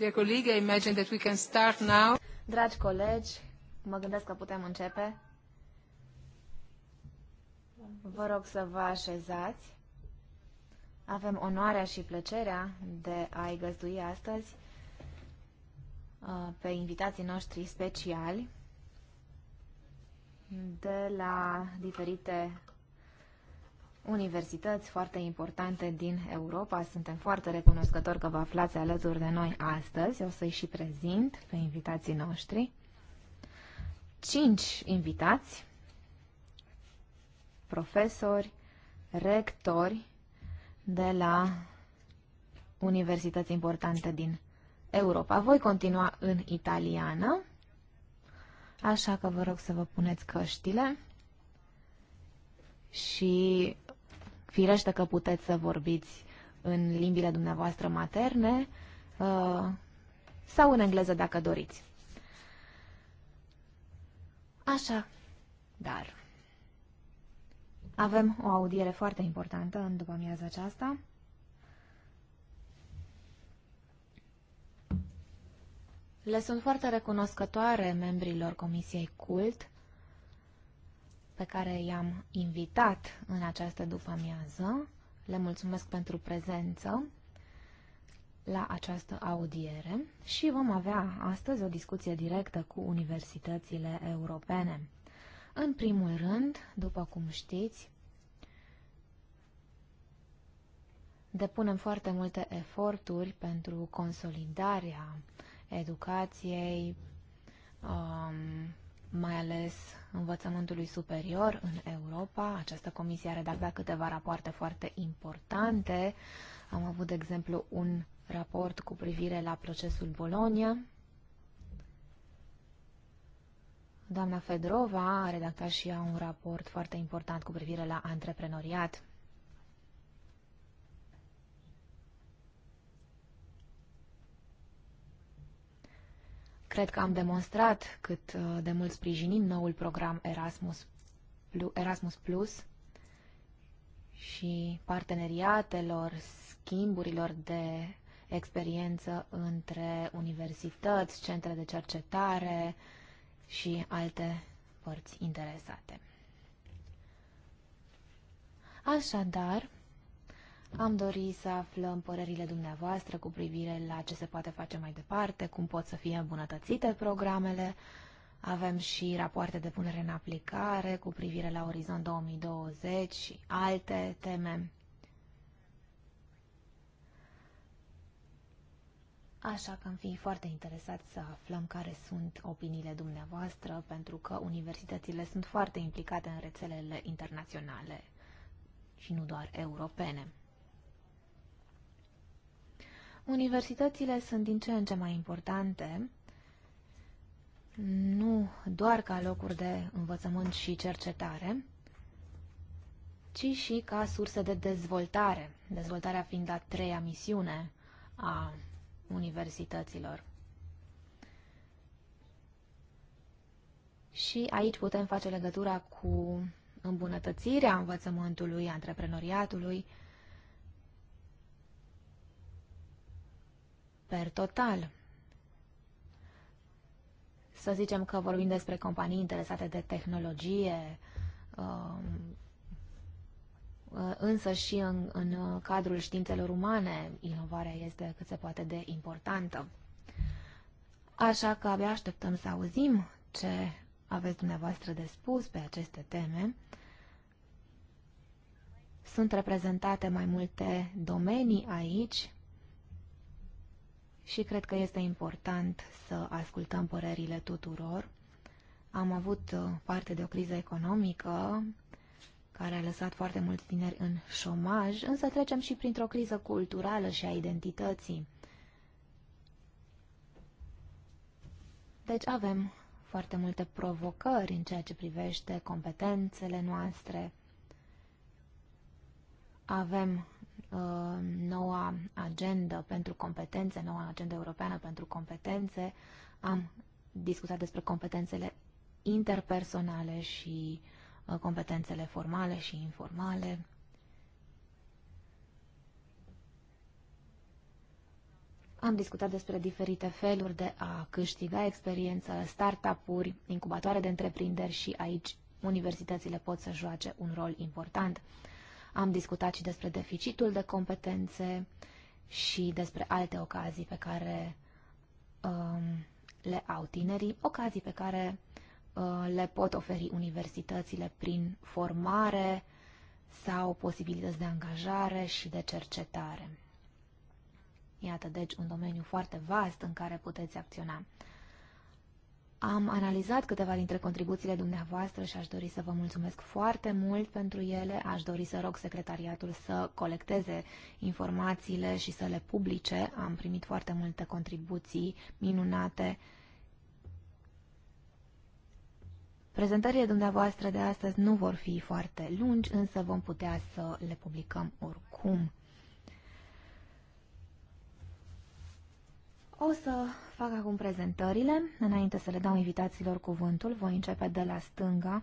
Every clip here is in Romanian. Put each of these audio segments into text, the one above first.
Dear colleague, I imagine that we can start now. Dragi colegi, mă gândesc că putem începe. Vă rog să vă așezați. Avem onoarea și plăcerea de a-i găzdui astăzi uh, pe invitații noștri speciali de la diferite universități foarte importante din Europa. Suntem foarte recunoscători că vă aflați alături de noi astăzi. O să-i și prezint pe invitații noștri. Cinci invitați, profesori, rectori de la universități importante din Europa. Voi continua în italiană, așa că vă rog să vă puneți căștile și Firește că puteți să vorbiți în limbile dumneavoastră materne uh, sau în engleză dacă doriți. Așa, dar avem o audiere foarte importantă în după amiază aceasta. Le sunt foarte recunoscătoare membrilor Comisiei CULT pe care i-am invitat în această după-amiază. Le mulțumesc pentru prezență la această audiere și vom avea astăzi o discuție directă cu universitățile europene. În primul rând, după cum știți, depunem foarte multe eforturi pentru consolidarea educației, um, mai ales învățământului superior în Europa. Această comisie a redactat câteva rapoarte foarte importante. Am avut, de exemplu, un raport cu privire la procesul Bologna. Doamna Fedrova a redactat și ea un raport foarte important cu privire la antreprenoriat. cred că am demonstrat cât uh, de mult sprijinim noul program Erasmus, Erasmus Plus și parteneriatelor, schimburilor de experiență între universități, centre de cercetare și alte părți interesate. Așadar, am dorit să aflăm părerile dumneavoastră cu privire la ce se poate face mai departe, cum pot să fie îmbunătățite programele. Avem și rapoarte de punere în aplicare cu privire la Orizont 2020 și alte teme. Așa că am fi foarte interesat să aflăm care sunt opiniile dumneavoastră, pentru că universitățile sunt foarte implicate în rețelele internaționale și nu doar europene. Universitățile sunt din ce în ce mai importante, nu doar ca locuri de învățământ și cercetare, ci și ca surse de dezvoltare, dezvoltarea fiind a treia misiune a universităților. Și aici putem face legătura cu îmbunătățirea învățământului, antreprenoriatului per total. Să zicem că vorbim despre companii interesate de tehnologie, um, uh, însă și în, în cadrul științelor umane inovarea este cât se poate de importantă. Așa că abia așteptăm să auzim ce aveți dumneavoastră de spus pe aceste teme. Sunt reprezentate mai multe domenii aici și cred că este important să ascultăm părerile tuturor. Am avut uh, parte de o criză economică care a lăsat foarte mulți tineri în șomaj, însă trecem și printr-o criză culturală și a identității. Deci avem foarte multe provocări în ceea ce privește competențele noastre. Avem Uh, noua agendă pentru competențe, noua agendă europeană pentru competențe. Am discutat despre competențele interpersonale și uh, competențele formale și informale. Am discutat despre diferite feluri de a câștiga experiență, startup-uri, incubatoare de întreprinderi și aici universitățile pot să joace un rol important. Am discutat și despre deficitul de competențe și despre alte ocazii pe care um, le au tinerii, ocazii pe care uh, le pot oferi universitățile prin formare sau posibilități de angajare și de cercetare. Iată, deci, un domeniu foarte vast în care puteți acționa. Am analizat câteva dintre contribuțiile dumneavoastră și aș dori să vă mulțumesc foarte mult pentru ele. Aș dori să rog secretariatul să colecteze informațiile și să le publice. Am primit foarte multe contribuții minunate. Prezentările dumneavoastră de astăzi nu vor fi foarte lungi, însă vom putea să le publicăm oricum. O să fac acum prezentările. Înainte să le dau invitațiilor cuvântul, voi începe de la stânga.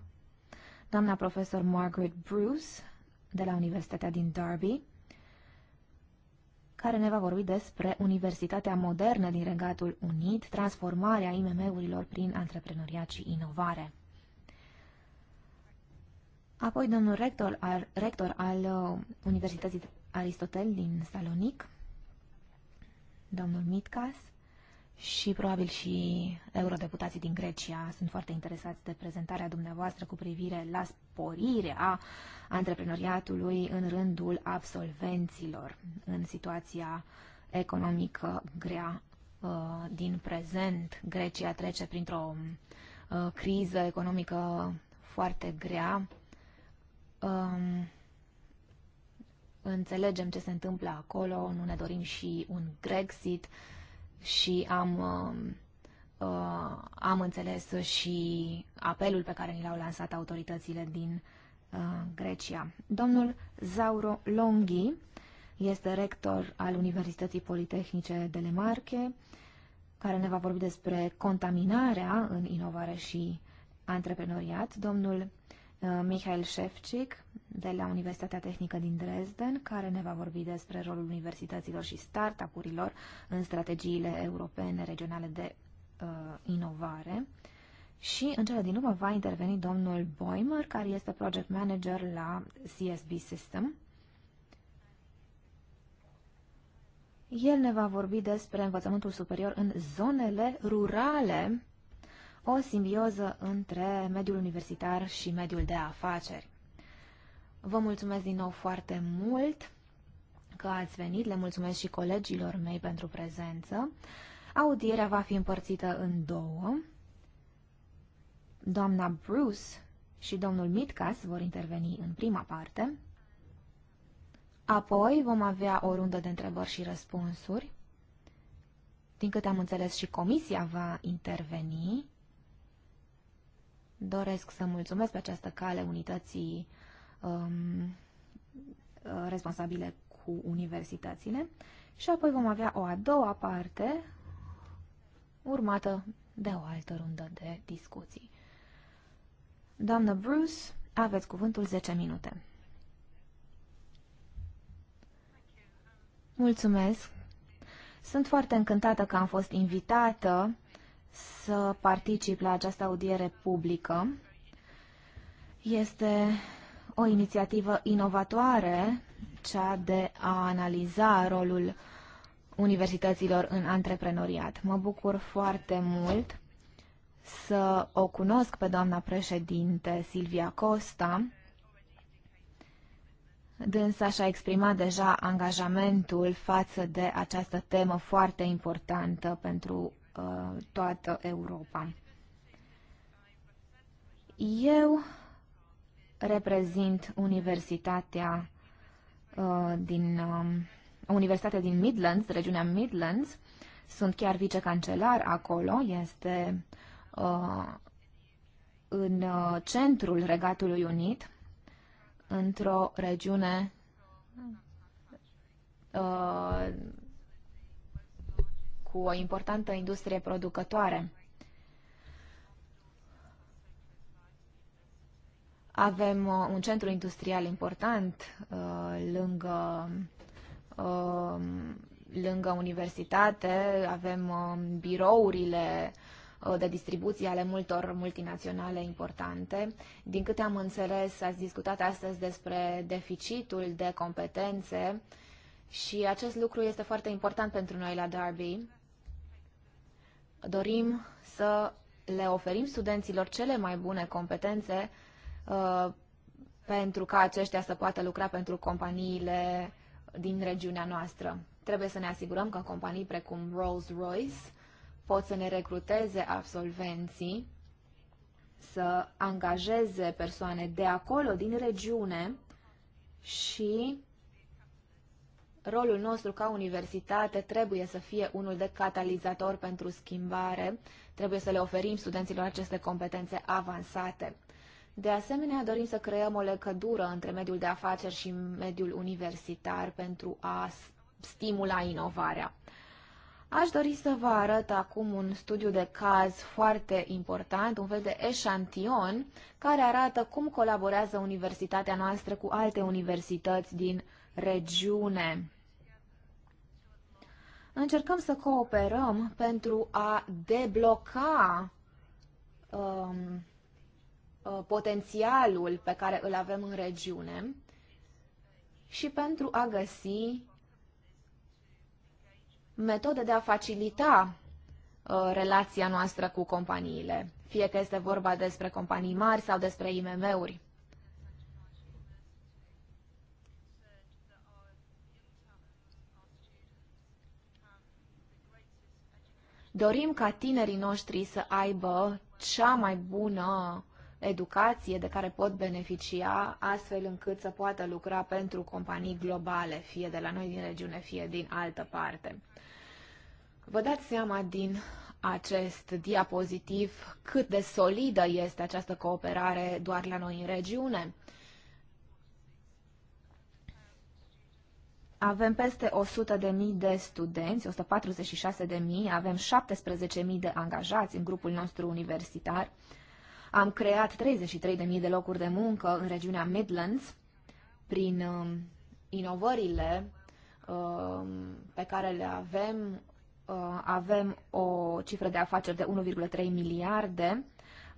Doamna profesor Margaret Bruce, de la Universitatea din Derby, care ne va vorbi despre Universitatea Modernă din Regatul Unit, transformarea IMM-urilor prin antreprenoriat și inovare. Apoi domnul rector al, rector al uh, Universității Aristotel din Salonic, domnul Mitcas și probabil și eurodeputații din Grecia sunt foarte interesați de prezentarea dumneavoastră cu privire la sporirea antreprenoriatului în rândul absolvenților în situația economică grea uh, din prezent. Grecia trece printr-o uh, criză economică foarte grea. Um, înțelegem ce se întâmplă acolo, nu ne dorim și un Grexit și am, um, uh, am înțeles și apelul pe care ni l-au lansat autoritățile din uh, Grecia. Domnul Zauro Longhi este rector al Universității Politehnice de Lemarche, care ne va vorbi despre contaminarea în inovare și antreprenoriat. Domnul Uh, Michael Șefcic de la Universitatea Tehnică din Dresden, care ne va vorbi despre rolul universităților și startup-urilor în strategiile europene regionale de uh, inovare. Și în cele din urmă va interveni domnul Boimer, care este project manager la CSB System. El ne va vorbi despre învățământul superior în zonele rurale o simbioză între mediul universitar și mediul de afaceri. Vă mulțumesc din nou foarte mult că ați venit, le mulțumesc și colegilor mei pentru prezență. Audierea va fi împărțită în două. Doamna Bruce și domnul Mitcas vor interveni în prima parte. Apoi vom avea o rundă de întrebări și răspunsuri. Din câte am înțeles, și comisia va interveni Doresc să mulțumesc pe această cale unității um, responsabile cu universitățile și apoi vom avea o a doua parte urmată de o altă rundă de discuții. Doamnă Bruce, aveți cuvântul 10 minute. Mulțumesc! Sunt foarte încântată că am fost invitată să particip la această audiere publică. Este o inițiativă inovatoare, cea de a analiza rolul universităților în antreprenoriat. Mă bucur foarte mult să o cunosc pe doamna președinte Silvia Costa. Dânsa și-a exprimat deja angajamentul față de această temă foarte importantă pentru Uh, toată Europa. Eu reprezint universitatea uh, din um, Universitatea din Midlands, regiunea Midlands. Sunt chiar vicecancelar acolo, este uh, în centrul Regatului Unit, într-o regiune cu o importantă industrie producătoare. Avem uh, un centru industrial important uh, lângă, uh, lângă universitate, avem birourile de distribuție ale multor multinaționale importante. Din câte am înțeles, ați discutat astăzi despre deficitul de competențe și acest lucru este foarte important pentru noi la Derby dorim să le oferim studenților cele mai bune competențe uh, pentru ca aceștia să poată lucra pentru companiile din regiunea noastră. Trebuie să ne asigurăm că companii precum Rolls-Royce pot să ne recruteze absolvenții, să angajeze persoane de acolo, din regiune și rolul nostru ca universitate trebuie să fie unul de catalizator pentru schimbare, trebuie să le oferim studenților aceste competențe avansate. De asemenea, dorim să creăm o legătură între mediul de afaceri și mediul universitar pentru a stimula inovarea. Aș dori să vă arăt acum un studiu de caz foarte important, un fel de eșantion, care arată cum colaborează universitatea noastră cu alte universități din regiune. Încercăm să cooperăm pentru a debloca um, uh, potențialul pe care îl avem în regiune și pentru a găsi metode de a facilita uh, relația noastră cu companiile, fie că este vorba despre companii mari sau despre IMM-uri. Dorim ca tinerii noștri să aibă cea mai bună educație de care pot beneficia, astfel încât să poată lucra pentru companii globale, fie de la noi din regiune, fie din altă parte. Vă dați seama din acest diapozitiv cât de solidă este această cooperare doar la noi în regiune. Avem peste 100.000 de studenți, 146.000, avem 17.000 de angajați în grupul nostru universitar. Am creat 33.000 de locuri de muncă în regiunea Midlands prin um, inovările um, pe care le avem. Uh, avem o cifră de afaceri de 1,3 miliarde.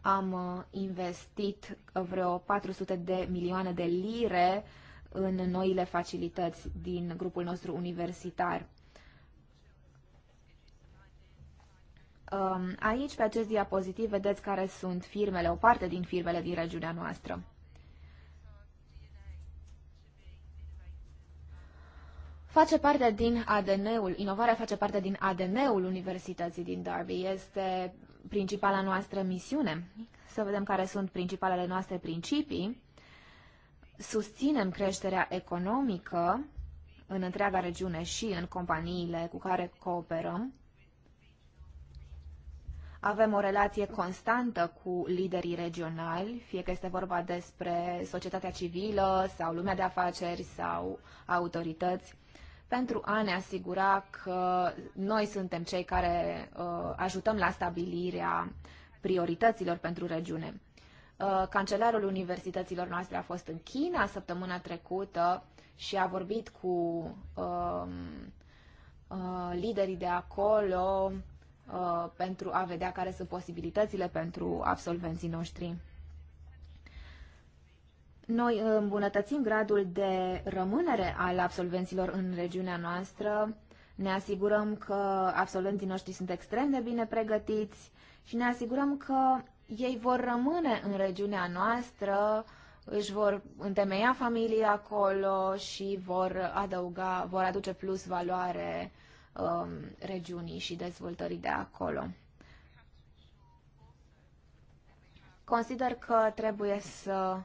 Am uh, investit vreo 400 de milioane de lire în noile facilități din grupul nostru universitar. Um, aici, pe acest diapozitiv, vedeți care sunt firmele, o parte din firmele din regiunea noastră. Face parte din ADN-ul, inovarea face parte din ADN-ul Universității din Derby. Este principala noastră misiune. Să vedem care sunt principalele noastre principii susținem creșterea economică în întreaga regiune și în companiile cu care cooperăm. Avem o relație constantă cu liderii regionali, fie că este vorba despre societatea civilă sau lumea de afaceri sau autorități, pentru a ne asigura că noi suntem cei care uh, ajutăm la stabilirea priorităților pentru regiune. Uh, cancelarul universităților noastre a fost în China săptămâna trecută și a vorbit cu um, uh, liderii de acolo uh, pentru a vedea care sunt posibilitățile pentru absolvenții noștri. Noi îmbunătățim gradul de rămânere al absolvenților în regiunea noastră, ne asigurăm că absolvenții noștri sunt extrem de bine pregătiți și ne asigurăm că ei vor rămâne în regiunea noastră, își vor întemeia familia acolo și vor adăuga, vor aduce plus valoare um, regiunii și dezvoltării de acolo. Consider că trebuie să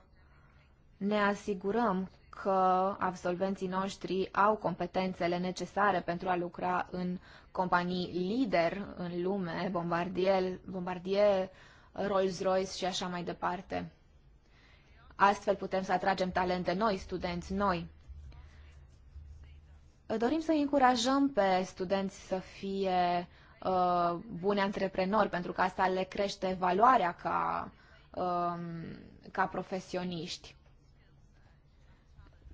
ne asigurăm că absolvenții noștri au competențele necesare pentru a lucra în companii lider în lume, Bombardier, Bombardier Rolls-Royce și așa mai departe. Astfel putem să atragem talente noi, studenți noi. Dorim să încurajăm pe studenți să fie uh, buni antreprenori, pentru că asta le crește valoarea ca, uh, ca profesioniști.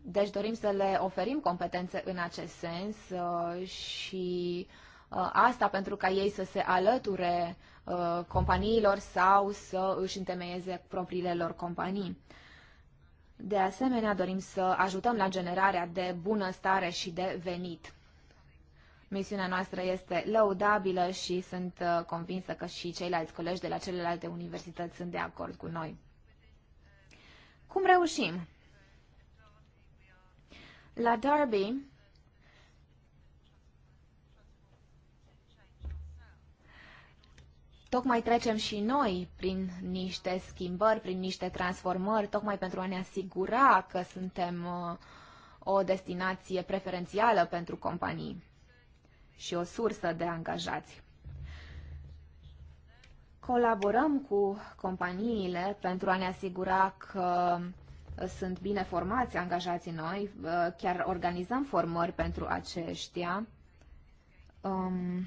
Deci dorim să le oferim competențe în acest sens uh, și uh, asta pentru ca ei să se alăture Uh, companiilor sau să își întemeieze propriile lor companii. De asemenea, dorim să ajutăm la generarea de bunăstare și de venit. Misiunea noastră este lăudabilă și sunt uh, convinsă că și ceilalți colegi de la celelalte universități sunt de acord cu noi. Cum reușim? La Derby tocmai trecem și noi prin niște schimbări, prin niște transformări, tocmai pentru a ne asigura că suntem uh, o destinație preferențială pentru companii și o sursă de angajați. Colaborăm cu companiile pentru a ne asigura că sunt bine formați angajații noi, uh, chiar organizăm formări pentru aceștia. Um,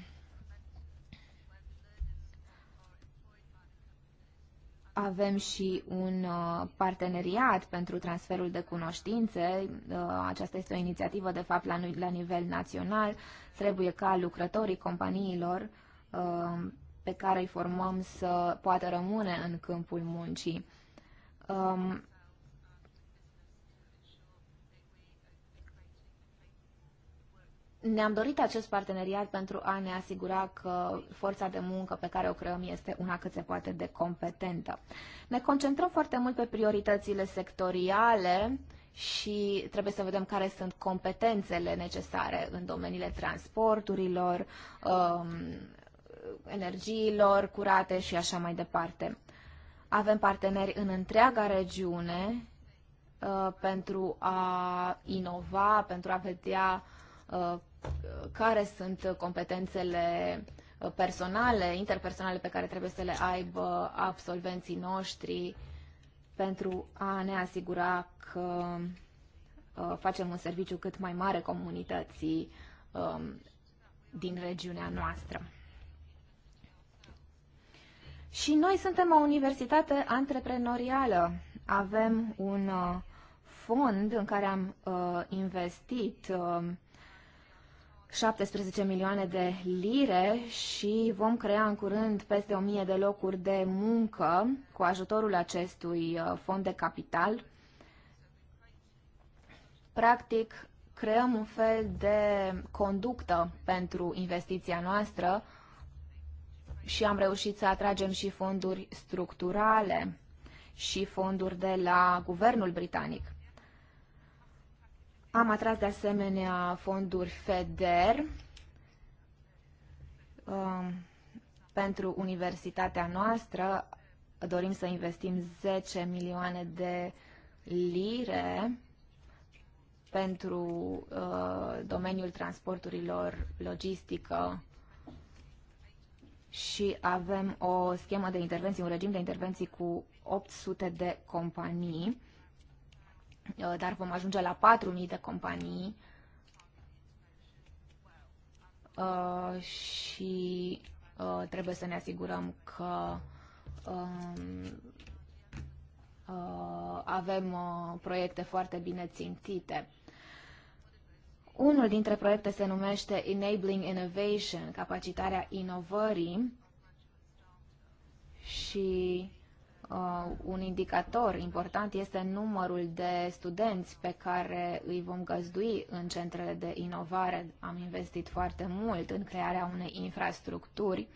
Avem și un uh, parteneriat pentru transferul de cunoștințe. Uh, aceasta este o inițiativă, de fapt, la, la nivel național. Trebuie ca lucrătorii companiilor uh, pe care îi formăm să poată rămâne în câmpul muncii. Um, ne-am dorit acest parteneriat pentru a ne asigura că forța de muncă pe care o creăm este una cât se poate de competentă. Ne concentrăm foarte mult pe prioritățile sectoriale și trebuie să vedem care sunt competențele necesare în domeniile transporturilor, um, energiilor curate și așa mai departe. Avem parteneri în întreaga regiune uh, pentru a inova, pentru a vedea uh, care sunt competențele personale, interpersonale pe care trebuie să le aibă absolvenții noștri pentru a ne asigura că uh, facem un serviciu cât mai mare comunității um, din regiunea noastră. Și noi suntem o universitate antreprenorială. Avem un uh, fond în care am uh, investit um, 17 milioane de lire și vom crea în curând peste 1000 de locuri de muncă cu ajutorul acestui uh, fond de capital. Practic, creăm un fel de conductă pentru investiția noastră și am reușit să atragem și fonduri structurale și fonduri de la guvernul britanic. Am atras de asemenea fonduri FEDER um, pentru universitatea noastră. Dorim să investim 10 milioane de lire pentru uh, domeniul transporturilor logistică și avem o schemă de intervenții, un regim de intervenții cu 800 de companii Uh, dar vom ajunge la 4.000 de companii uh, și uh, trebuie să ne asigurăm că um, avem proiecte foarte bine țintite. Unul dintre proiecte se numește Enabling Innovation, capacitarea inovării și Uh, un indicator important este numărul de studenți pe care îi vom găzdui în centrele de inovare. Am investit foarte mult în crearea unei infrastructuri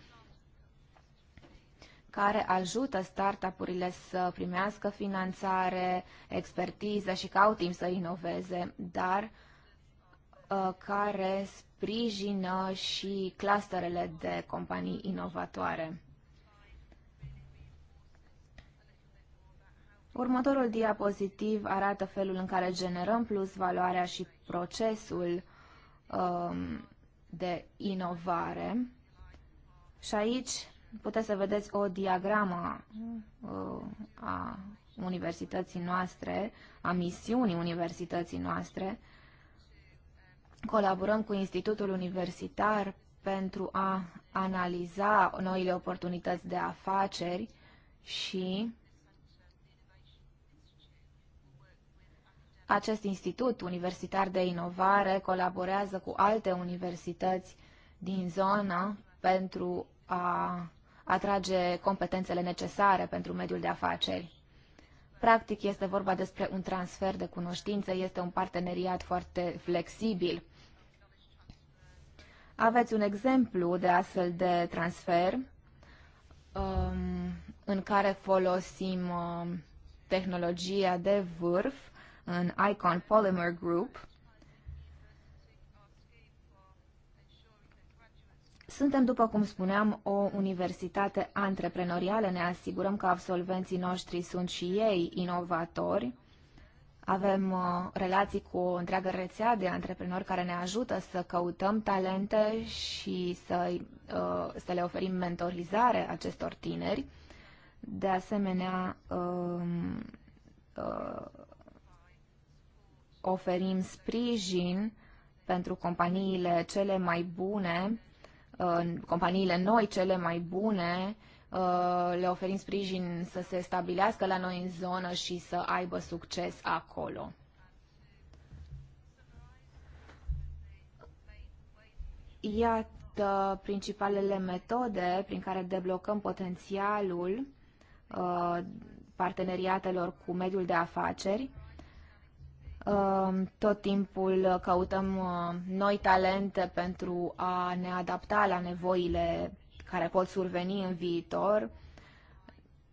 care ajută startup-urile să primească finanțare, expertiză și că au timp să inoveze, dar uh, care sprijină și clusterele de companii inovatoare. Următorul diapozitiv arată felul în care generăm plus valoarea și procesul um, de inovare. Și aici puteți să vedeți o diagramă uh, a universității noastre, a misiunii universității noastre. Colaborăm cu Institutul Universitar pentru a analiza noile oportunități de afaceri și Acest institut universitar de inovare colaborează cu alte universități din zonă pentru a atrage competențele necesare pentru mediul de afaceri. Practic este vorba despre un transfer de cunoștințe, este un parteneriat foarte flexibil. Aveți un exemplu de astfel de transfer um, în care folosim um, tehnologia de vârf în Icon Polymer Group. Suntem, după cum spuneam, o universitate antreprenorială. Ne asigurăm că absolvenții noștri sunt și ei inovatori. Avem uh, relații cu o întreagă rețea de antreprenori care ne ajută să căutăm talente și să, uh, să le oferim mentorizare acestor tineri. De asemenea, um, uh, oferim sprijin pentru companiile cele mai bune, companiile noi cele mai bune, uh, le oferim sprijin să se stabilească la noi în zonă și să aibă succes acolo. Iată principalele metode prin care deblocăm potențialul uh, parteneriatelor cu mediul de afaceri Um, tot timpul căutăm uh, noi talente pentru a ne adapta la nevoile care pot surveni în viitor.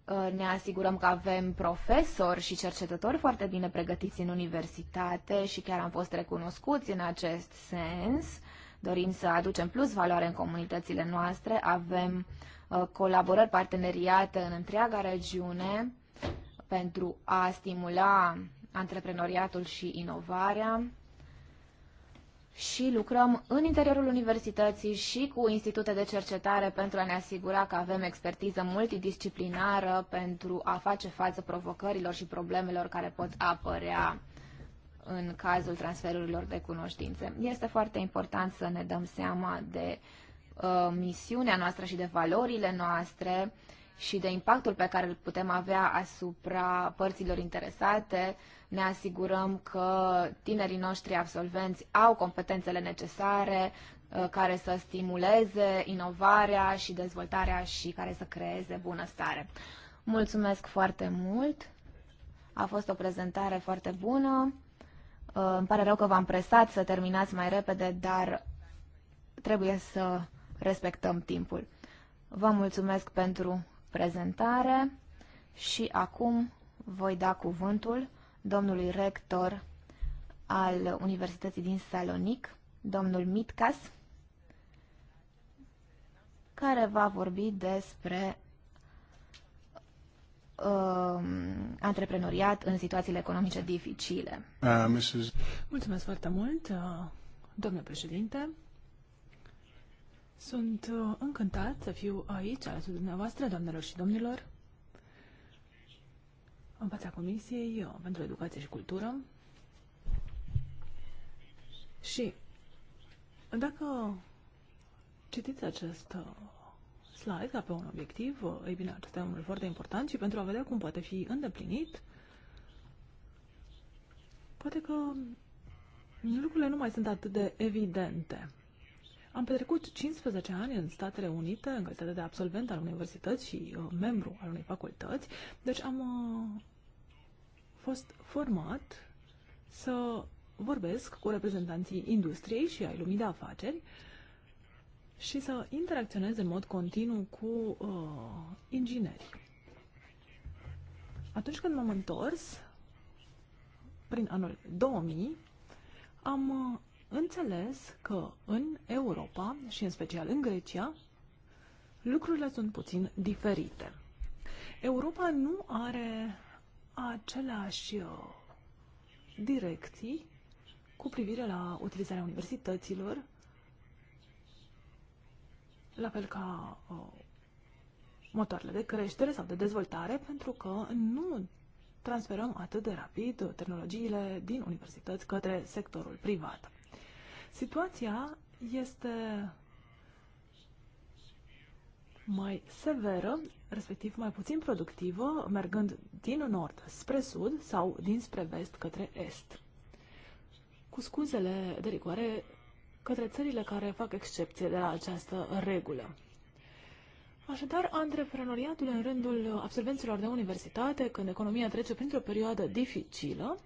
Uh, ne asigurăm că avem profesori și cercetători foarte bine pregătiți în universitate și chiar am fost recunoscuți în acest sens. Dorim să aducem plus valoare în comunitățile noastre, avem uh, colaborări parteneriate în întreaga regiune pentru a stimula antreprenoriatul și inovarea și lucrăm în interiorul universității și cu institute de cercetare pentru a ne asigura că avem expertiză multidisciplinară pentru a face față provocărilor și problemelor care pot apărea în cazul transferurilor de cunoștințe. Este foarte important să ne dăm seama de uh, misiunea noastră și de valorile noastre și de impactul pe care îl putem avea asupra părților interesate, ne asigurăm că tinerii noștri absolvenți au competențele necesare uh, care să stimuleze inovarea și dezvoltarea și care să creeze bunăstare. Mulțumesc foarte mult! A fost o prezentare foarte bună. Uh, îmi pare rău că v-am presat să terminați mai repede, dar trebuie să respectăm timpul. Vă mulțumesc pentru prezentare și acum voi da cuvântul domnului rector al Universității din Salonic, domnul Mitcas, care va vorbi despre uh, antreprenoriat în situațiile economice dificile. Uh, Mrs. Mulțumesc foarte mult, uh, domnule președinte. Sunt uh, încântat să fiu aici alături dumneavoastră, doamnelor și domnilor în fața Comisiei pentru Educație și Cultură. Și dacă citiți acest uh, slide ca pe un obiectiv, uh, ei bine, acesta e unul foarte important și pentru a vedea cum poate fi îndeplinit, poate că lucrurile nu mai sunt atât de evidente. Am petrecut 15 ani în Statele Unite, în calitate de absolvent al universității și uh, membru al unei facultăți, deci am uh, fost format să vorbesc cu reprezentanții industriei și ai lumii de afaceri și să interacționez în mod continuu cu uh, inginerii. Atunci când m-am întors, prin anul 2000, am uh, înțeles că în Europa și în special în Grecia lucrurile sunt puțin diferite. Europa nu are aceleași uh, direcții cu privire la utilizarea universităților, la fel ca uh, motoarele de creștere sau de dezvoltare, pentru că nu transferăm atât de rapid tehnologiile din universități către sectorul privat. Situația este mai severă, respectiv mai puțin productivă, mergând din nord spre sud sau dinspre vest către est. Cu scuzele de rigoare către țările care fac excepție de la această regulă. Așadar, antreprenoriatul în rândul absolvenților de universitate, când economia trece printr-o perioadă dificilă,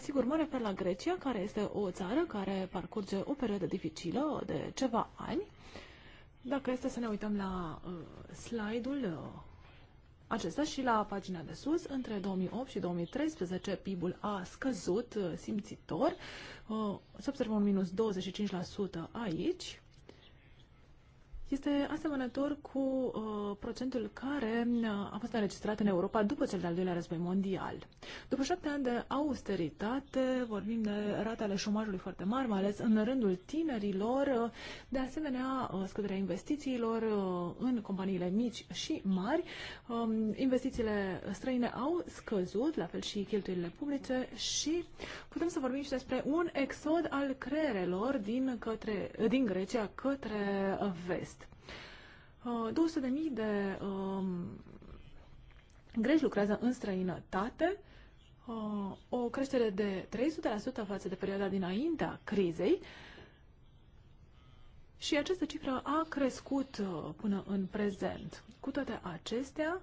Sigur, mă refer la Grecia, care este o țară care parcurge o perioadă dificilă de ceva ani. Dacă este să ne uităm la uh, slide-ul uh, acesta și la pagina de sus, între 2008 și 2013 PIB-ul a scăzut uh, simțitor. Uh, să observăm un minus 25% aici este asemănător cu uh, procentul care uh, a fost înregistrat în Europa după cel de-al doilea război mondial. După șapte ani de austeritate, vorbim de rate ale șomajului foarte mari, mai ales în rândul tinerilor, uh, de asemenea uh, scăderea investițiilor în companiile mici și mari. Um, investițiile străine au scăzut, la fel și cheltuielile publice și putem să vorbim și despre un exod al creierelor din, către, din Grecia către vest 200.000 uh, de um, greci lucrează în străinătate, uh, o creștere de 300% față de perioada dinaintea crizei și această cifră a crescut uh, până în prezent. Cu toate acestea,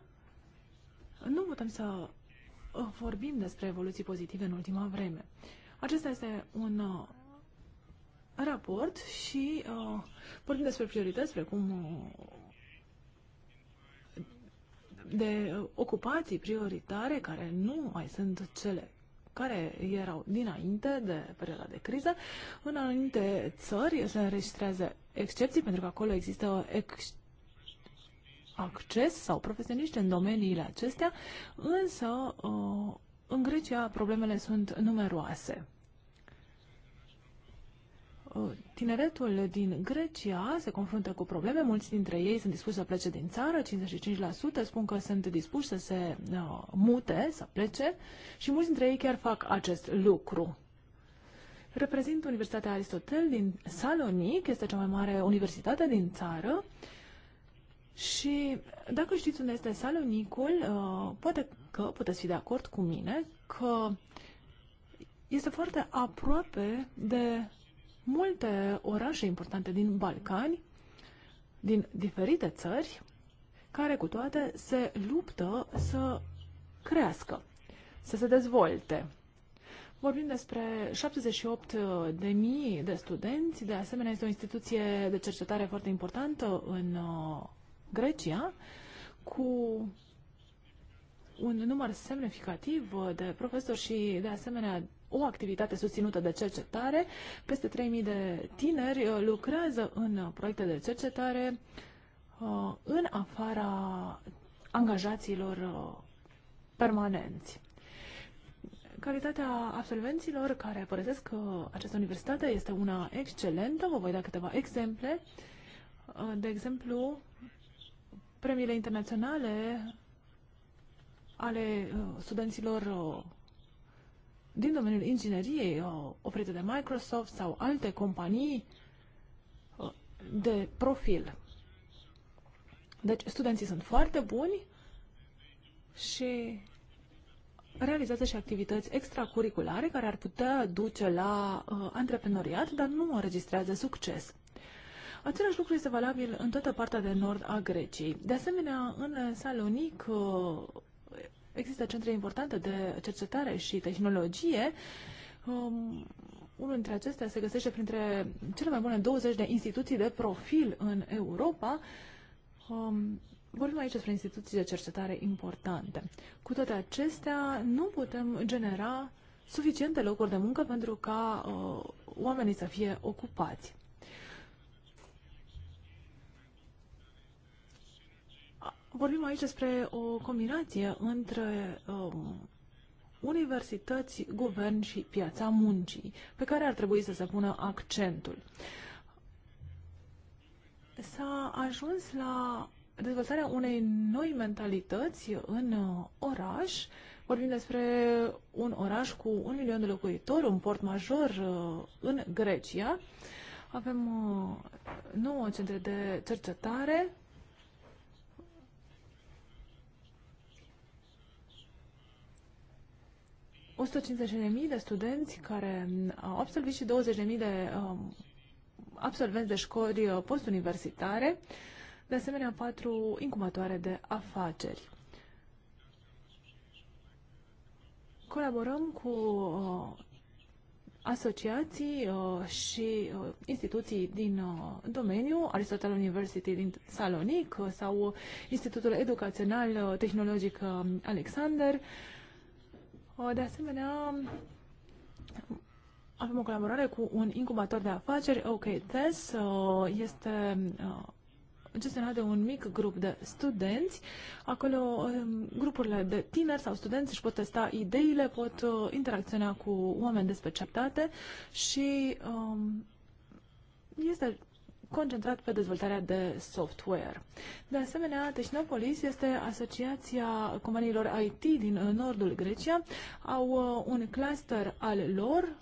nu putem să uh, vorbim despre evoluții pozitive în ultima vreme. Acesta este un uh, raport și uh, vorbim despre priorități precum uh, de ocupații prioritare care nu mai sunt cele care erau dinainte de perioada de criză. În anumite țări se înregistrează excepții pentru că acolo există ex- acces sau profesioniști în domeniile acestea, însă uh, în Grecia problemele sunt numeroase. Uh, tineretul din Grecia se confruntă cu probleme, mulți dintre ei sunt dispuși să plece din țară, 55% spun că sunt dispuși să se uh, mute, să plece și mulți dintre ei chiar fac acest lucru. Reprezint Universitatea Aristotel din Salonic, este cea mai mare universitate din țară și dacă știți unde este Salonicul, uh, poate că puteți fi de acord cu mine că este foarte aproape de multe orașe importante din Balcani, din diferite țări, care cu toate se luptă să crească, să se dezvolte. Vorbim despre 78.000 de studenți, de asemenea este o instituție de cercetare foarte importantă în uh, Grecia, cu un număr semnificativ de profesori și de asemenea o activitate susținută de cercetare. Peste 3.000 de tineri uh, lucrează în uh, proiecte de cercetare uh, în afara angajaților permanenți. Calitatea absolvenților care părăsesc această universitate este una excelentă. Vă voi da câteva exemple. De exemplu, premiile internaționale ale studenților din domeniul ingineriei uh, oferite de Microsoft sau alte companii uh, de profil. Deci studenții sunt foarte buni și realizează și activități extracurriculare care ar putea duce la uh, antreprenoriat, dar nu înregistrează succes. Același lucru este valabil în toată partea de nord a Greciei. De asemenea, în Salonic, uh, Există centre importante de cercetare și tehnologie. Um, unul dintre acestea se găsește printre cele mai bune 20 de instituții de profil în Europa. Um, vorbim aici despre instituții de cercetare importante. Cu toate acestea, nu putem genera suficiente locuri de muncă pentru ca uh, oamenii să fie ocupați. Vorbim aici despre o combinație între um, universități, guvern și piața muncii, pe care ar trebui să se pună accentul. S-a ajuns la dezvoltarea unei noi mentalități în uh, oraș. Vorbim despre un oraș cu un milion de locuitori, un port major uh, în Grecia. Avem uh, nouă centre de cercetare 150.000 de studenți care uh, au absolvit și 20.000 de uh, absolvenți de școli uh, postuniversitare, de asemenea patru incubatoare de afaceri. Colaborăm cu uh, asociații uh, și uh, instituții din uh, domeniu, Aristotle University din Salonic uh, sau Institutul Educațional uh, Tehnologic uh, Alexander, uh, Uh, de asemenea, avem o colaborare cu un incubator de afaceri, OK Test, uh, este uh, gestionat de un mic grup de studenți. Acolo um, grupurile de tineri sau studenți își pot testa ideile, pot interacționa cu oameni specialitate și um, este concentrat pe dezvoltarea de software. De asemenea, Technopolis este asociația companiilor IT din nordul Grecia. Au uh, un cluster al lor,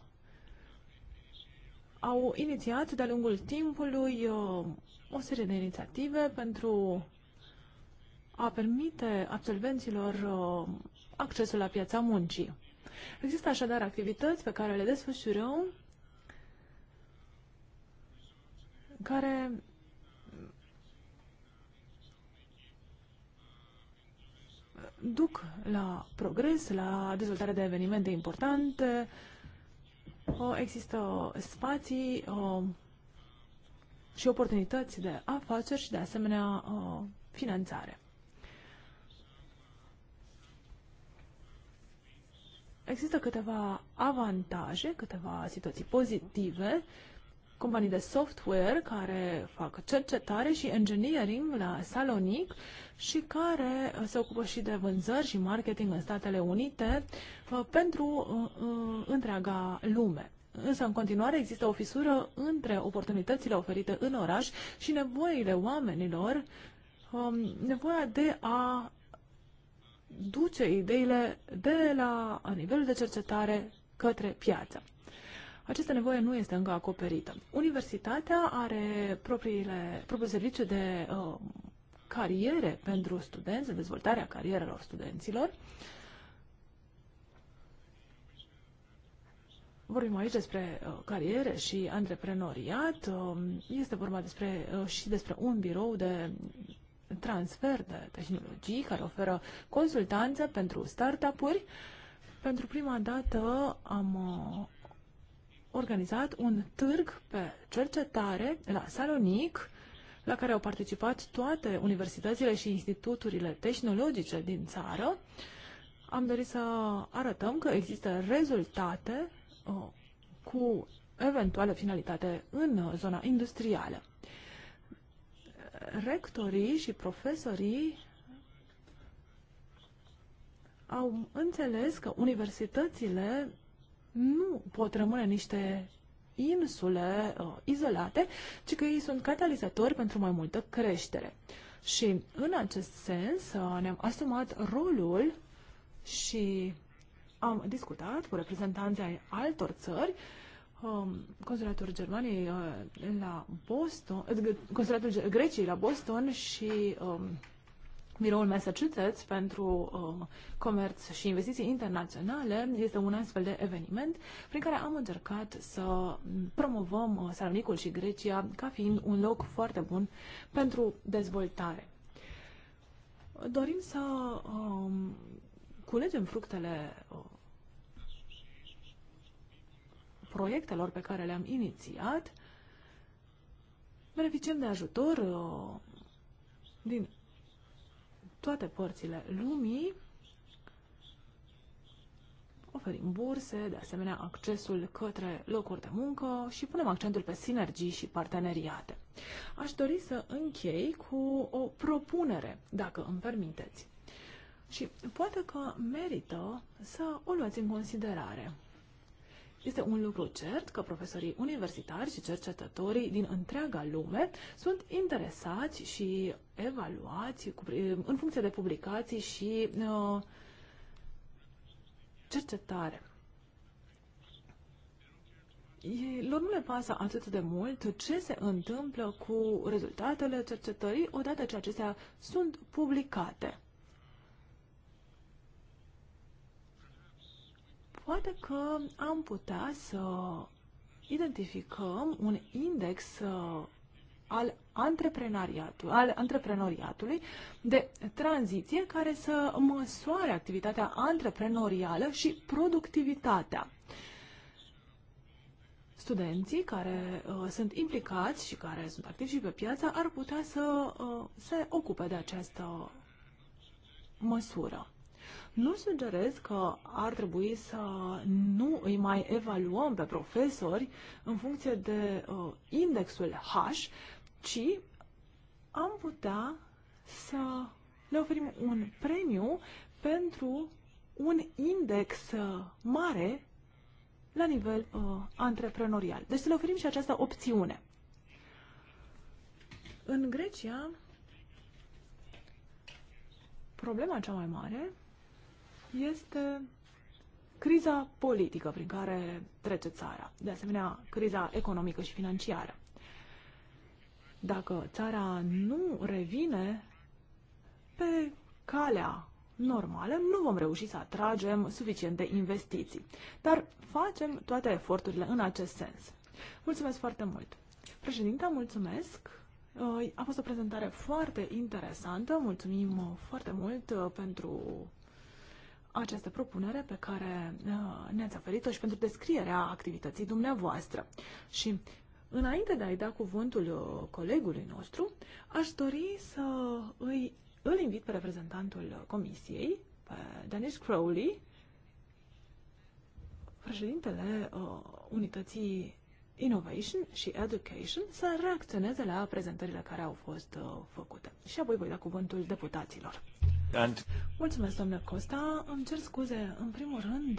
au inițiat de-a lungul timpului uh, o serie de inițiative pentru a permite absolvenților uh, accesul la piața muncii. Există așadar activități pe care le desfășurăm care duc la progres, la dezvoltarea de evenimente importante. Există spații și oportunități de afaceri și, de asemenea, finanțare. Există câteva avantaje, câteva situații pozitive companii de software care fac cercetare și engineering la Salonic și care uh, se ocupă și de vânzări și marketing în Statele Unite uh, pentru uh, întreaga lume. Însă, în continuare, există o fisură între oportunitățile oferite în oraș și nevoile oamenilor, um, nevoia de a duce ideile de la nivelul de cercetare către piață această nevoie nu este încă acoperită. Universitatea are propriile, propriul serviciu de uh, cariere pentru studenți, de dezvoltarea carierelor studenților. Vorbim aici despre uh, cariere și antreprenoriat. Uh, este vorba despre, uh, și despre un birou de transfer de tehnologii care oferă consultanță pentru startup-uri. Pentru prima dată am uh, organizat un târg pe cercetare la Salonic, la care au participat toate universitățile și instituturile tehnologice din țară. Am dorit să arătăm că există rezultate uh, cu eventuală finalitate în uh, zona industrială. Rectorii și profesorii au înțeles că universitățile nu pot rămâne niște insule uh, izolate, ci că ei sunt catalizatori pentru mai multă creștere. Și în acest sens uh, ne-am asumat rolul și am discutat cu reprezentanții ai altor țări, um, consulatul Germaniei uh, la Boston, uh, consulatul Greciei la Boston și um, Biroul Massachusetts pentru uh, Comerț și Investiții Internaționale este un astfel de eveniment prin care am încercat să promovăm uh, Salonicul și Grecia ca fiind un loc foarte bun pentru dezvoltare. Dorim să uh, culegem fructele uh, proiectelor pe care le-am inițiat, beneficiem de ajutor uh, din toate părțile lumii. Oferim burse, de asemenea accesul către locuri de muncă și punem accentul pe sinergii și parteneriate. Aș dori să închei cu o propunere, dacă îmi permiteți. Și poate că merită să o luați în considerare. Este un lucru cert că profesorii universitari și cercetătorii din întreaga lume sunt interesați și evaluați în funcție de publicații și uh, cercetare. lor nu le pasă atât de mult ce se întâmplă cu rezultatele cercetării odată ce acestea sunt publicate. poate că am putea să identificăm un index uh, al, antreprenoriatului, al antreprenoriatului de tranziție care să măsoare activitatea antreprenorială și productivitatea. Studenții care uh, sunt implicați și care sunt activi și pe piață ar putea să uh, se ocupe de această măsură nu sugerez că ar trebui să nu îi mai evaluăm pe profesori în funcție de uh, indexul H, ci am putea să le oferim un premiu pentru un index uh, mare la nivel uh, antreprenorial. Deci să le oferim și această opțiune. În Grecia, problema cea mai mare este criza politică prin care trece țara, de asemenea criza economică și financiară. Dacă țara nu revine pe calea normală, nu vom reuși să atragem suficiente investiții. Dar facem toate eforturile în acest sens. Mulțumesc foarte mult! Președinte, mulțumesc! Ă, a fost o prezentare foarte interesantă. Mulțumim foarte mult ă, pentru această propunere pe care uh, ne-ați oferit-o și pentru descrierea activității dumneavoastră. Și înainte de a-i da cuvântul uh, colegului nostru, aș dori să îi, îl invit pe reprezentantul comisiei, pe Dennis Crowley, președintele uh, unității Innovation și Education să reacționeze la prezentările care au fost uh, făcute. Și apoi voi da cuvântul deputaților. And... Mulțumesc, domnule Costa. Îmi cer scuze, în primul rând,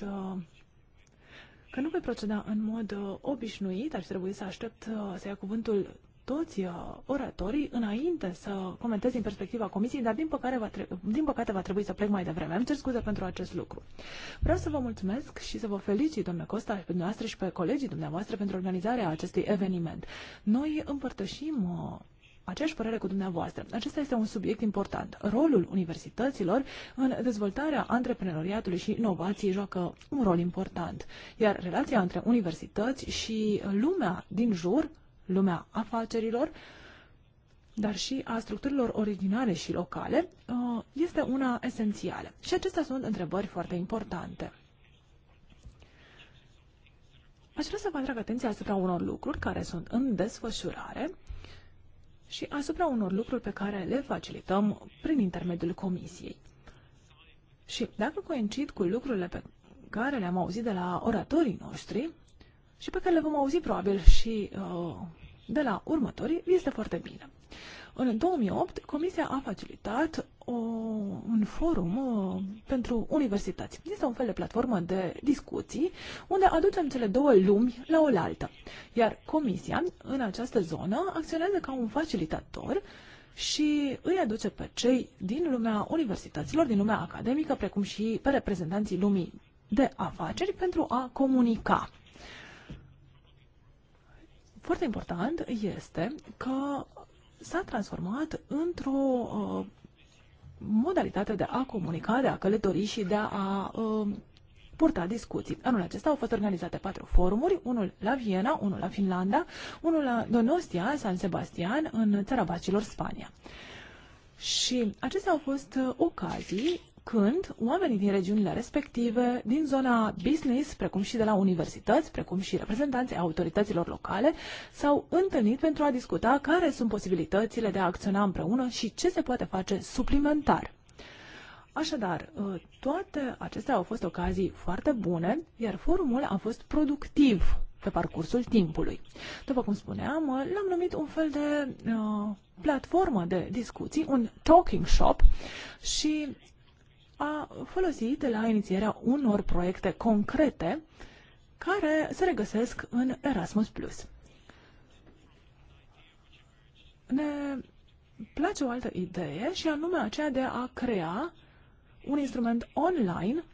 că nu voi proceda în mod uh, obișnuit, ar trebui să aștept uh, să ia cuvântul toți uh, oratorii înainte să comentez din perspectiva comisiei, dar din păcate, va tre- din păcate va trebui să plec mai devreme. Îmi cer scuze pentru acest lucru. Vreau să vă mulțumesc și să vă felicit, domnule Costa, pe dumneavoastră și pe colegii dumneavoastră pentru organizarea acestui eveniment. Noi împărtășim aceeași părere cu dumneavoastră. Acesta este un subiect important. Rolul universităților în dezvoltarea antreprenoriatului și inovației joacă un rol important, iar relația între universități și lumea din jur, lumea afacerilor, dar și a structurilor originale și locale, uh, este una esențială. Și acestea sunt întrebări foarte importante. Aș vrea să vă atrag atenția asupra unor lucruri care sunt în desfășurare și asupra unor lucruri pe care le facilităm prin intermediul comisiei. Și dacă coincid cu lucrurile pe care le-am auzit de la oratorii noștri și pe care le vom auzi probabil și uh, de la următorii, este foarte bine. În 2008, Comisia a facilitat o, un forum o, pentru universități. Este un fel de platformă de discuții unde aducem cele două lumi la oaltă. Iar Comisia, în această zonă, acționează ca un facilitator și îi aduce pe cei din lumea universităților, din lumea academică, precum și pe reprezentanții lumii de afaceri pentru a comunica. Foarte important este că s-a transformat într-o uh, modalitate de a comunica, de a călători și de a uh, purta discuții. Anul acesta au fost organizate patru forumuri, unul la Viena, unul la Finlanda, unul la Donostia, San Sebastian, în țara Bacilor, Spania. Și acestea au fost uh, ocazii când oamenii din regiunile respective, din zona business, precum și de la universități, precum și reprezentanții autorităților locale, s-au întâlnit pentru a discuta care sunt posibilitățile de a acționa împreună și ce se poate face suplimentar. Așadar, uh, toate acestea au fost ocazii foarte bune, iar forumul a fost productiv pe parcursul timpului. După cum spuneam, uh, l-am numit un fel de uh, platformă de discuții, un talking shop și a folosit la inițierea unor proiecte concrete care se regăsesc în Erasmus+. Ne place o altă idee și anume aceea de a crea un instrument online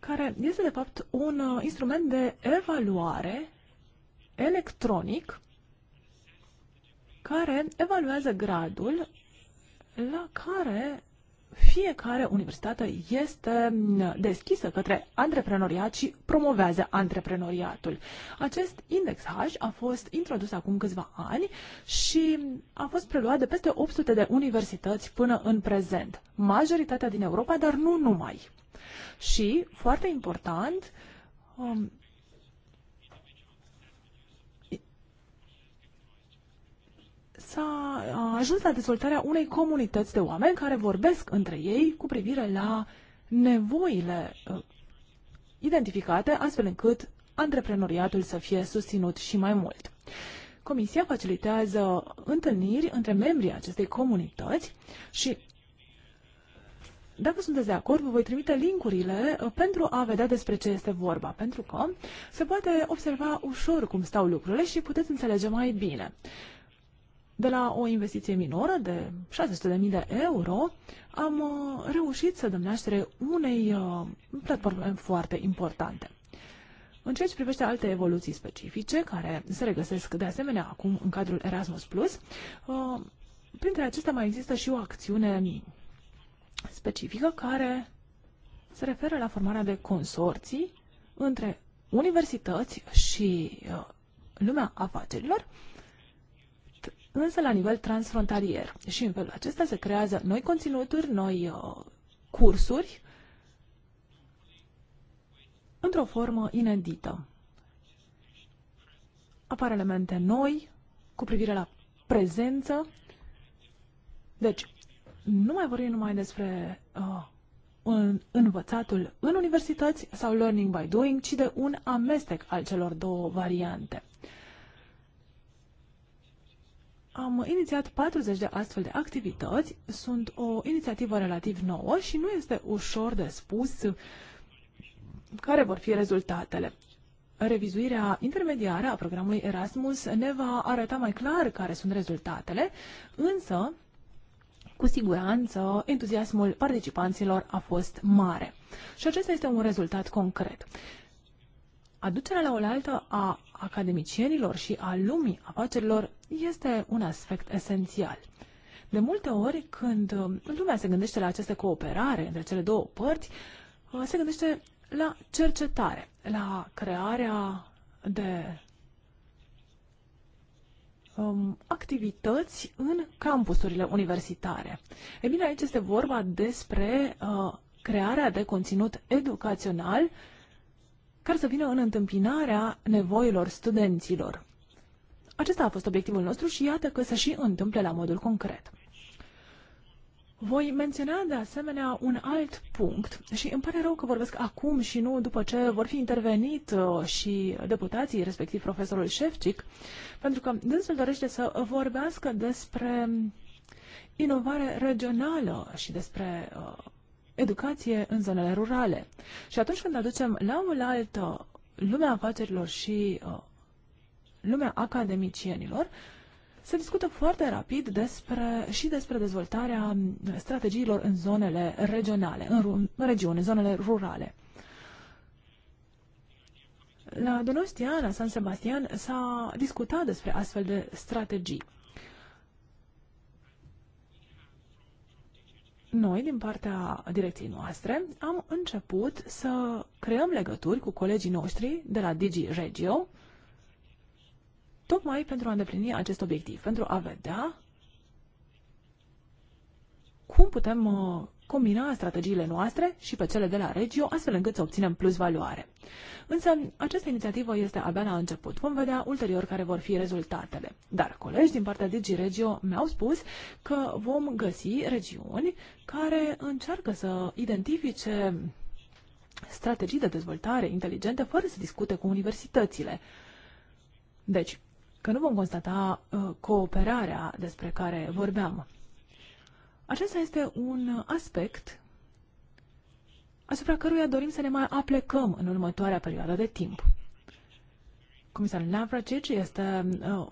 care este de fapt un uh, instrument de evaluare electronic care evaluează gradul la care fiecare universitate este deschisă către antreprenoriat și promovează antreprenoriatul. Acest index H a fost introdus acum câțiva ani și a fost preluat de peste 800 de universități până în prezent, majoritatea din Europa, dar nu numai. Și, foarte important, um, s-a ajuns la dezvoltarea unei comunități de oameni care vorbesc între ei cu privire la nevoile uh, identificate, astfel încât antreprenoriatul să fie susținut și mai mult. Comisia facilitează întâlniri între membrii acestei comunități și dacă sunteți de acord, vă voi trimite linkurile uh, pentru a vedea despre ce este vorba, pentru că se poate observa ușor cum stau lucrurile și puteți înțelege mai bine de la o investiție minoră de 600.000 de euro, am uh, reușit să dăm naștere unei uh, platforme foarte importante. În ceea ce privește alte evoluții specifice, care se regăsesc de asemenea acum în cadrul Erasmus+, uh, printre acestea mai există și o acțiune specifică care se referă la formarea de consorții între universități și lumea afacerilor, însă la nivel transfrontalier. Și în felul acesta se creează noi conținuturi, noi uh, cursuri, într-o formă inedită. Apar elemente noi cu privire la prezență. Deci, nu mai vorbim numai despre uh, un învățatul în universități sau learning by doing, ci de un amestec al celor două variante. Am inițiat 40 de astfel de activități, sunt o inițiativă relativ nouă și nu este ușor de spus care vor fi rezultatele. Revizuirea intermediară a programului Erasmus ne va arăta mai clar care sunt rezultatele, însă, cu siguranță, entuziasmul participanților a fost mare. Și acesta este un rezultat concret. Aducerea la oaltă a academicienilor și a lumii afacerilor este un aspect esențial. De multe ori, când um, lumea se gândește la această cooperare între cele două părți, uh, se gândește la cercetare, la crearea de um, activități în campusurile universitare. E bine, aici este vorba despre uh, crearea de conținut educațional care să vină în întâmpinarea nevoilor studenților. Acesta a fost obiectivul nostru și iată că se și întâmplă la modul concret. Voi menționa de asemenea un alt punct și îmi pare rău că vorbesc acum și nu după ce vor fi intervenit uh, și deputații, respectiv profesorul Șefcic, pentru că dânsul dorește să vorbească despre inovare regională și despre uh, educație în zonele rurale. Și atunci când aducem la alt uh, lumea afacerilor și uh, lumea academicienilor, se discută foarte rapid despre, și despre dezvoltarea um, strategiilor în zonele regionale, în, în regiuni, zonele rurale. La Donostia, la San Sebastian, s-a discutat despre astfel de strategii. Noi, din partea direcției noastre, am început să creăm legături cu colegii noștri de la Digi Regio, tocmai pentru a îndeplini acest obiectiv, pentru a vedea cum putem uh, combina strategiile noastre și pe cele de la Regio, astfel încât să obținem plus valoare. Însă, această inițiativă este abia la început. Vom vedea ulterior care vor fi rezultatele. Dar colegi din partea Digi Regio mi-au spus că vom găsi regiuni care încearcă să identifice strategii de dezvoltare inteligente fără să discute cu universitățile. Deci, că nu vom constata uh, cooperarea despre care vorbeam. Acesta este un aspect asupra căruia dorim să ne mai aplecăm în următoarea perioadă de timp. Comisarul Navracic este uh,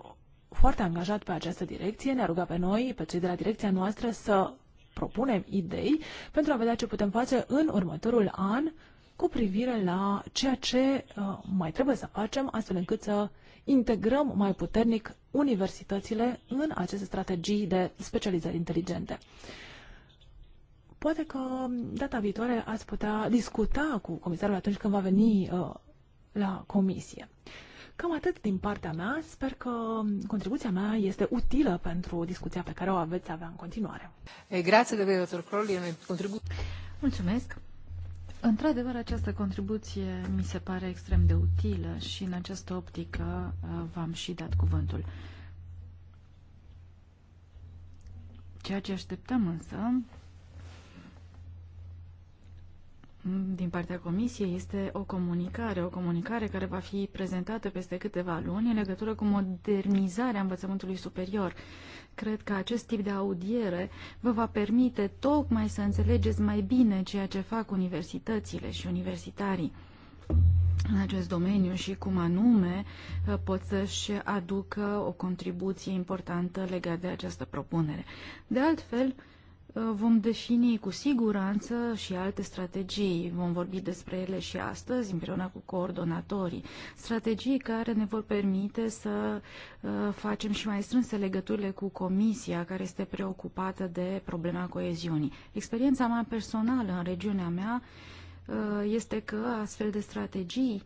foarte angajat pe această direcție, ne-a rugat pe noi, pe cei de la direcția noastră, să propunem idei pentru a vedea ce putem face în următorul an cu privire la ceea ce uh, mai trebuie să facem astfel încât să integrăm mai puternic universitățile în aceste strategii de specializări inteligente. Poate că data viitoare ați putea discuta cu comisarul atunci când va veni uh, la comisie. Cam atât din partea mea. Sper că contribuția mea este utilă pentru discuția pe care o aveți avea în continuare. Grație, doctor Crowley. Mulțumesc. Într-adevăr, această contribuție mi se pare extrem de utilă și în această optică uh, v-am și dat cuvântul. Ceea ce așteptăm însă din partea Comisiei este o comunicare, o comunicare care va fi prezentată peste câteva luni în legătură cu modernizarea învățământului superior. Cred că acest tip de audiere vă va permite tocmai să înțelegeți mai bine ceea ce fac universitățile și universitarii în acest domeniu și cum anume uh, pot să-și aducă o contribuție importantă legată de această propunere. De altfel, Uh, vom defini cu siguranță și alte strategii. Vom vorbi despre ele și astăzi, împreună cu coordonatorii. Strategii care ne vor permite să uh, facem și mai strânse legăturile cu Comisia, care este preocupată de problema coeziunii. Experiența mea personală în regiunea mea uh, este că astfel de strategii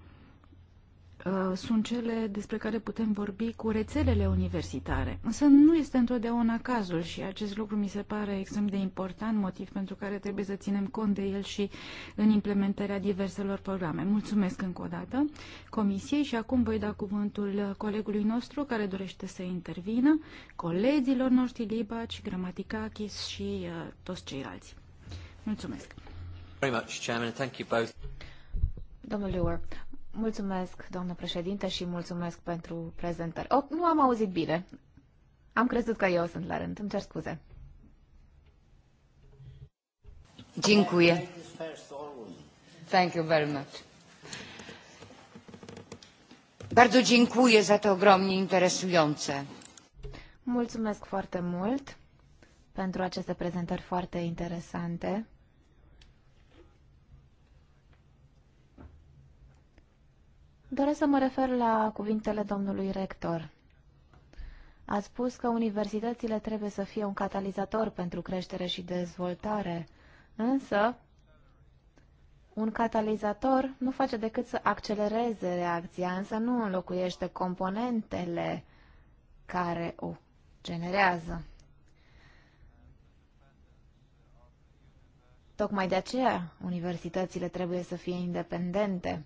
Uh, sunt cele despre care putem vorbi cu rețelele universitare. Însă nu este întotdeauna cazul și acest lucru mi se pare extrem de important, motiv pentru care trebuie să ținem cont de el și în implementarea diverselor programe. Mulțumesc încă o dată Comisiei și acum voi da cuvântul colegului nostru care dorește să intervină, colegilor noștri Libaci, Gramaticachis și uh, toți ceilalți. Mulțumesc! Very much, Chairman. Thank you both. Mulțumesc, doamnă președinte, și mulțumesc pentru prezentări. Oh, nu am auzit bine. Am crezut că eu sunt la rând. Îmi cer scuze. Dziękuję. Thank you very much. Bardzo dziękuję za te ogromnie interesujące. Mulțumesc foarte mult pentru aceste prezentări foarte interesante. Doresc să mă refer la cuvintele domnului rector. A spus că universitățile trebuie să fie un catalizator pentru creștere și dezvoltare, însă un catalizator nu face decât să accelereze reacția, însă nu înlocuiește componentele care o generează. Tocmai de aceea, universitățile trebuie să fie independente.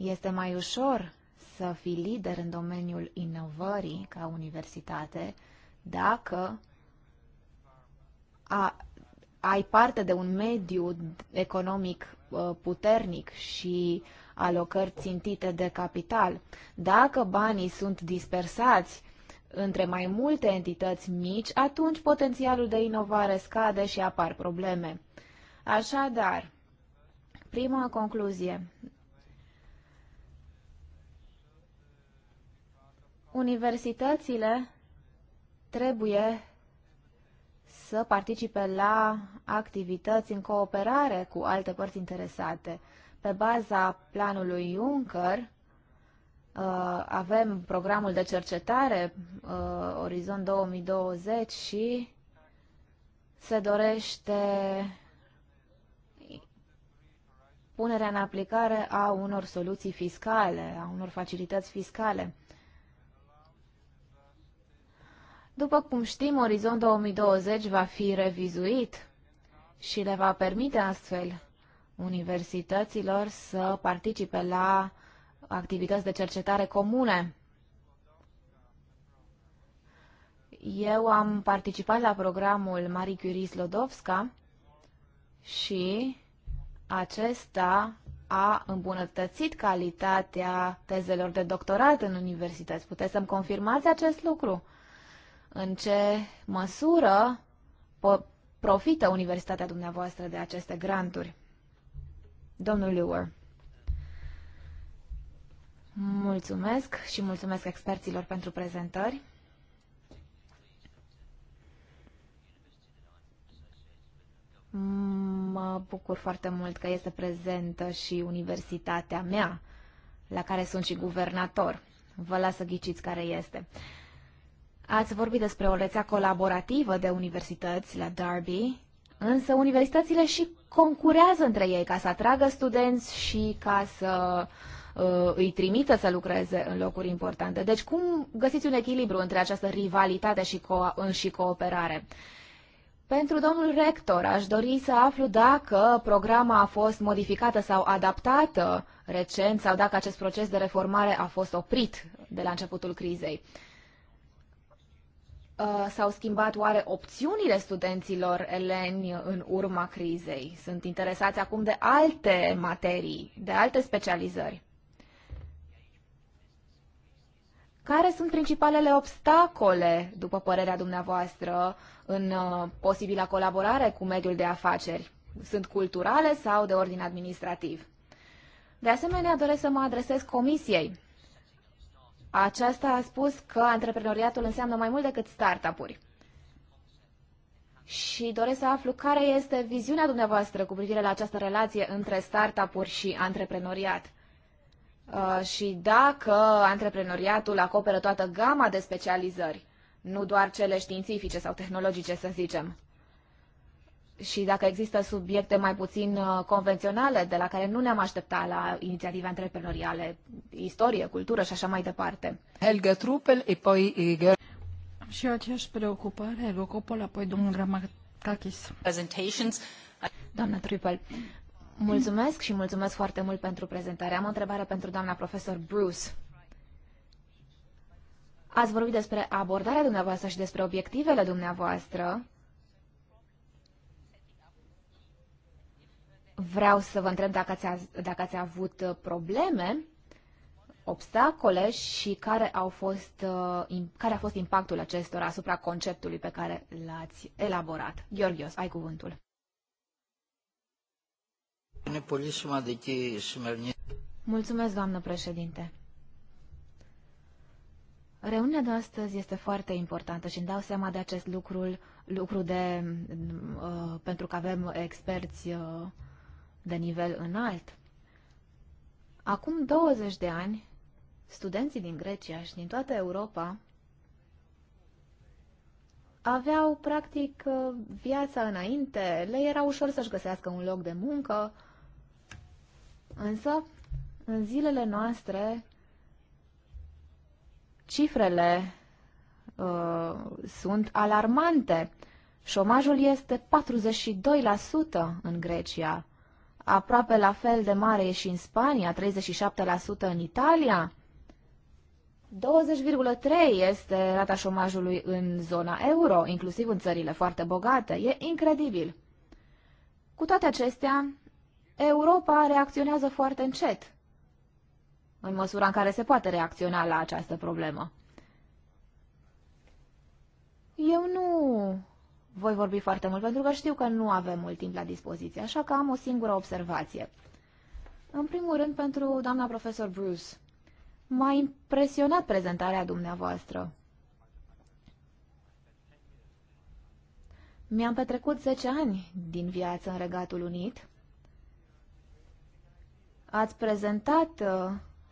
Este mai ușor să fii lider în domeniul inovării ca universitate dacă a, ai parte de un mediu economic uh, puternic și alocări țintite de capital. Dacă banii sunt dispersați între mai multe entități mici, atunci potențialul de inovare scade și apar probleme. Așadar, prima concluzie. Universitățile trebuie să participe la activități în cooperare cu alte părți interesate. Pe baza planului Juncker, uh, avem programul de cercetare uh, Orizont 2020 și se dorește punerea în aplicare a unor soluții fiscale, a unor facilități fiscale. După cum știm, Orizont 2020 va fi revizuit și le va permite astfel universităților să participe la activități de cercetare comune. Eu am participat la programul Marie Curie Slodovska și acesta a îmbunătățit calitatea tezelor de doctorat în universități. Puteți să-mi confirmați acest lucru? în ce măsură profită universitatea dumneavoastră de aceste granturi. Domnul Lewer. Mulțumesc și mulțumesc experților pentru prezentări. Mă bucur foarte mult că este prezentă și universitatea mea, la care sunt și guvernator. Vă las să ghiciți care este. Uh, Ați vorbit despre o rețea colaborativă de universități la Derby, însă universitățile și concurează între ei ca să atragă studenți și ca să uh, îi trimită să lucreze în locuri importante. Deci cum găsiți un echilibru între această rivalitate și, co- și cooperare? Pentru domnul rector, aș dori să aflu dacă programa a fost modificată sau adaptată recent sau dacă acest proces de reformare a fost oprit de la începutul crizei. Uh, Uh, s-au schimbat oare opțiunile studenților eleni în urma crizei? Sunt interesați acum de alte materii, de alte specializări. Care sunt principalele obstacole, după părerea dumneavoastră, în uh, posibila colaborare cu mediul de afaceri? Sunt culturale sau de ordin administrativ? De asemenea, doresc să mă adresez comisiei. Aceasta a spus că antreprenoriatul înseamnă mai mult decât startup-uri. Și doresc să aflu care este viziunea dumneavoastră cu privire la această relație între startup-uri și antreprenoriat. Uh, și dacă antreprenoriatul acoperă toată gama de specializări, nu doar cele științifice sau tehnologice, să zicem și dacă există subiecte mai puțin uh, convenționale, de la care nu ne-am aștepta la inițiative antreprenoriale, istorie, cultură și așa mai departe. Helga Trupel, apoi Helga... Și uh, aceeași preocupare, Helga apoi domnul Gramatakis. Doamna Trupel, mulțumesc și mulțumesc foarte mult pentru prezentare. Am o întrebare pentru doamna profesor Bruce. Ați vorbit despre abordarea dumneavoastră și despre obiectivele dumneavoastră vreau să vă întreb dacă ați, dacă ați avut uh, probleme, obstacole și care, au fost, uh, care a fost impactul acestora asupra conceptului pe care l-ați elaborat. Gheorghios, ai cuvântul. Mulțumesc, doamnă președinte. Reuniunea de astăzi este foarte importantă și îmi dau seama de acest lucru, lucru de, uh, pentru că avem experți uh, de nivel înalt. Acum 20 de ani, studenții din Grecia și din toată Europa aveau practic viața înainte, le era ușor să-și găsească un loc de muncă, însă în zilele noastre cifrele uh, sunt alarmante. Șomajul este 42% în Grecia aproape la fel de mare e și în Spania, 37% în Italia. 20,3 este rata șomajului în zona euro, inclusiv în țările foarte bogate. E incredibil. Cu toate acestea, Europa reacționează foarte încet, în măsura în care se poate reacționa la această problemă. Eu nu voi vorbi foarte mult, pentru că știu că nu avem mult timp la dispoziție, așa că am o singură observație. În primul rând, pentru doamna profesor Bruce, m-a impresionat prezentarea dumneavoastră. Mi-am petrecut 10 ani din viață în Regatul Unit. Ați prezentat uh,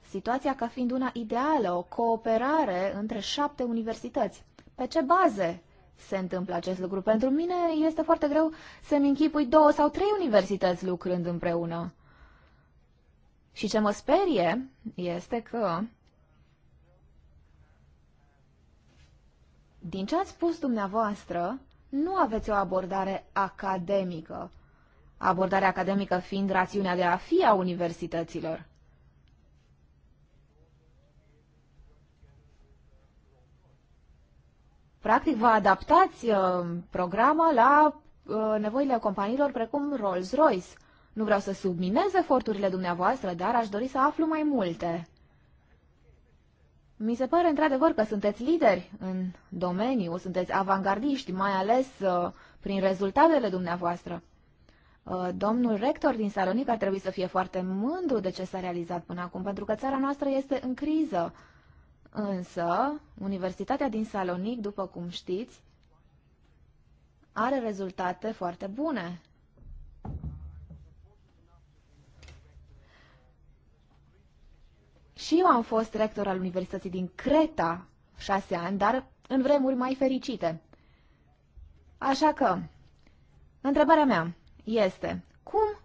situația ca fiind una ideală, o cooperare între șapte universități. Pe ce baze se întâmplă acest lucru. Pentru mine este foarte greu să-mi închipui două sau trei universități lucrând împreună. Și ce mă sperie este că din ce ați spus dumneavoastră, nu aveți o abordare academică. Abordarea academică fiind rațiunea de a fi a universităților. Practic, vă adaptați uh, programa la uh, nevoile companiilor precum Rolls-Royce. Nu vreau să subminez eforturile dumneavoastră, dar aș dori să aflu mai multe. Mi se pare într-adevăr că sunteți lideri în domeniu, sunteți avangardiști, mai ales uh, prin rezultatele dumneavoastră. Uh, domnul rector din Salonic ar trebui să fie foarte mândru de ce s-a realizat până acum, pentru că țara noastră este în criză. Uh, Însă, Universitatea din Salonic, după cum știți, are rezultate foarte bune. Și eu am fost rector al Universității din Creta șase ani, dar în vremuri mai fericite. Așa că, întrebarea mea este, cum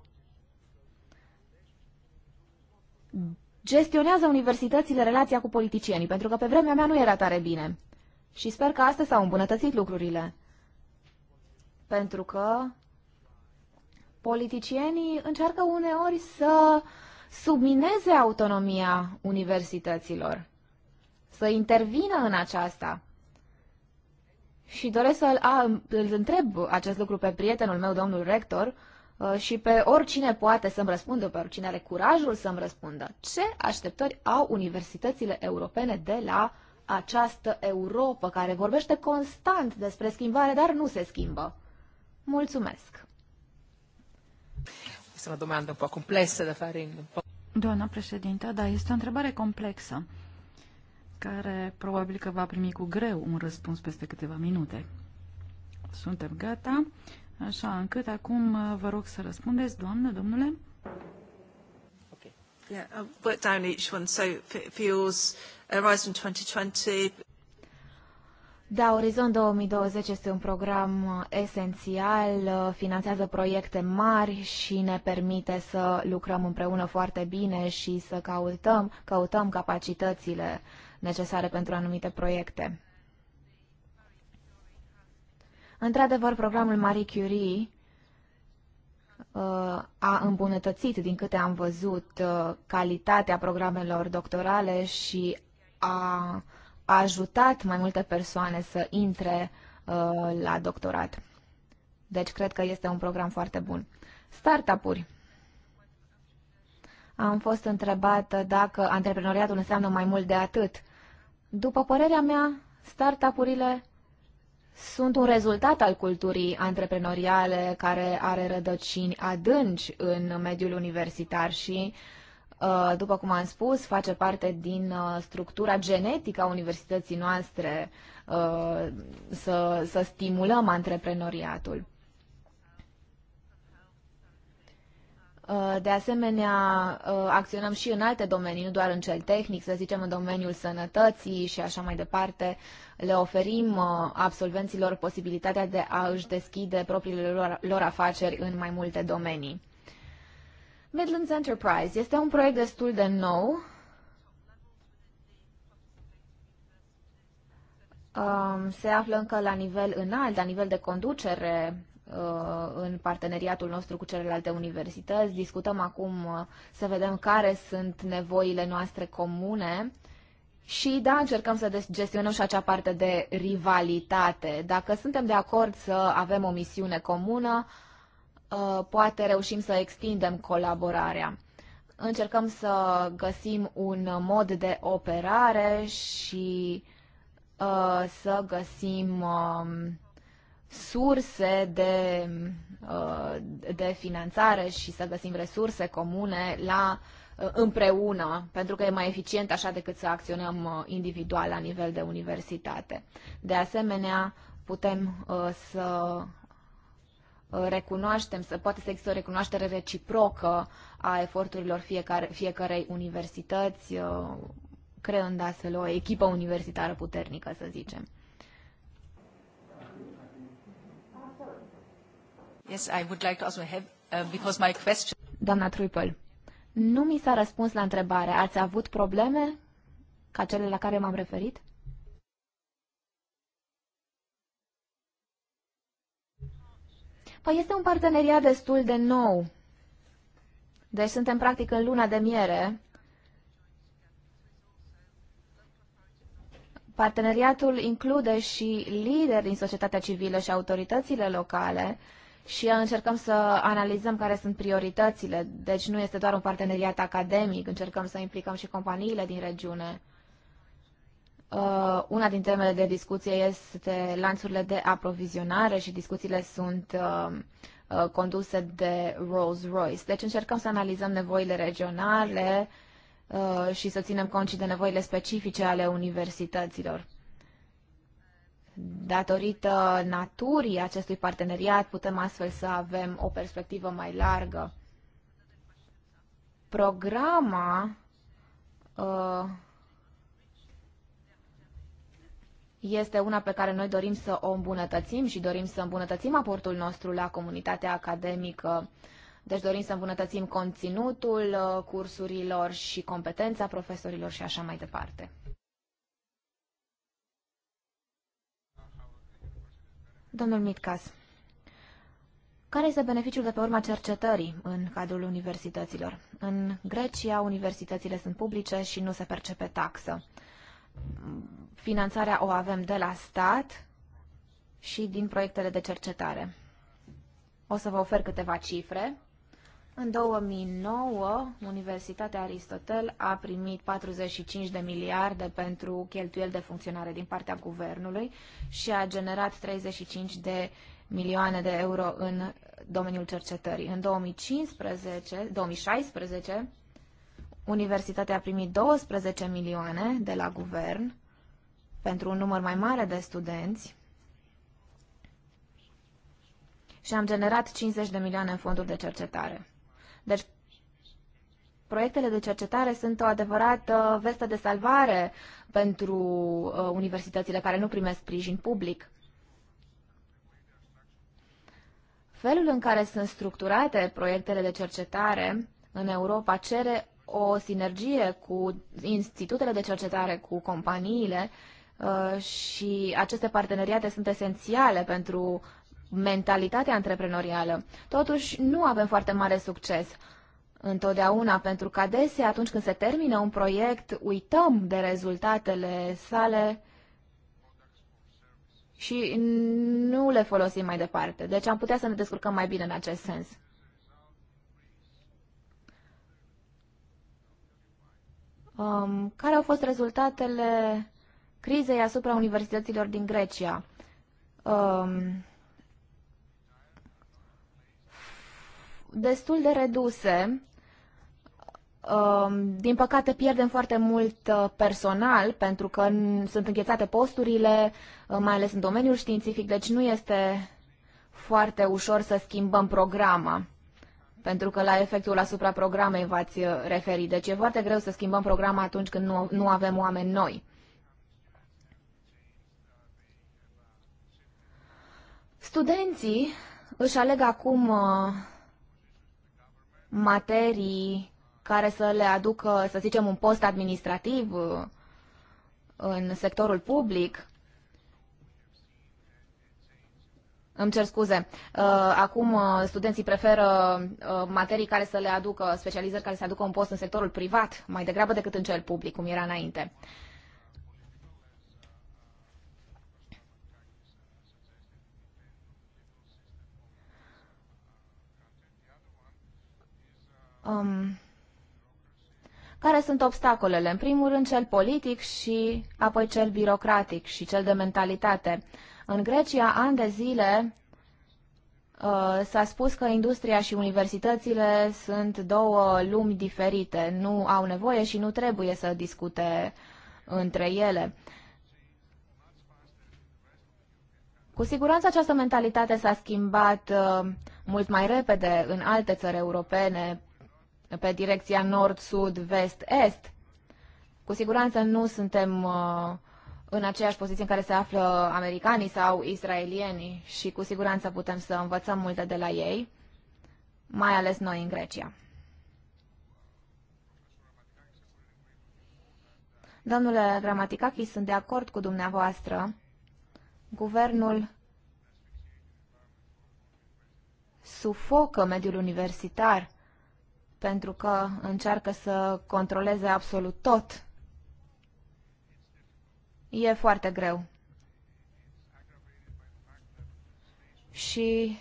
gestionează universitățile relația cu politicienii, pentru că pe vremea mea nu era tare bine. Și sper că astăzi s-au îmbunătățit lucrurile. Pentru că politicienii încearcă uneori să submineze autonomia universităților, să intervină în aceasta. Și doresc să-l întreb acest lucru pe prietenul meu, domnul rector, Uh, și pe oricine poate să-mi răspundă, pe oricine are curajul să-mi răspundă. Ce așteptări au universitățile europene de la această Europa care vorbește constant despre schimbare, dar nu se schimbă? Mulțumesc! Este o întrebare un po' complexă de fare Doamna președintă, da, este o întrebare complexă care probabil că va primi cu greu un răspuns peste câteva minute. Suntem gata așa încât acum uh, vă rog să răspundeți, doamnă, domnule. Okay. Yeah, I've down each one. So for yours, Horizon 2020. Da, Orizon 2020 este un program uh, esențial, uh, finanțează proiecte mari și ne permite să lucrăm împreună foarte bine și să căutăm, căutăm capacitățile necesare pentru anumite proiecte. Într-adevăr, programul Marie Curie uh, a îmbunătățit, din câte am văzut, uh, calitatea programelor doctorale și a ajutat mai multe persoane să intre uh, la doctorat. Deci cred că este un program foarte bun. Startup-uri. Am fost întrebată dacă antreprenoriatul înseamnă mai mult de atât. După părerea mea, startup-urile sunt un rezultat al culturii antreprenoriale care are rădăcini adânci în mediul universitar și, uh, după cum am spus, face parte din uh, structura genetică a universității noastre uh, să, să stimulăm antreprenoriatul. Uh, de asemenea, uh, acționăm și în alte domenii, nu doar în cel tehnic, să zicem în domeniul sănătății și așa mai departe. Le oferim uh, absolvenților posibilitatea de a își deschide propriile lor, afaceri în mai multe domenii. Midlands Enterprise este un proiect destul de nou. Um, se află încă la nivel înalt, la nivel de conducere Uh, în parteneriatul nostru cu celelalte universități. Discutăm acum uh, să vedem care sunt nevoile noastre comune și, da, încercăm să gestionăm și acea parte de rivalitate. Dacă suntem de acord să avem o misiune comună, uh, poate reușim să extindem colaborarea. Încercăm să găsim un mod de operare și să găsim um, surse de, uh, de finanțare și să găsim resurse comune la uh, împreună, pentru că e mai eficient așa decât să acționăm uh, individual la nivel de universitate. De asemenea, putem să recunoaștem, să poate să există o recunoaștere reciprocă a eforturilor fiecare, fiecarei universități, creând astfel o echipă universitară puternică, să zicem. Doamna Truipel, nu mi s-a răspuns la întrebare. Ați avut probleme ca cele la care m-am referit? Păi este un parteneriat destul de nou. Deci suntem practic în luna de miere. Parteneriatul include și lideri din societatea civilă și autoritățile locale, și încercăm să analizăm care sunt prioritățile. Deci nu este doar un parteneriat academic, încercăm să implicăm și companiile din regiune. Uh, una din temele de discuție este lanțurile de aprovizionare și discuțiile sunt uh, uh, conduse de Rolls-Royce. Deci încercăm să analizăm nevoile regionale și să ținem cont și de nevoile specifice ale universităților. Datorită naturii acestui parteneriat putem astfel să avem o perspectivă mai largă. Programa uh, este una pe care noi dorim să o îmbunătățim și dorim să îmbunătățim aportul nostru la comunitatea academică. Deci dorim să îmbunătățim conținutul uh, cursurilor și competența profesorilor și așa mai departe. Domnul Mitcas, care este beneficiul de pe urma cercetării în cadrul universităților? În Grecia, universitățile sunt publice și nu se percepe taxă. Finanțarea o avem de la stat și din proiectele de cercetare. O să vă ofer câteva cifre. În 2009, Universitatea Aristotel a primit 45 de miliarde pentru cheltuieli de funcționare din partea guvernului și a generat 35 de milioane de euro în domeniul cercetării. În 2015, 2016, Universitatea a primit 12 milioane de la guvern pentru un număr mai mare de studenți și am generat 50 de milioane în fonduri de cercetare. Deci, proiectele de cercetare sunt o adevărată vestă de salvare pentru uh, universitățile care nu primesc sprijin public. Felul în care sunt structurate proiectele de cercetare în Europa cere o sinergie cu institutele de cercetare, cu companiile uh, și aceste parteneriate sunt esențiale pentru mentalitatea antreprenorială. Totuși, nu avem foarte mare succes întotdeauna, pentru că adesea, atunci când se termină un proiect, uităm de rezultatele sale și nu le folosim mai departe. Deci am putea să ne descurcăm mai bine în acest sens. Um, care au fost rezultatele crizei asupra universităților din Grecia? Um, destul de reduse. Um, din păcate pierdem foarte mult uh, personal pentru că sunt înghețate posturile, uh, mai ales în domeniul științific, deci nu este foarte ușor să schimbăm programa pentru că la efectul asupra programei v-ați uh, referit. Deci e foarte greu să schimbăm programa atunci când nu, nu avem oameni noi. Studenții își aleg acum materii care să le aducă, să zicem, un post administrativ uh, în sectorul public. Îmi cer scuze. Uh, acum uh, studenții preferă materii care să le aducă, specializări care să aducă un post în sectorul privat, mai degrabă decât în cel public, cum era înainte. um, care sunt obstacolele? În primul rând cel politic și apoi cel birocratic și cel de mentalitate. În Grecia, ani de zile, uh, s-a spus că industria și universitățile sunt două lumi diferite, nu au nevoie și nu trebuie să discute între ele. Cu siguranță această mentalitate s-a schimbat uh, mult mai repede în alte țări europene pe direcția nord-sud, vest-est, cu siguranță nu suntem uh, în aceeași poziție în care se află americanii sau israelienii și cu siguranță putem să învățăm multe de la ei, mai ales noi în Grecia. Domnule Gramaticaki, sunt de acord cu dumneavoastră. Guvernul sufocă mediul universitar pentru că încearcă să controleze absolut tot. E foarte greu. Și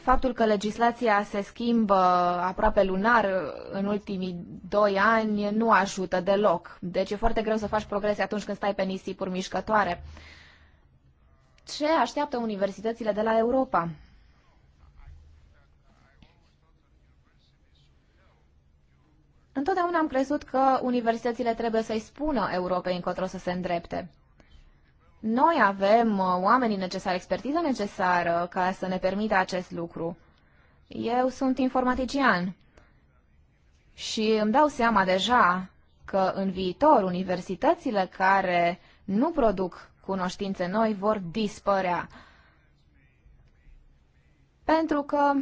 faptul că legislația se schimbă aproape lunar în ultimii doi ani nu ajută deloc. Deci e foarte greu să faci progrese atunci când stai pe nisipuri mișcătoare. Ce așteaptă universitățile de la Europa? Întotdeauna am crezut că universitățile trebuie să-i spună Europei încotro să se îndrepte. Noi avem uh, oamenii necesari, expertiza necesară ca să ne permită acest lucru. Eu sunt informatician și îmi dau seama deja că în viitor universitățile care nu produc cunoștințe noi vor dispărea. Pentru că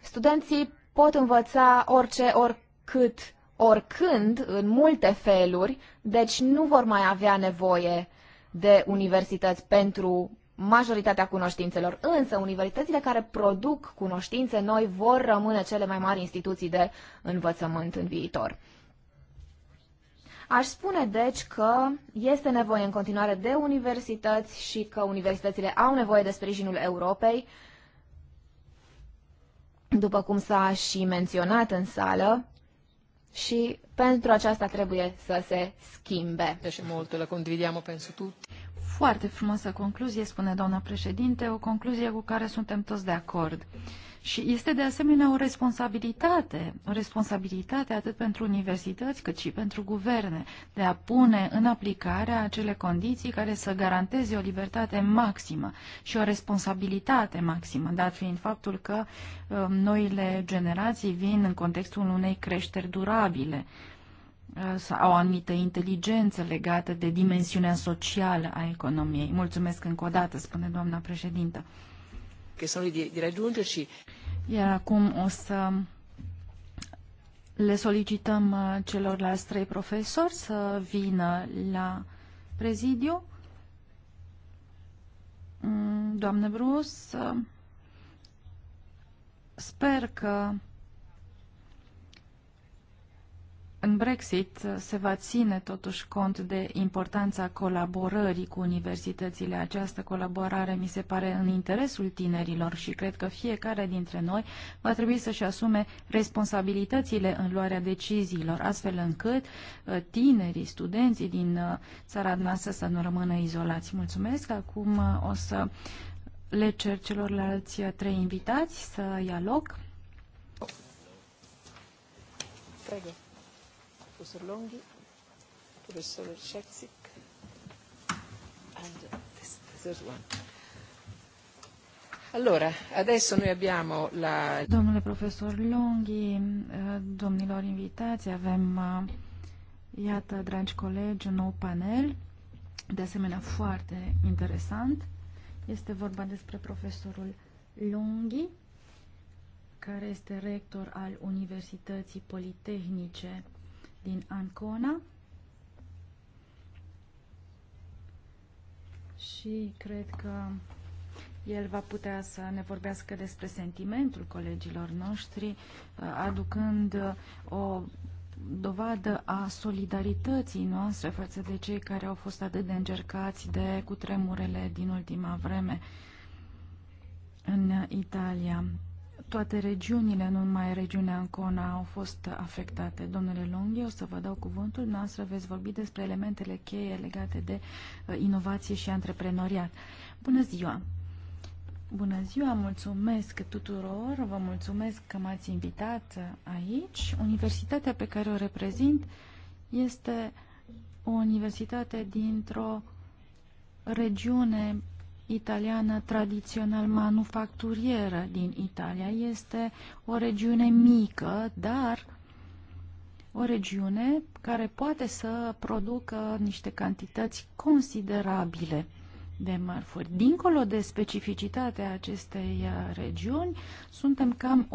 studenții pot învăța orice, oricât, oricând, în multe feluri, deci nu vor mai avea nevoie de universități pentru majoritatea cunoștințelor. Însă, universitățile care produc cunoștințe noi vor rămâne cele mai mari instituții de învățământ în viitor. Aș spune, deci, că este nevoie în continuare de universități și că universitățile au nevoie de sprijinul Europei, după cum s-a și menționat în sală, și pentru aceasta trebuie să se schimbe. Deci la condividiamo, penso tutti foarte frumoasă concluzie, spune doamna președinte, o concluzie cu care suntem toți de acord. Și este de asemenea o responsabilitate, o responsabilitate atât pentru universități cât și pentru guverne de a pune în aplicare acele condiții care să garanteze o libertate maximă și o responsabilitate maximă, dat fiind faptul că um, noile generații vin în contextul unei creșteri durabile Uh, au anumită inteligență legată de dimensiunea socială a economiei. Mulțumesc încă o dată, spune doamna președintă. de și... Iar acum o să le solicităm uh, celorlalți trei profesori să vină la prezidiu. Mm, Doamne Brus, uh, sper că În Brexit se va ține totuși cont de importanța colaborării cu universitățile. Această colaborare mi se pare în interesul tinerilor și cred că fiecare dintre noi va trebui să-și asume responsabilitățile în luarea deciziilor, astfel încât uh, tinerii, studenții din uh, țara noastră să nu rămână izolați. Mulțumesc! Acum uh, o să le cer celorlalți trei invitați să ia loc. Pregăt. Professor Longhi, Professor Sheksik, and this, this one. Allora, adesso noi abbiamo la... Domnule profesor Longhi, eh, domnilor invitați, avem, eh, iată, dragi colegi, un nou panel, de asemenea foarte interesant. Este vorba despre profesorul Longhi, care este rector al Universității Politehnice din Ancona și cred că el va putea să ne vorbească despre sentimentul colegilor noștri, uh, aducând uh, o dovadă a solidarității noastre față de cei care au fost atât de încercați de cutremurele din ultima vreme în Italia toate regiunile, nu numai regiunea Ancona, au fost afectate. Domnule Longhi, o să vă dau cuvântul. Noastră veți vorbi despre elementele cheie legate de uh, inovație și antreprenoriat. Bună ziua! Bună ziua, mulțumesc tuturor, vă mulțumesc că m-ați invitat uh, aici. Universitatea pe care o reprezint este o universitate dintr-o regiune italiană tradițional manufacturieră din Italia. Este o regiune mică, dar o regiune care poate să producă niște cantități considerabile de mărfuri. Dincolo de specificitatea acestei uh, regiuni, suntem cam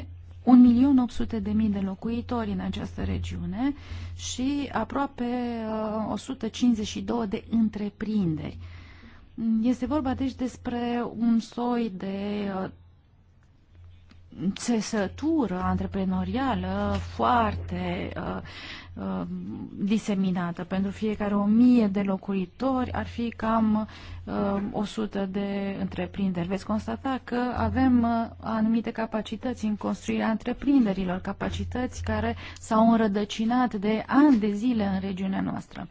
1.800.000 de locuitori în această regiune și aproape 152 uh, de întreprinderi. Este vorba deci despre un soi de uh, țesătură antreprenorială foarte uh, uh, diseminată. Pentru fiecare o mie de locuitori ar fi cam uh, 100 de întreprinderi. Veți constata că avem uh, anumite capacități în construirea întreprinderilor, capacități care s-au înrădăcinat de ani de zile în regiunea noastră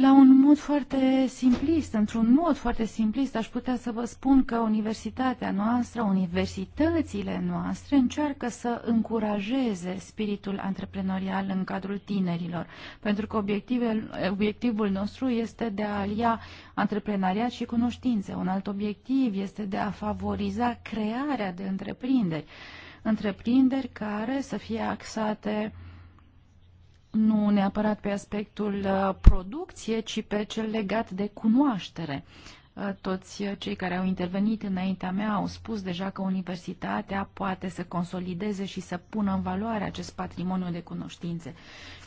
la un mod foarte simplist, într-un mod foarte simplist, aș putea să vă spun că universitatea noastră, universitățile noastre încearcă să încurajeze spiritul antreprenorial în cadrul tinerilor, pentru că obiectivul nostru este de a alia antreprenariat și cunoștințe. Un alt obiectiv este de a favoriza crearea de întreprinderi, întreprinderi care să fie axate uh, nu neapărat pe aspectul uh, producție, ci pe cel legat de cunoaștere. Uh, toți uh, cei care au intervenit înaintea mea au spus deja că universitatea poate să consolideze și să pună în valoare acest patrimoniu de cunoștințe.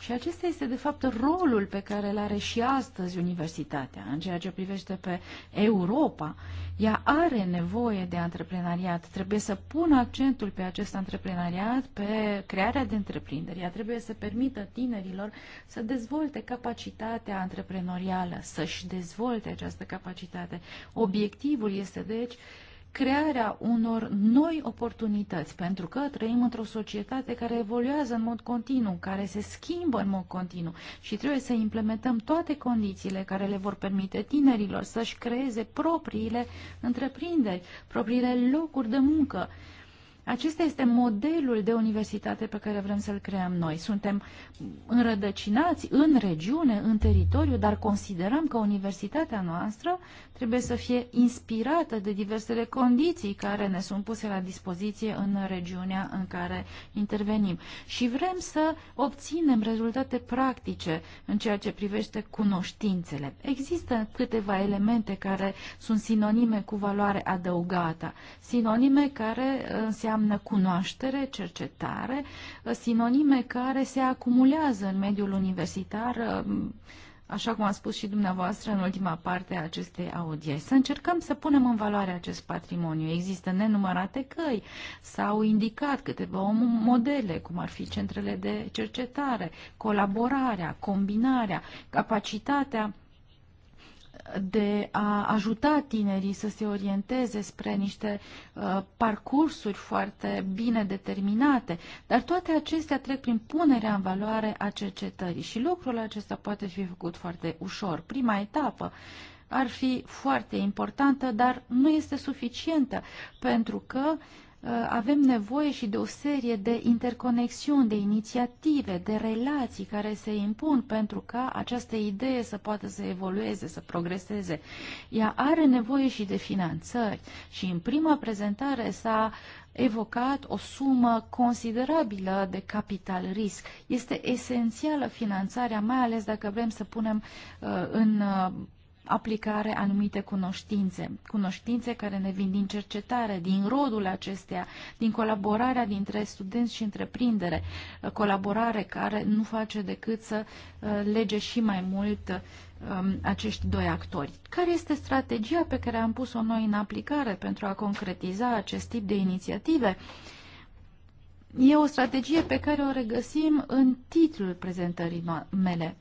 Și acesta este, de fapt, rolul pe care îl are și astăzi universitatea în ceea ce privește pe Europa. Ea are nevoie de antreprenariat, trebuie să pună accentul pe acest antreprenariat, pe crearea de întreprinderi. Ea trebuie să permită tinerilor să dezvolte capacitatea antreprenorială, să-și dezvolte această capacitate. Obiectivul este, deci, crearea unor noi oportunități, pentru că trăim într-o societate care evoluează în mod continuu, care se schimbă în mod continuu și trebuie să implementăm toate condițiile care le vor permite tinerilor să-și creeze propriile întreprinderi, propriile locuri de muncă acesta este modelul de universitate pe care vrem să-l creăm noi. Suntem înrădăcinați în regiune, în teritoriu, dar considerăm că universitatea noastră trebuie să fie inspirată de diversele condiții care ne sunt puse la dispoziție în regiunea în care intervenim. Și vrem să obținem rezultate practice în ceea ce privește cunoștințele. Există câteva elemente care sunt sinonime cu valoare adăugată, sinonime care înseamnă înseamnă cunoaștere, cercetare, ă, sinonime care se acumulează în mediul universitar, ă, așa cum a spus și dumneavoastră în ultima parte a acestei audieri. Să încercăm să punem în valoare acest patrimoniu. Există nenumărate căi, s-au indicat câteva modele, cum ar fi centrele de cercetare, colaborarea, combinarea, capacitatea de a ajuta tinerii să se orienteze spre niște uh, parcursuri foarte bine determinate, dar toate acestea trec prin punerea în valoare a cercetării și lucrul acesta poate fi făcut foarte ușor. Prima etapă ar fi foarte importantă, dar nu este suficientă, pentru că uh, Uh, avem nevoie și de o serie de interconexiuni, de inițiative, de relații care se impun pentru ca această idee să poată să evolueze, să progreseze. Ea are nevoie și de finanțări și în prima prezentare s-a evocat o sumă considerabilă de capital risc. Este esențială finanțarea, mai ales dacă vrem să punem uh, în uh, aplicare anumite cunoștințe. Cunoștințe care ne vin din cercetare, din rodul acestea, din colaborarea dintre studenți și întreprindere. Uh, colaborare care nu face decât să uh, lege și mai mult um, acești doi actori. Care este strategia pe care am pus-o noi în aplicare pentru a concretiza acest tip de inițiative? E o strategie pe care o regăsim în titlul prezentării mele.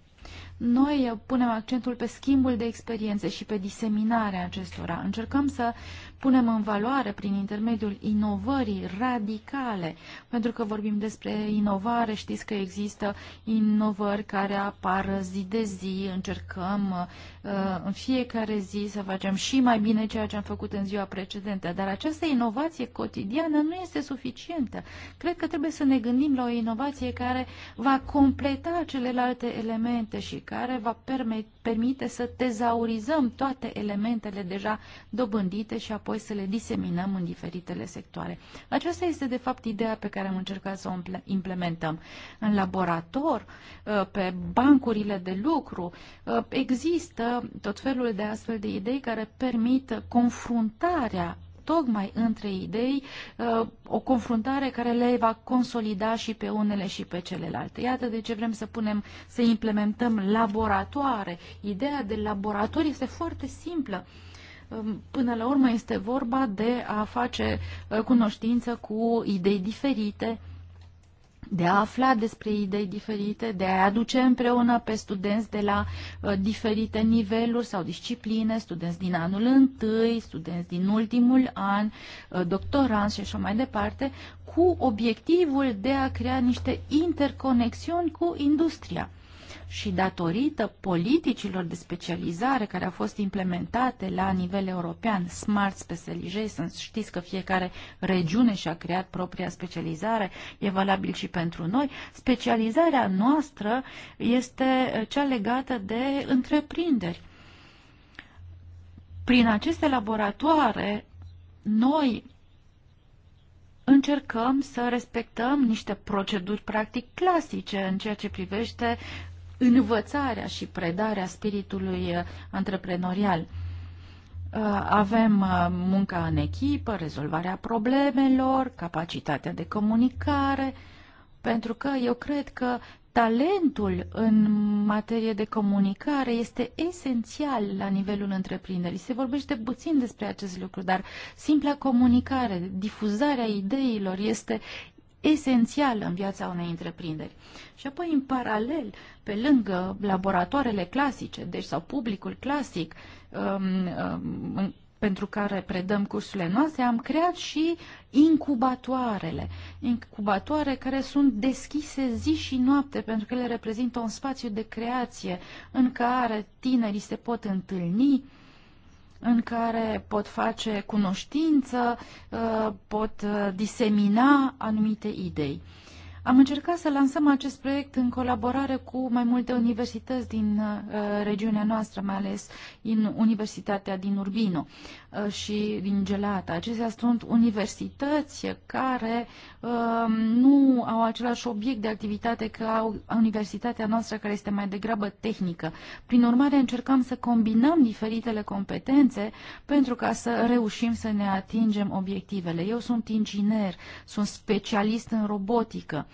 Noi punem accentul pe schimbul de experiențe și pe diseminarea acestora. Încercăm să punem în valoare prin intermediul inovării radicale, pentru că vorbim despre inovare, știți că există inovări care apar zi de zi, încercăm uh, în fiecare zi să facem și mai bine ceea ce am făcut în ziua precedentă, dar această inovație cotidiană nu este suficientă. Cred că trebuie să ne gândim la o inovație care va completa celelalte elemente și care va permite să tezaurizăm toate elementele deja dobândite și apoi să le diseminăm în diferitele sectoare. Aceasta este, de fapt, ideea pe care am încercat să o implementăm. În laborator, uh, pe bancurile de lucru, uh, există tot felul de astfel de idei care permit confruntarea tocmai între idei uh, o confruntare care le va consolida și pe unele și pe celelalte. Iată de ce vrem să punem, să implementăm laboratoare. Ideea de laborator este foarte simplă. Um, până la urmă este vorba de a face uh, cunoștință cu idei diferite, de a afla despre idei diferite, de a aduce împreună pe studenți de la uh, diferite niveluri sau discipline, studenți din anul întâi, studenți din ultimul an, uh, doctoranți și așa mai departe, cu obiectivul de a crea niște interconexiuni cu industria și datorită politicilor de specializare care au fost implementate la nivel european, Smart Specialization, știți că fiecare regiune și-a creat propria specializare, e valabil și pentru noi, specializarea noastră este cea legată de întreprinderi. Prin aceste laboratoare, noi încercăm să respectăm niște proceduri practic clasice în ceea ce privește învățarea și predarea spiritului uh, antreprenorial. Uh, avem uh, munca în echipă, rezolvarea problemelor, capacitatea de comunicare, pentru că eu cred că talentul în materie de comunicare este esențial la nivelul întreprinderii. Se vorbește puțin despre acest lucru, dar simpla comunicare, difuzarea ideilor este esențială în viața unei întreprinderi. Și apoi, în paralel, pe lângă laboratoarele clasice, deci sau publicul clasic, um, um, pentru care predăm cursurile noastre, am creat și incubatoarele. Incubatoare care sunt deschise zi și noapte, pentru că ele reprezintă un spațiu de creație în care tinerii se pot întâlni, uh, în care pot face cunoștință, uh, pot uh, disemina anumite idei. Am încercat să lansăm acest proiect în colaborare cu mai multe universități din uh, regiunea noastră, mai ales în Universitatea din Urbino. Uh, și din gelată. Acestea sunt universități care um, nu au același obiect de activitate ca universitatea noastră care este mai degrabă tehnică. Prin urmare, încercăm să combinăm diferitele competențe pentru ca să reușim să ne atingem obiectivele. Eu sunt inginer, sunt specialist în robotică.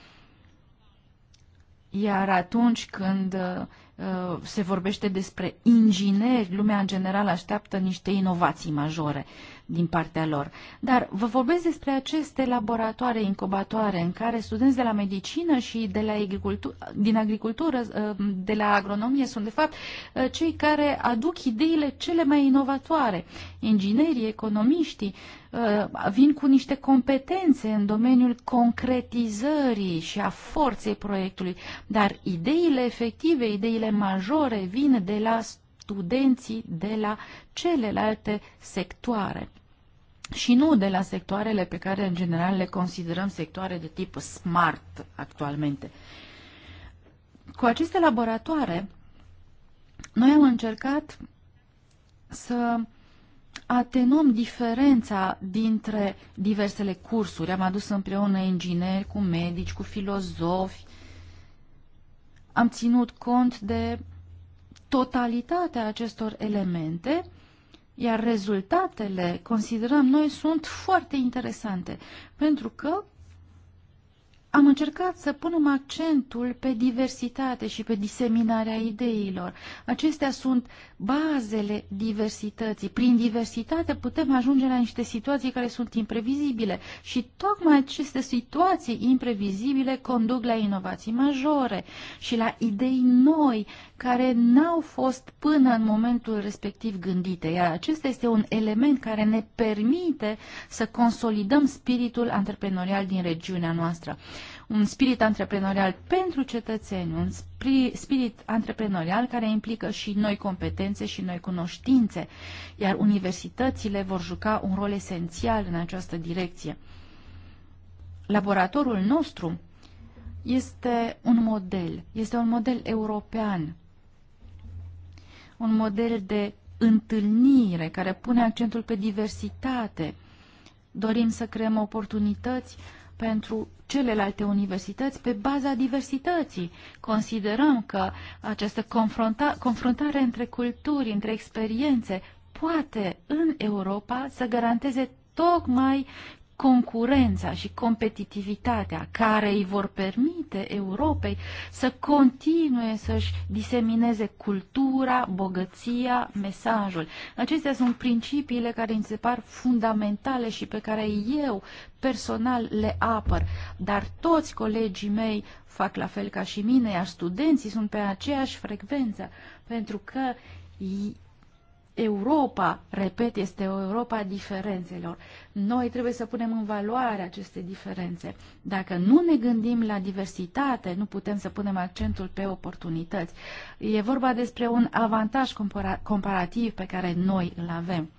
Iar atunci când uh, Uh, se vorbește despre ingineri, lumea în general așteaptă niște inovații majore din partea lor. Dar vă vorbesc despre aceste laboratoare incubatoare în care studenți de la medicină și de la agricultură, din agricultură, uh, de la agronomie sunt de fapt uh, cei care aduc ideile cele mai inovatoare. Inginerii, economiștii uh, vin cu niște competențe în domeniul concretizării și a forței proiectului, dar ideile efective, ideile majore vin de la studenții de la celelalte sectoare și nu de la sectoarele pe care în general le considerăm sectoare de tip smart actualmente. Cu aceste laboratoare, noi am încercat să atenuăm diferența dintre diversele cursuri. Am adus împreună ingineri cu medici, cu filozofi. Am ținut cont de totalitatea acestor elemente iar rezultatele, considerăm noi, sunt foarte interesante, pentru că am încercat să punem accentul pe diversitate și pe diseminarea ideilor. Acestea sunt bazele diversității. Prin diversitate putem ajunge la niște situații care sunt imprevizibile și tocmai aceste situații imprevizibile conduc la inovații majore și la idei noi care n-au fost până în momentul respectiv gândite, iar acesta este un element care ne permite să consolidăm spiritul antreprenorial din regiunea noastră. Un spirit antreprenorial pentru cetățeni, un spirit antreprenorial care implică și noi competențe și noi cunoștințe, iar universitățile vor juca un rol esențial în această direcție. Laboratorul nostru este un model, este un model european un model de întâlnire care pune accentul pe diversitate. Dorim să creăm oportunități pentru celelalte universități pe baza diversității. Considerăm că această confrunta, confruntare între culturi, între experiențe, poate în Europa să garanteze tocmai concurența și competitivitatea care îi vor permite Europei să continue să-și disemineze cultura, bogăția, mesajul. Acestea sunt principiile care îmi se par fundamentale și pe care eu personal le apăr, dar toți colegii mei fac la fel ca și mine, iar studenții sunt pe aceeași frecvență, pentru că Europa, repet, este o Europa a diferențelor. Noi trebuie să punem în valoare aceste diferențe. Dacă nu ne gândim la diversitate, nu putem să punem accentul pe oportunități. E vorba despre un avantaj comparativ pe care noi îl avem.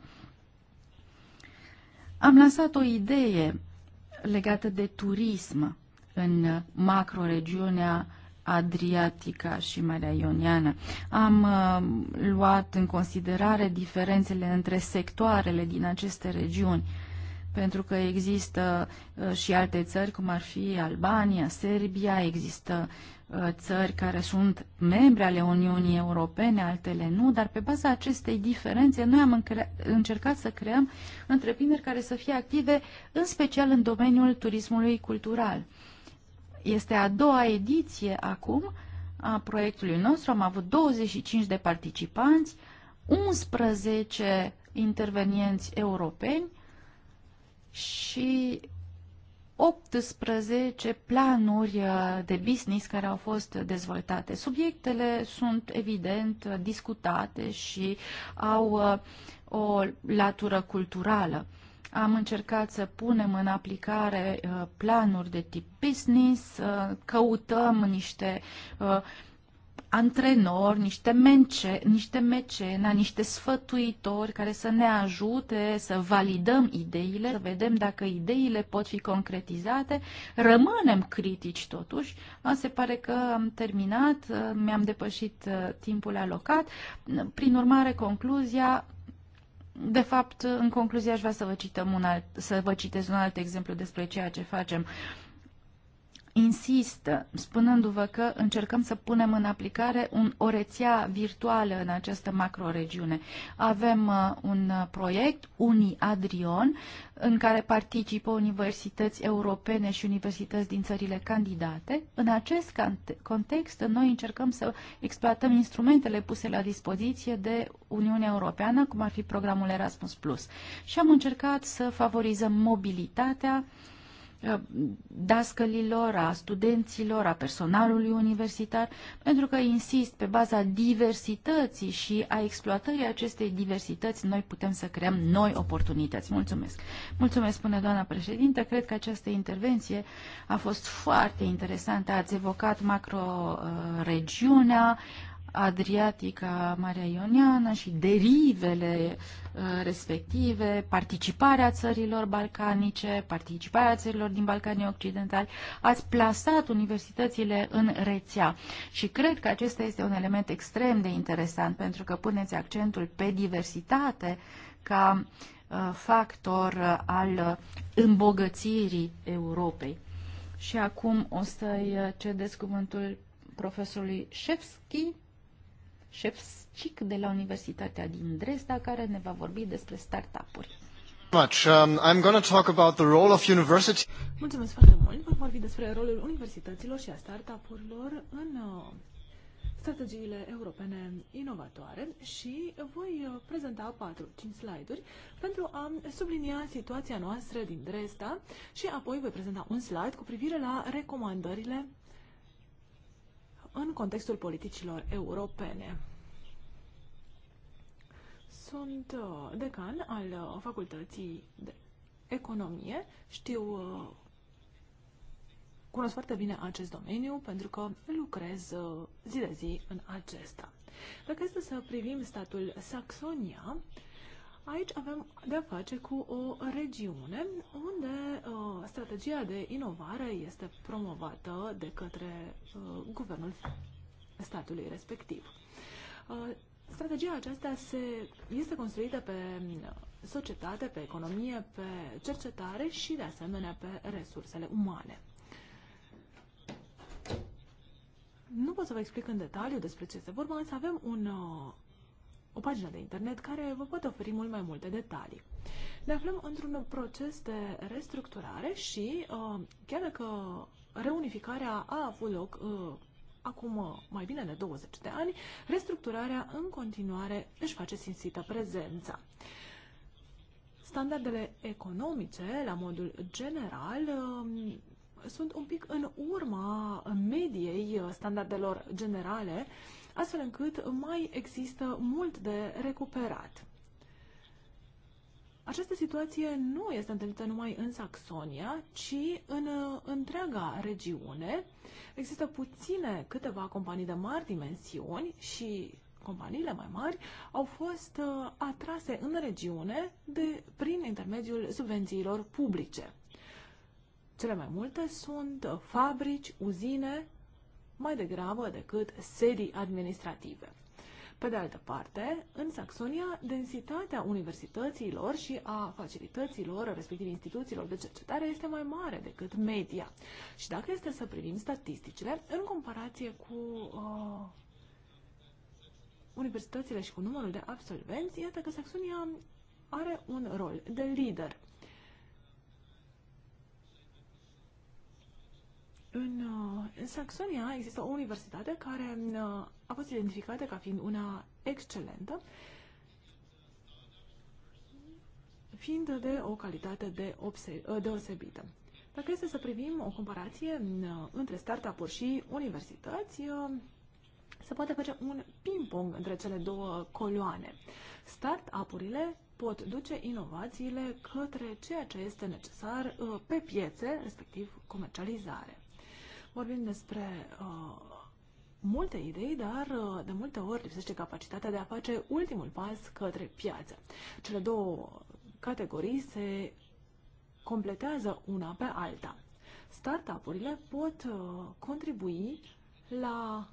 Am lansat o idee legată de turism în macroregiunea Adriatica și Marea Ioniană. Am uh, luat în considerare diferențele între sectoarele din aceste regiuni, pentru că există uh, și alte țări, cum ar fi Albania, Serbia, există uh, țări care sunt membre ale Uniunii Europene, altele nu, dar pe baza acestei diferențe noi am încercat să creăm întreprinderi care să fie active în special în domeniul turismului cultural este a doua ediție acum a proiectului nostru. Am avut 25 de participanți, 11 intervenienți europeni și 18 planuri uh, de business care au fost dezvoltate. Subiectele sunt evident discutate și au uh, o latură culturală. Am încercat să punem în aplicare uh, planuri de tip business, uh, căutăm niște uh, antrenori, niște, mence, niște mecena, niște sfătuitori care să ne ajute să validăm ideile, să vedem dacă ideile pot fi concretizate. Rămânem critici totuși. Se pare că am terminat, mi-am depășit timpul alocat. Prin urmare, concluzia, de fapt, în concluzie, aș vrea să vă, cităm un alt, să vă citesc un alt exemplu despre ceea ce facem. Uh, insistă, spunându-vă că încercăm să punem în aplicare un, o rețea virtuală în această macroregiune. Avem uh, un uh, proiect, Uni Adrion, în care participă universități europene și universități din țările candidate. În acest context, noi încercăm să exploatăm instrumentele puse la dispoziție de Uniunea Europeană, cum ar fi programul Erasmus+. Și am încercat să favorizăm mobilitatea, uh, dascălilor, a studenților, a personalului universitar, pentru că, insist, pe baza diversității și a exploatării acestei diversități, noi putem să creăm noi oportunități. Mulțumesc! Mulțumesc, spune doamna președintă. Cred că această intervenție a fost foarte interesantă. Ați evocat macro-regiunea, Adriatica, Marea Ioniană și derivele uh, respective, participarea țărilor balcanice, participarea țărilor din Balcanii Occidentali. Ați plasat universitățile în rețea și cred că acesta este un element extrem de interesant pentru că puneți accentul pe diversitate ca uh, factor uh, al îmbogățirii Europei. Și acum o să-i cedesc cuvântul profesorului Șefski. CIC de la Universitatea din Dresda, care ne va vorbi despre startup-uri. Um, Mulțumesc foarte mult. Vom vorbi despre rolul universităților și a startup-urilor în uh, strategiile europene inovatoare și voi uh, prezenta 4-5 slide-uri pentru a sublinia situația noastră din Dresda și apoi voi prezenta un slide cu privire la recomandările în contextul politicilor europene. Sunt uh, decan al uh, Facultății de Economie. Știu, uh, cunosc foarte bine acest domeniu pentru că lucrez zi de zi în acesta. Dacă este să privim statul Saxonia, Aici avem de-a face cu o regiune unde uh, strategia de inovare este promovată de către uh, guvernul statului respectiv. Uh, strategia aceasta se, este construită pe uh, societate, pe economie, pe cercetare și, de asemenea, pe resursele umane. Nu pot să vă explic în detaliu despre ce este vorba, însă avem un uh, o pagină de internet care vă poate oferi mult mai multe detalii. Ne aflăm într-un proces de restructurare și uh, chiar dacă reunificarea a avut loc uh, acum uh, mai bine de 20 de ani, restructurarea în continuare își face simțită prezența. Standardele economice, la modul general, sunt un pic în urma mediei standardelor generale uh, astfel încât mai există mult de recuperat. Această situație nu este întâlnită numai în Saxonia, ci în uh, întreaga regiune. Există puține câteva companii de mari dimensiuni și companiile mai mari au fost uh, atrase în regiune de, prin intermediul subvențiilor publice. Cele mai multe sunt uh, fabrici, uzine mai degrabă decât sedii administrative. Pe de altă parte, în Saxonia, densitatea universităților și a facilităților, respectiv instituțiilor de cercetare, este mai mare decât media. Și dacă este să privim statisticile, în comparație cu uh, universitățile și cu numărul de absolvenți, iată că Saxonia are un rol de lider. În, uh, în Saxonia există o universitate care uh, a fost identificată ca fiind una excelentă, fiind de o calitate de uh, deosebită. Dacă este să privim o comparație între startup-uri și universități, se poate face un ping-pong între cele două coloane. Start-up-urile pot duce inovațiile către ceea ce este necesar pe piețe, respectiv comercializare. Vorbim despre uh, multe idei, dar uh, de multe ori lipsește capacitatea de a face ultimul pas către piață. Cele două categorii se completează una pe alta. Startup-urile pot uh, contribui la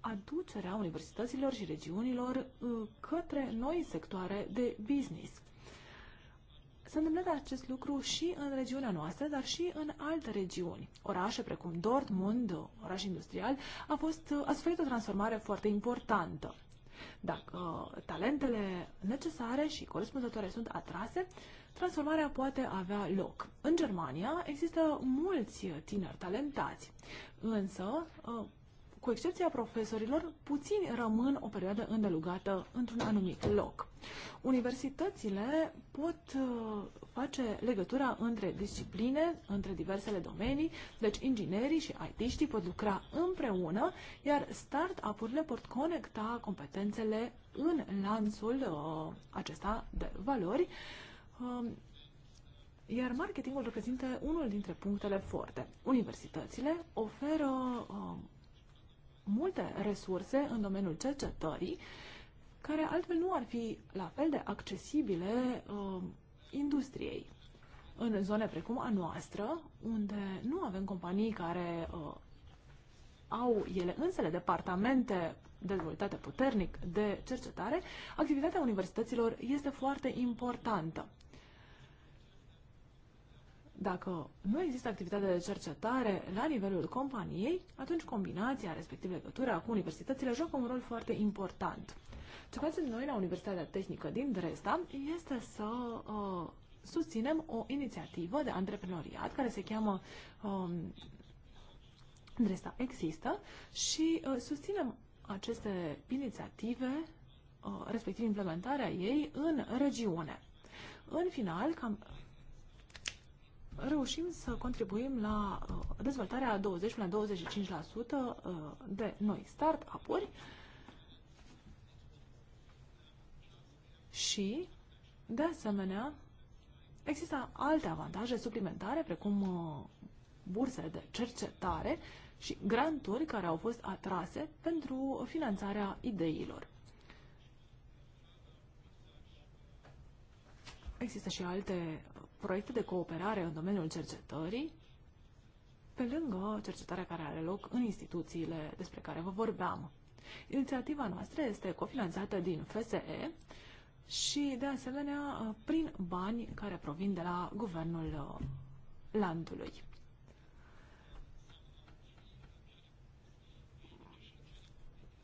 aducerea universităților și regiunilor uh, către noi sectoare de business. S-a întâmplat acest lucru și în regiunea noastră, dar și în alte regiuni. Orașe precum Dortmund, oraș industrial, a, fost, a suferit o transformare foarte importantă. Dacă uh, talentele necesare și corespunzătoare sunt atrase, transformarea poate avea loc. În Germania există mulți tineri talentați, însă uh, cu excepția profesorilor, puțini rămân o perioadă îndelugată într-un anumit loc. Universitățile pot uh, face legătura între discipline, între diversele domenii, deci inginerii și it pot lucra împreună, iar start-up-urile pot conecta competențele în lanțul uh, acesta de valori, uh, iar marketingul reprezintă unul dintre punctele forte. Universitățile oferă uh, multe resurse în domeniul cercetării, care altfel nu ar fi la fel de accesibile uh, industriei. În zone precum a noastră, unde nu avem companii care uh, au ele însele departamente dezvoltate puternic de cercetare, activitatea universităților este foarte importantă. Dacă nu există activitate de cercetare la nivelul companiei, atunci combinația, respectiv legătura cu universitățile, joacă un rol foarte important. Ce facem noi la Universitatea Tehnică din Dresda este să uh, susținem o inițiativă de antreprenoriat care se cheamă um, Dresda Există și uh, susținem aceste inițiative, uh, respectiv implementarea ei, în regiune. În final, cam reușim să contribuim la uh, dezvoltarea 20 până la 25% uh, de noi start-up-uri și, de asemenea, există alte avantaje suplimentare, precum uh, bursele de cercetare și granturi care au fost atrase pentru finanțarea ideilor. Există și alte proiecte de cooperare în domeniul cercetării, pe lângă cercetarea care are loc în instituțiile despre care vă vorbeam. Inițiativa noastră este cofinanțată din FSE și, de asemenea, prin bani care provin de la guvernul uh, landului.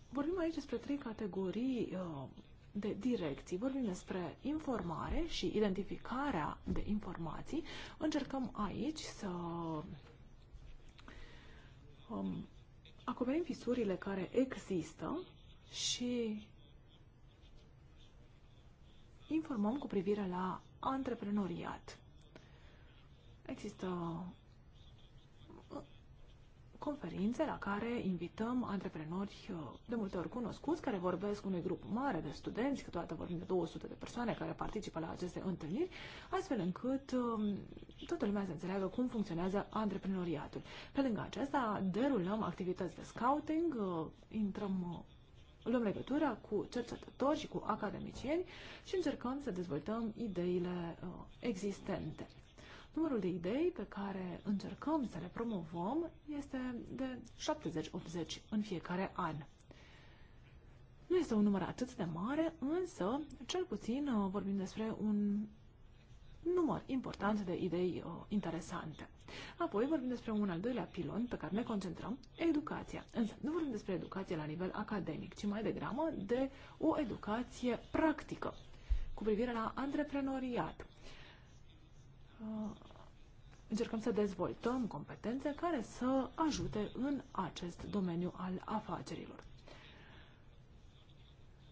Vorbim aici despre trei categorii uh, de direcții. Vorbim despre informare și identificarea de informații. Încercăm aici să um, acoperim fisurile care există și informăm cu privire la antreprenoriat. Există conferințe la care invităm antreprenori uh, de multe ori cunoscuți care vorbesc unui grup mare de studenți, câteodată vorbim de 200 de persoane care participă la aceste întâlniri, astfel încât um, toată lumea să înțeleagă cum funcționează antreprenoriatul. Pe lângă acesta, derulăm activități de scouting, uh, intrăm uh, luăm legătura cu cercetători și cu academicieni și încercăm să dezvoltăm ideile existente. Numărul de idei pe care încercăm să le promovăm este de 70-80 în fiecare an. Nu este un număr atât de mare, însă cel puțin uh, vorbim despre un număr important de idei uh, interesante. Apoi vorbim despre un al doilea pilon pe care ne concentrăm, educația. Însă nu vorbim despre educație la nivel academic, ci mai degrabă de o educație practică cu privire la antreprenoriat, Uh, încercăm să dezvoltăm competențe care să ajute în acest domeniu al afacerilor.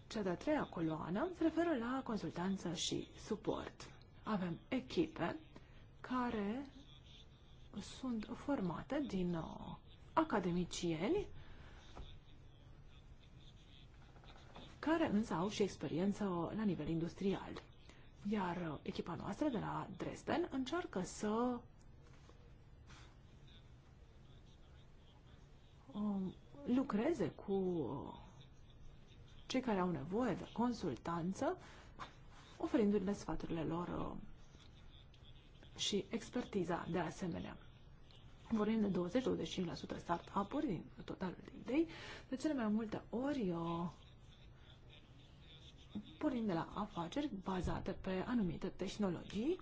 Cea de-a treia coloană se referă la consultanță și suport. Avem echipe care sunt formate din uh, academicieni care însă au și experiență la nivel industrial. Iar uh, echipa noastră de la Dresden încearcă să um, lucreze cu uh, cei care au nevoie de consultanță, oferindu-le sfaturile lor uh, și expertiza de asemenea. Vorbim de 20-25% up uri din totalul de idei. De cele mai multe ori, pornind de la afaceri bazate pe anumite tehnologii.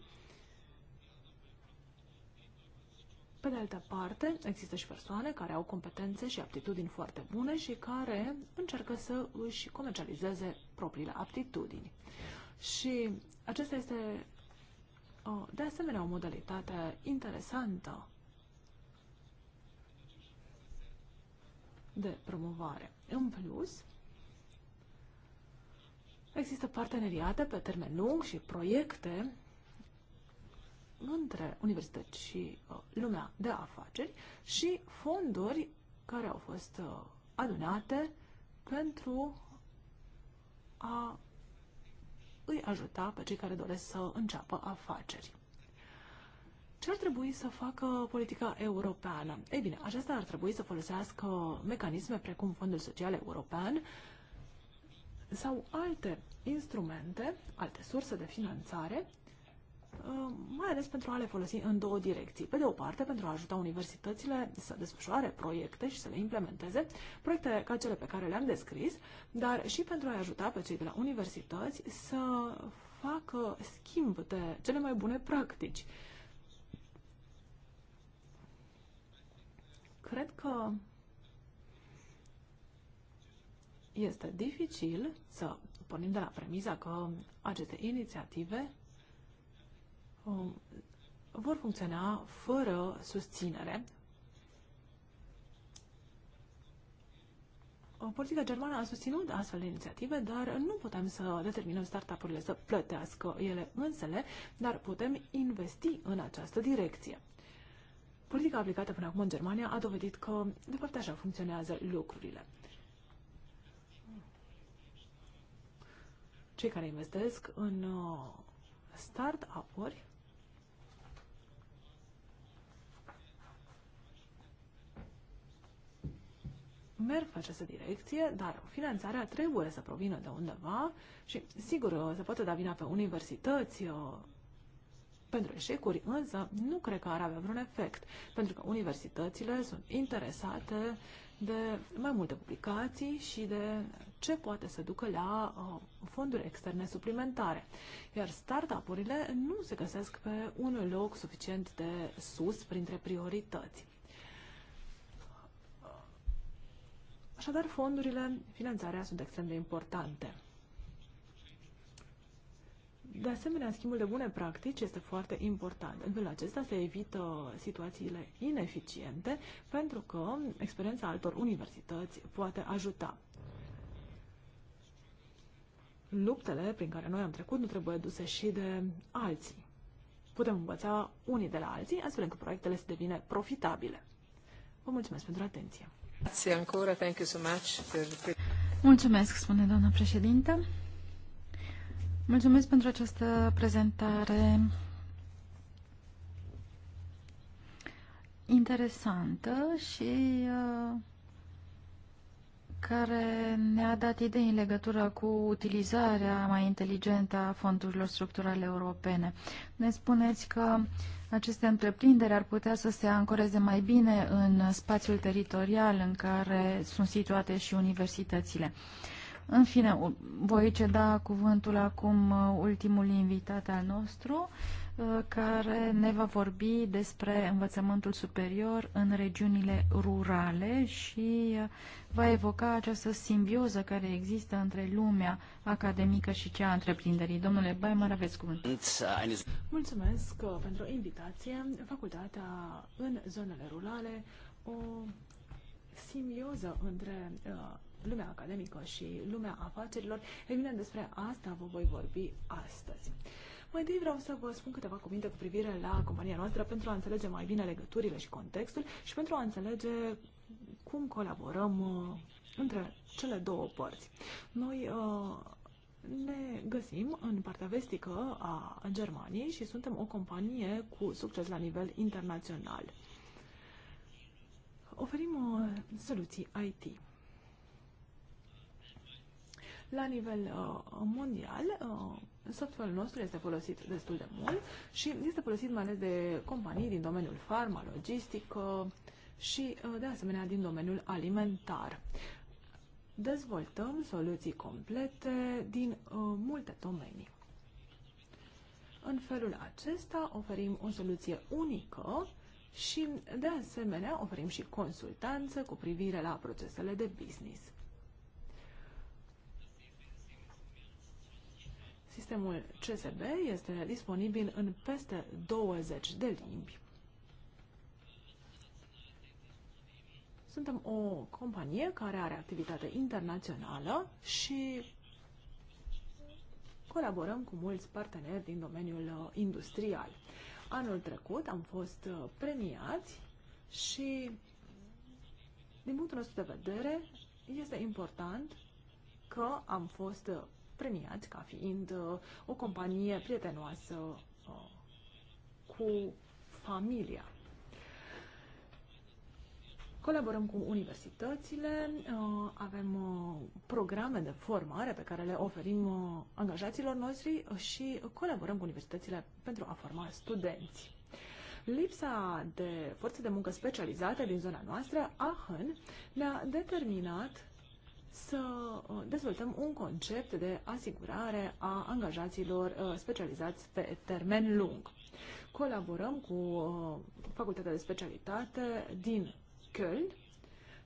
Pe de altă parte, există și persoane care au competențe și aptitudini foarte bune și care încearcă să își comercializeze propriile aptitudini. Și acesta este uh, de asemenea o modalitate interesantă de promovare. În plus, Există parteneriate pe termen lung și proiecte între universități și uh, lumea de afaceri și fonduri care au fost uh, adunate pentru a îi ajuta pe cei care doresc să înceapă afaceri. Ce ar trebui să facă politica europeană? Ei bine, aceasta ar trebui să folosească mecanisme precum Fondul Social European sau alte instrumente, alte surse de finanțare, uh, mai ales pentru a le folosi în două direcții. Pe de o parte, pentru a ajuta universitățile să desfășoare proiecte și să le implementeze, proiecte ca cele pe care le-am descris, dar și pentru a ajuta pe cei de la universități să facă schimb de cele mai bune practici. Cred că este dificil să pornim de la premiza că aceste inițiative um, vor funcționa fără susținere. Politica germană a susținut astfel de inițiative, dar nu putem să determinăm startup-urile să plătească ele însele, dar putem investi în această direcție. Politica aplicată până acum în Germania a dovedit că, de fapt, așa funcționează lucrurile. cei care investesc în uh, start-up-uri merg pe această direcție, dar finanțarea trebuie să provină de undeva și, sigur, uh, se poate da vina pe universități uh, pentru eșecuri, însă nu cred că ar avea vreun efect, pentru că universitățile sunt interesate de mai multe publicații și de ce poate să ducă la uh, fonduri externe suplimentare. Iar startup-urile nu se găsesc pe un loc suficient de sus printre priorități. Așadar, fondurile, finanțarea sunt extrem de importante. De asemenea, schimbul de bune practici este foarte important. În felul acesta se evită situațiile ineficiente pentru că experiența altor universități poate ajuta. Luptele prin care noi am trecut nu trebuie duse și de alții. Putem învăța unii de la alții, astfel încât proiectele să devină profitabile. Vă mulțumesc pentru atenție. Mulțumesc, spune doamna președintă. Mulțumesc pentru această prezentare interesantă și uh, care ne-a dat idei în legătură cu utilizarea mai inteligentă a fondurilor structurale europene. Ne spuneți că aceste întreprinderi ar putea să se ancoreze mai bine în spațiul teritorial în care sunt situate și universitățile. În fine, voi ceda cuvântul acum uh, ultimul invitat al nostru, uh, care ne va vorbi despre învățământul superior în regiunile rurale și uh, va evoca această simbioză care există între lumea academică și cea a întreprinderii. Domnule Baimar, aveți cuvânt. Mulțumesc pentru invitație. Facultatea în zonele rurale, o simbioză între lumea academică și lumea afacerilor, e bine, despre asta vă voi vorbi astăzi. Mai întâi vreau să vă spun câteva cuvinte cu privire la compania noastră pentru a înțelege mai bine legăturile și contextul și pentru a înțelege cum colaborăm uh, între cele două părți. Noi uh, ne găsim în partea vestică a Germaniei și suntem o companie cu succes la nivel internațional. Oferim uh, soluții IT la nivel uh, mondial. Uh, softul nostru este folosit destul de mult și este folosit mai ales de companii din domeniul farma, logistică și, uh, de asemenea, din domeniul alimentar. Dezvoltăm soluții complete din uh, multe domenii. În felul acesta oferim o soluție unică și, de asemenea, oferim și consultanță cu privire la procesele de business. Sistemul CSB este disponibil în peste 20 de limbi. Suntem o companie care are activitate internațională și colaborăm cu mulți parteneri din domeniul uh, industrial. Anul trecut am fost uh, premiați și, din punctul nostru de vedere, este important că am fost uh, premiat ca fiind uh, o companie prietenoasă uh, cu familia. Colaborăm cu universitățile, uh, avem programe de formare pe care le oferim angajaților noștri și colaborăm cu universitățile pentru a forma studenți. Lipsa de forțe de muncă specializate din zona noastră, AHN, ne-a determinat să uh, dezvoltăm un concept de asigurare a angajaților uh, specializați pe termen lung. Colaborăm cu uh, Facultatea de Specialitate din Köln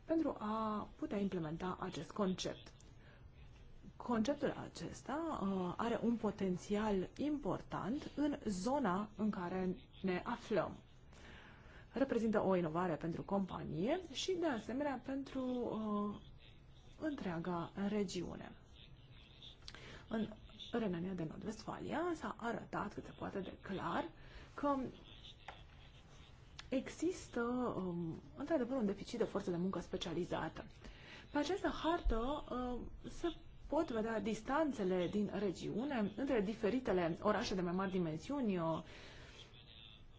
pentru a putea implementa acest concept. Conceptul acesta are un potențial important în zona în care ne aflăm reprezintă o inovare pentru companie și, de asemenea, pentru întreaga regiune. În Renania de Nord-Vestfalia s-a arătat cât se poate de clar că există um, într-adevăr un deficit de forță de muncă specializată. Pe această hartă um, se pot vedea distanțele din regiune între diferitele orașe de mai mari dimensiuni, uh,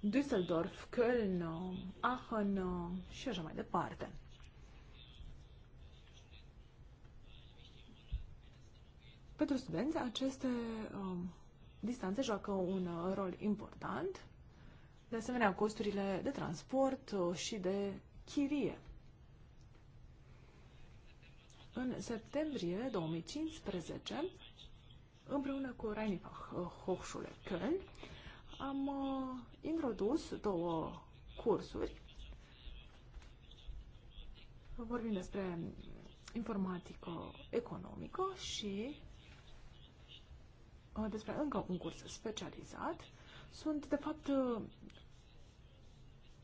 Düsseldorf, Köln, uh, Aachen uh, și așa mai departe. Pentru studenți, aceste um, distanțe joacă un uh, rol important, de asemenea costurile de transport uh, și de chirie. În septembrie 2015, împreună cu Rheinbach uh, Hochschule Köln, am uh, introdus două cursuri. Vorbim despre informatică economică și Uh, despre încă un curs specializat sunt, de fapt, uh,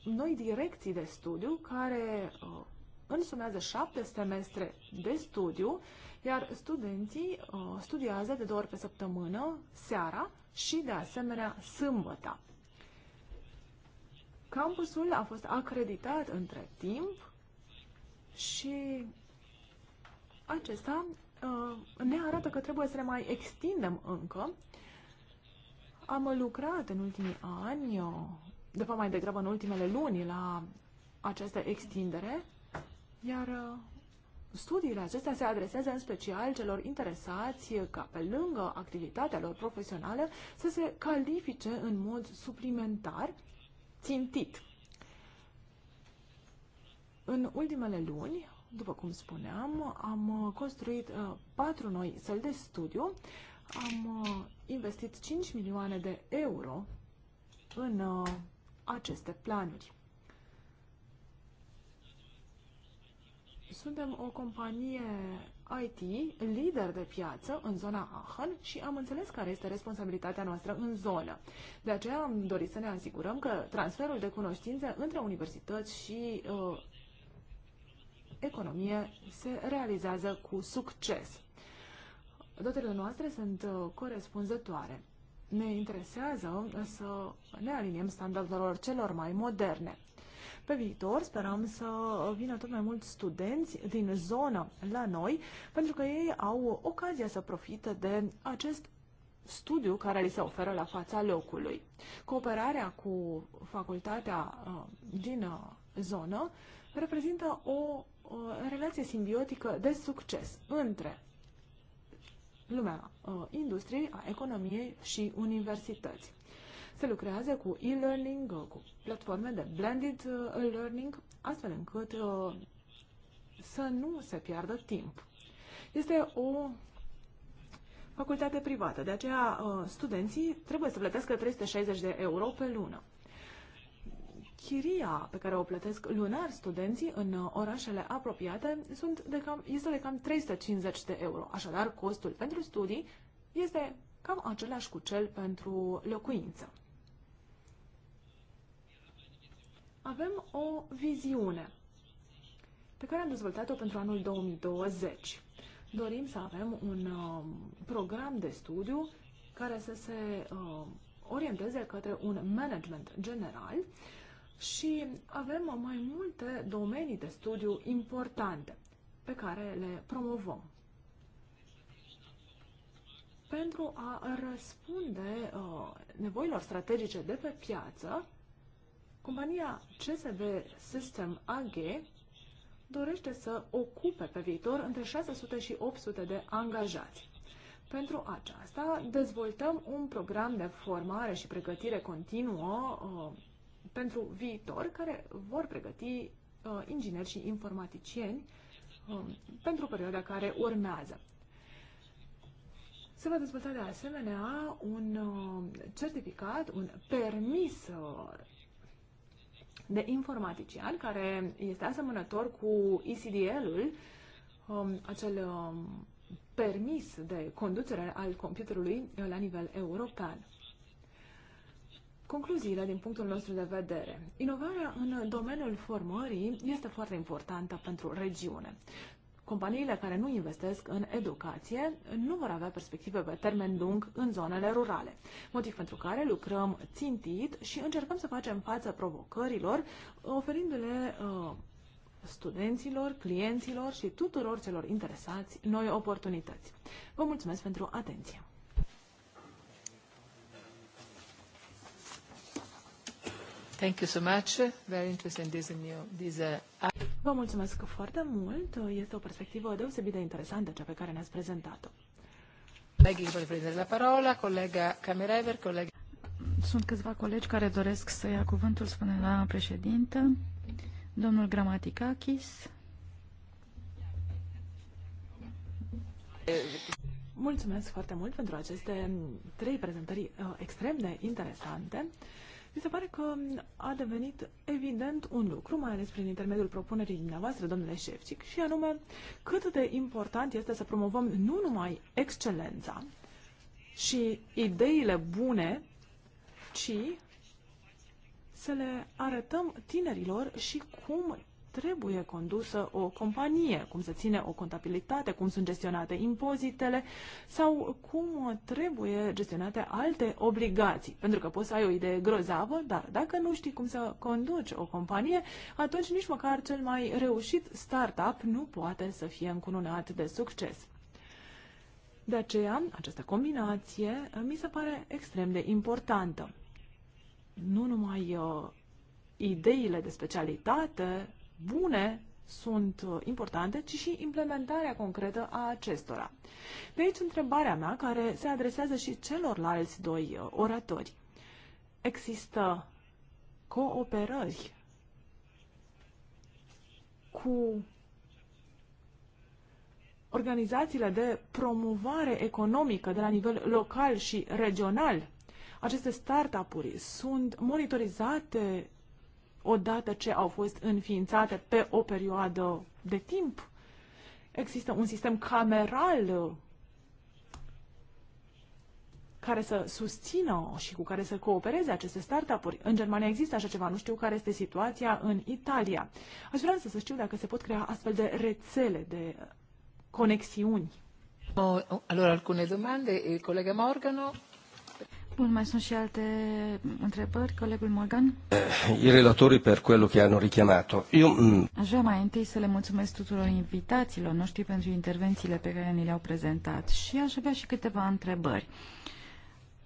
noi direcții de studiu care uh, însumează șapte semestre de studiu, iar studenții studiază de două ori pe săptămână, seara și, de asemenea, sâmbăta. Campusul a fost acreditat între timp și acesta Uh, ne arată că trebuie să le mai extindem încă. Am lucrat în ultimii ani, uh, de fapt mai degrabă în ultimele luni, la această extindere, iar uh, studiile acestea se adresează în special celor interesați ca pe lângă activitatea lor profesională să se califice în mod suplimentar, țintit. În ultimele luni după cum spuneam, am uh, construit uh, patru noi săli de studiu, am uh, investit 5 milioane de euro în aceste planuri. Suntem o companie IT, lider de piață în zona Aachen și am înțeles care este responsabilitatea noastră în zonă. De aceea am dorit să ne asigurăm că transferul de cunoștințe între universități și uh, economie se realizează cu succes. Dotările noastre sunt uh, corespunzătoare. Ne interesează să ne aliniem standardelor celor mai moderne. Pe viitor sperăm să vină tot mai mulți studenți din zonă la noi, pentru că ei au ocazia să profite de acest studiu care li se oferă la fața locului. Cooperarea cu facultatea uh, din uh, zonă reprezintă o o relație simbiotică de succes între lumea uh, industriei, a economiei și universități. Se lucrează cu e-learning, uh, cu platforme de blended uh, learning, astfel încât să nu se piardă timp. Este o facultate privată, de aceea studenții trebuie să plătească 360 de euro pe lună chiria pe care o plătesc lunar studenții în uh, orașele apropiate sunt de cam, este de cam 350 de euro. Așadar, costul pentru studii este cam același cu cel pentru locuință. Avem o viziune pe care am dezvoltat-o pentru anul 2020. Dorim să avem un uh, program de studiu care să se uh, orienteze către un management general uh, și avem mai multe domenii de studiu importante pe care le promovăm. Pentru a răspunde uh, nevoilor strategice de pe piață, compania CSV System AG dorește să ocupe pe viitor între 600 și 800 de angajați. Pentru aceasta dezvoltăm un program de formare și pregătire continuă uh, pentru viitor care vor pregăti uh, ingineri și informaticieni uh, pentru perioada care urmează. Se va dezvolta de asemenea un uh, certificat, un permis uh, de informatician care este asemănător cu ECDL-ul, um, acel um, permis de conducere al computerului uh, la nivel european. Concluziile din punctul nostru de vedere. Inovarea în domeniul formării este foarte importantă pentru regiune. Companiile care nu investesc în educație nu vor avea perspective pe termen lung în zonele rurale, motiv pentru care lucrăm țintit și încercăm să facem față provocărilor, oferindu-le uh, studenților, clienților și tuturor celor interesați noi oportunități. Vă mulțumesc pentru atenție! Vă mulțumesc foarte mult. Este o perspectivă deosebit de interesantă cea pe care ne-ați prezentat-o. la parola, colega Camerever, Sunt câțiva colegi care doresc să ia cuvântul, spune la președintă. Domnul Gramaticakis. Mulțumesc foarte mult pentru aceste trei prezentări uh, extrem de interesante. Mi se pare că a devenit evident un lucru, mai ales prin intermediul propunerii dumneavoastră, domnule Șefcic, și anume cât de important este să promovăm nu numai excelența și ideile bune, ci să le arătăm tinerilor și cum trebuie condusă o companie, cum se ține o contabilitate, cum sunt gestionate impozitele sau cum trebuie gestionate alte obligații. Pentru că poți să ai o idee grozavă, dar dacă nu știi cum să conduci o companie, atunci nici măcar cel mai reușit startup nu poate să fie încununat de succes. De aceea, această combinație mi se pare extrem de importantă. Nu numai uh, ideile de specialitate bune sunt uh, importante, ci și implementarea concretă a acestora. De aici întrebarea mea, care se adresează și celorlalți doi uh, oratori. Există cooperări cu organizațiile de promovare economică de la nivel local și regional. Aceste startup-uri sunt monitorizate odată ce au fost înființate pe o perioadă de timp. Există un sistem cameral uh, care să susțină și cu care să coopereze aceste startup-uri. În Germania există așa ceva, nu știu care este situația în Italia. Aș vrea să știu dacă se pot crea astfel de rețele, de conexiuni. Oh, oh, allora, alcune domande. Il eh, collega Morgano. Bun, mai sunt și alte întrebări. Colegul Morgan? Eh, I relatori per quello che hanno richiamato. Eu... Mm, aș vrea mai întâi să le mulțumesc tuturor invitațiilor noștri pentru intervențiile pe care ni le-au prezentat și aș avea și câteva întrebări.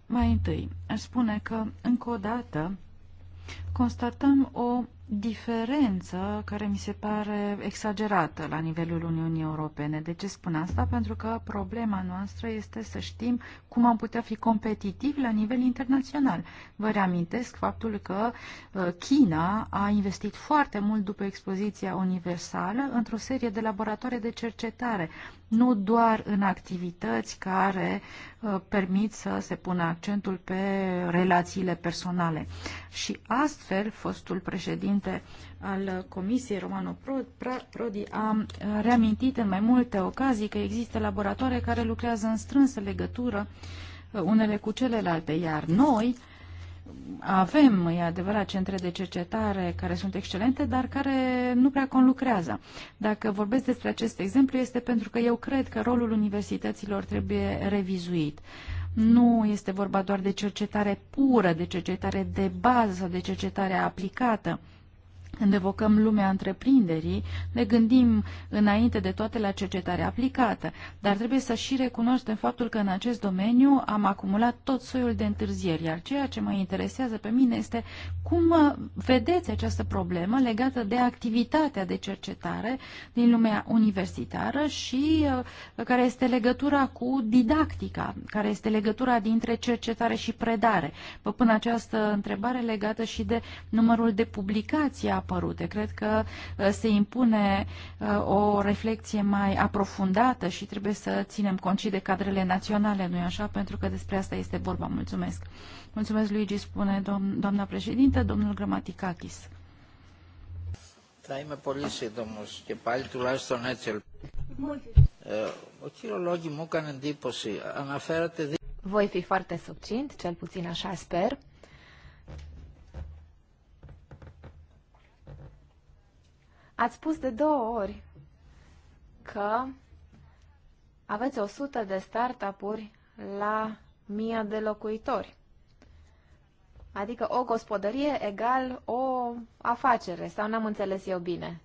Mai întâi, aș spune că, încă o dată, constatăm o diferență care mi se pare exagerată la nivelul Uniunii Europene. De ce spun asta? Pentru că problema noastră este să știm cum am putea fi competitivi la nivel internațional. Vă reamintesc faptul că uh, China a investit foarte mult după expoziția universală într-o serie de laboratoare de cercetare, nu doar în activități care uh, permit să se pună accentul pe relațiile personale. Și astfel, fostul președinte președinte al Comisiei Romano Prodi a reamintit în mai multe ocazii că există laboratoare care lucrează în strânsă legătură uh, unele cu celelalte, iar noi avem, e adevărat, centre de cercetare care sunt excelente, dar care nu prea conlucrează. Dacă vorbesc despre acest exemplu, este pentru că eu cred că rolul universităților trebuie revizuit. Nu este vorba doar de cercetare pură, de cercetare de bază sau de cercetare aplicată. Când evocăm lumea întreprinderii, ne gândim înainte de toate la cercetare aplicată, dar trebuie să și recunoaștem faptul că în acest domeniu am acumulat tot soiul de întârzieri, iar ceea ce mă interesează pe mine este cum uh, vedeți această problemă legată de activitatea de cercetare din lumea universitară și uh, care este legătura cu didactica, care este legătura dintre cercetare și predare. Vă pun această întrebare legată și de numărul de publicații apărute. Cred că uh, se impune uh, o reflexie mai aprofundată și trebuie să ținem cont și de cadrele naționale, nu-i așa? Pentru că despre asta este vorba. Mulțumesc. Mulțumesc, Luigi, spune doamna președintă, domnul Gramaticakis. Da, είμαι πολύ σύντομο και πάλι τουλάχιστον tu ελπίζω. Ε, ο κύριο Λόγκη μου έκανε εντύπωση. Αναφέρατε. Voi fi foarte subțint, cel puțin așa sper. Ați spus de două ori că aveți 100 de startup-uri la 1000 de locuitori. Adică o gospodărie egal o afacere, sau n-am înțeles eu bine.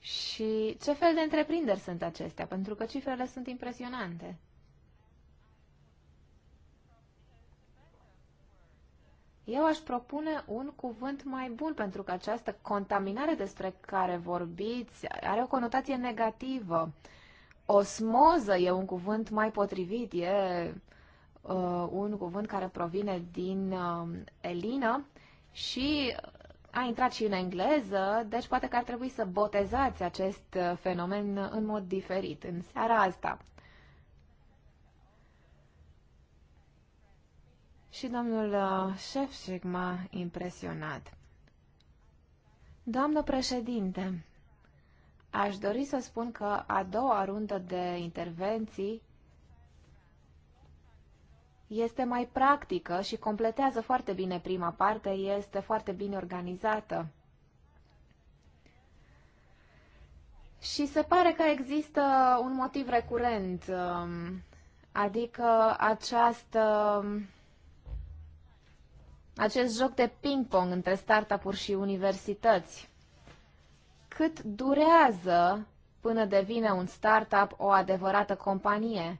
Și ce fel de întreprinderi sunt acestea? Pentru că cifrele sunt impresionante. Eu aș propune un cuvânt mai bun, pentru că această contaminare despre care vorbiți are o conotație negativă. Osmoză e un cuvânt mai potrivit, e uh, un cuvânt care provine din uh, elină și a intrat și în engleză, deci poate că ar trebui să botezați acest uh, fenomen în mod diferit în seara asta. și domnul uh, Șefșic m-a impresionat. Doamnă președinte, aș dori să spun că a doua rundă de intervenții este mai practică și completează foarte bine prima parte, este foarte bine organizată. Și se pare că există un motiv recurent, um, adică această acest joc de ping-pong între startup-uri și universități. Cât durează până devine un startup o adevărată companie?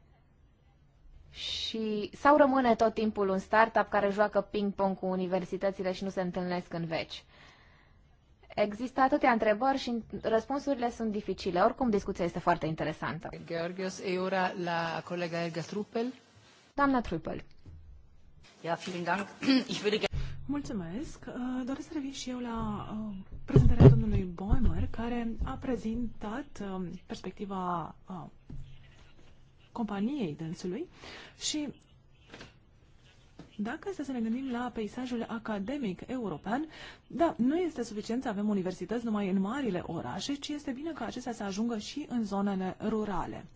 Și sau rămâne tot timpul un startup care joacă ping-pong cu universitățile și nu se întâlnesc în veci? Există atâtea întrebări și răspunsurile sunt dificile. Oricum, discuția este foarte interesantă. Georgios, e ora la colega Elga Truppel. Doamna Truppel. Mulțumesc. Uh, doresc să revin și eu la uh, prezentarea domnului Boimer, care a prezentat um, perspectiva uh, companiei dânsului și dacă este să ne gândim la peisajul academic european, da, nu este suficient să avem universități numai în marile orașe, ci este bine ca acestea să ajungă și în zonele rurale.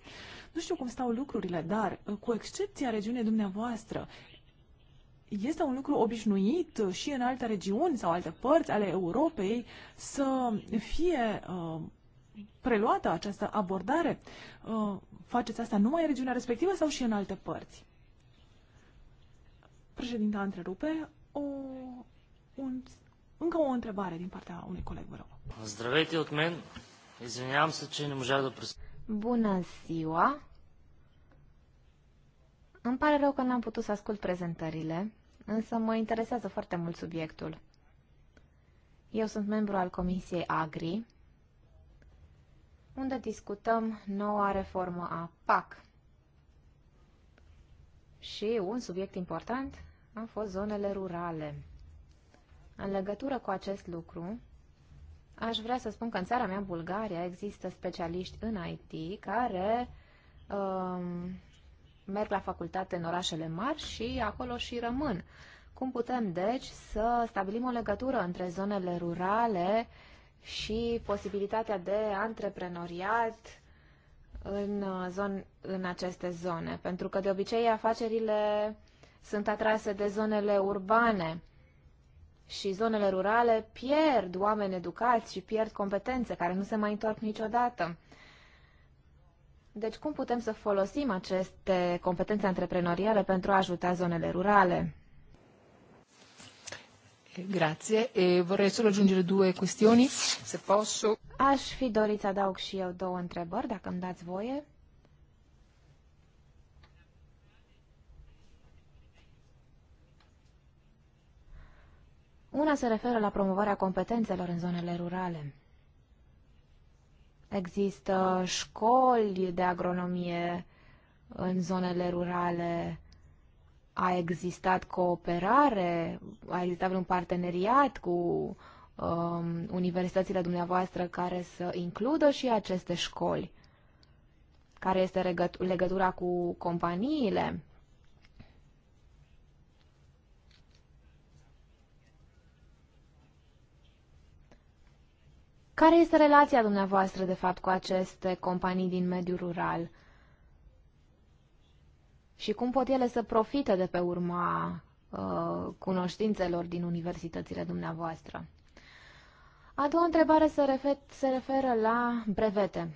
Nu știu cum stau lucrurile, dar cu excepția regiunii dumneavoastră, este un lucru obișnuit și în alte regiuni sau alte părți ale Europei să fie uh, preluată această abordare? Uh, faceți asta numai în regiunea respectivă sau și în alte părți? Președinta întrerupe o, un, încă o întrebare din partea unui coleg, vă rog. Здравейте от мен. Извинявам се, че не можах Bună ziua. Îmi pare rău că n-am putut să ascult prezentările, însă mă interesează foarte mult subiectul. Eu sunt membru al Comisiei Agri, unde discutăm noua reformă a PAC. Și un subiect important a fost zonele rurale. În legătură cu acest lucru, aș vrea să spun că în țara mea, Bulgaria, există specialiști în IT care Uh, merg la facultate în orașele mari și acolo și rămân. Cum putem, deci, să stabilim o legătură între zonele rurale și posibilitatea de antreprenoriat în, zon, în aceste zone? Pentru că, de obicei, afacerile sunt atrase de zonele urbane și zonele rurale pierd oameni educați și pierd competențe care nu se mai întorc niciodată. Deci cum putem să folosim aceste competențe antreprenoriale pentru a ajuta zonele rurale? Grazie. E vorrei solo aggiungere due questioni, se posso. Aș fi dorit să adaug și eu două întrebări, dacă îmi dați voie. Una se referă la promovarea competențelor în zonele rurale. Există școli de agronomie în zonele rurale. A existat cooperare, a existat un parteneriat cu um, universitățile dumneavoastră care să includă și aceste școli. Care este legătura cu companiile Care este relația dumneavoastră, de fapt, cu aceste companii din mediul rural? Și cum pot ele să profite de pe urma uh, cunoștințelor din universitățile dumneavoastră? A doua întrebare se, refer, se referă la brevete.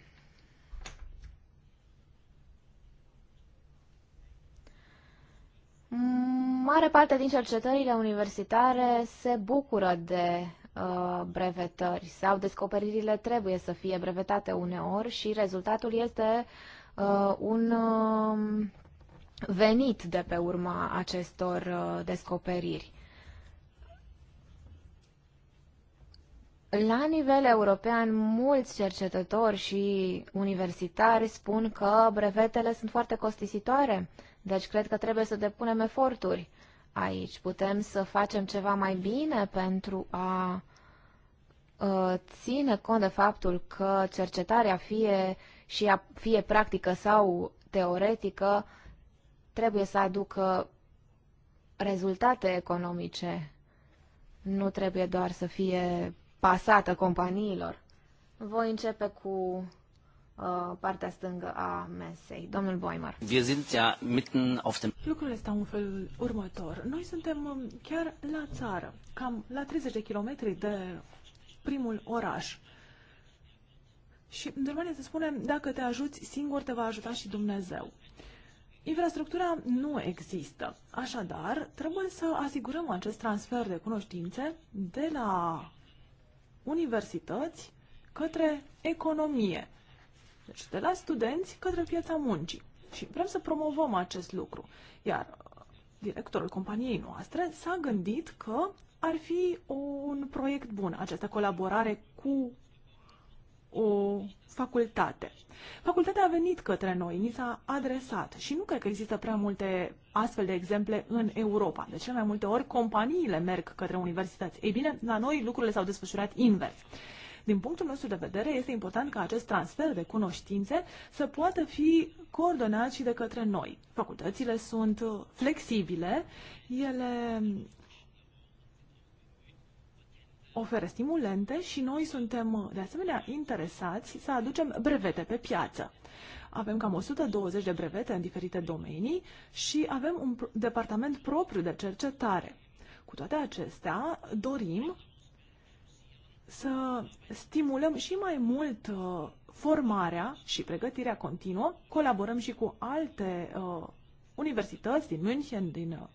Mare parte din cercetările universitare se bucură de Uh, brevetări sau descoperirile trebuie să fie brevetate uneori și rezultatul este uh, un uh, venit de pe urma acestor uh, descoperiri. La nivel european, mulți cercetători și universitari spun că brevetele sunt foarte costisitoare, deci cred că trebuie să depunem eforturi aici? Putem să facem ceva mai bine pentru a ă, ține cont de faptul că cercetarea fie și a, fie practică sau teoretică trebuie să aducă rezultate economice. Nu trebuie doar să fie pasată companiilor. Voi începe cu Uh, partea stângă a mesei. Domnul Boimer. Lucrurile stau în felul următor. Noi suntem um, chiar la țară, cam la 30 de kilometri de primul oraș. Și în Germania se spune, dacă te ajuți singur, te va ajuta și Dumnezeu. Infrastructura nu există. Așadar, trebuie să asigurăm acest transfer de cunoștințe de la universități către economie. Deci de la studenți către piața muncii. Și vrem să promovăm acest lucru. Iar uh, directorul companiei noastre s-a gândit că ar fi un proiect bun această colaborare cu o facultate. Facultatea a venit către noi, ni s-a adresat și nu cred că există prea multe astfel de exemple în Europa. De cele mai multe ori companiile merg către universități. Ei bine, la noi lucrurile s-au desfășurat invers. Din punctul nostru de vedere, este important ca acest transfer de cunoștințe să poată fi coordonat și de către noi. Facultățile sunt uh, flexibile, ele mm, oferă stimulente și noi suntem uh, de asemenea interesați să aducem brevete pe piață. Avem cam 120 de brevete în diferite domenii și avem un departament propriu de cercetare. Cu toate acestea, dorim să stimulăm și mai mult uh, formarea și pregătirea continuă. Colaborăm și cu alte uh, universități din München, din uh,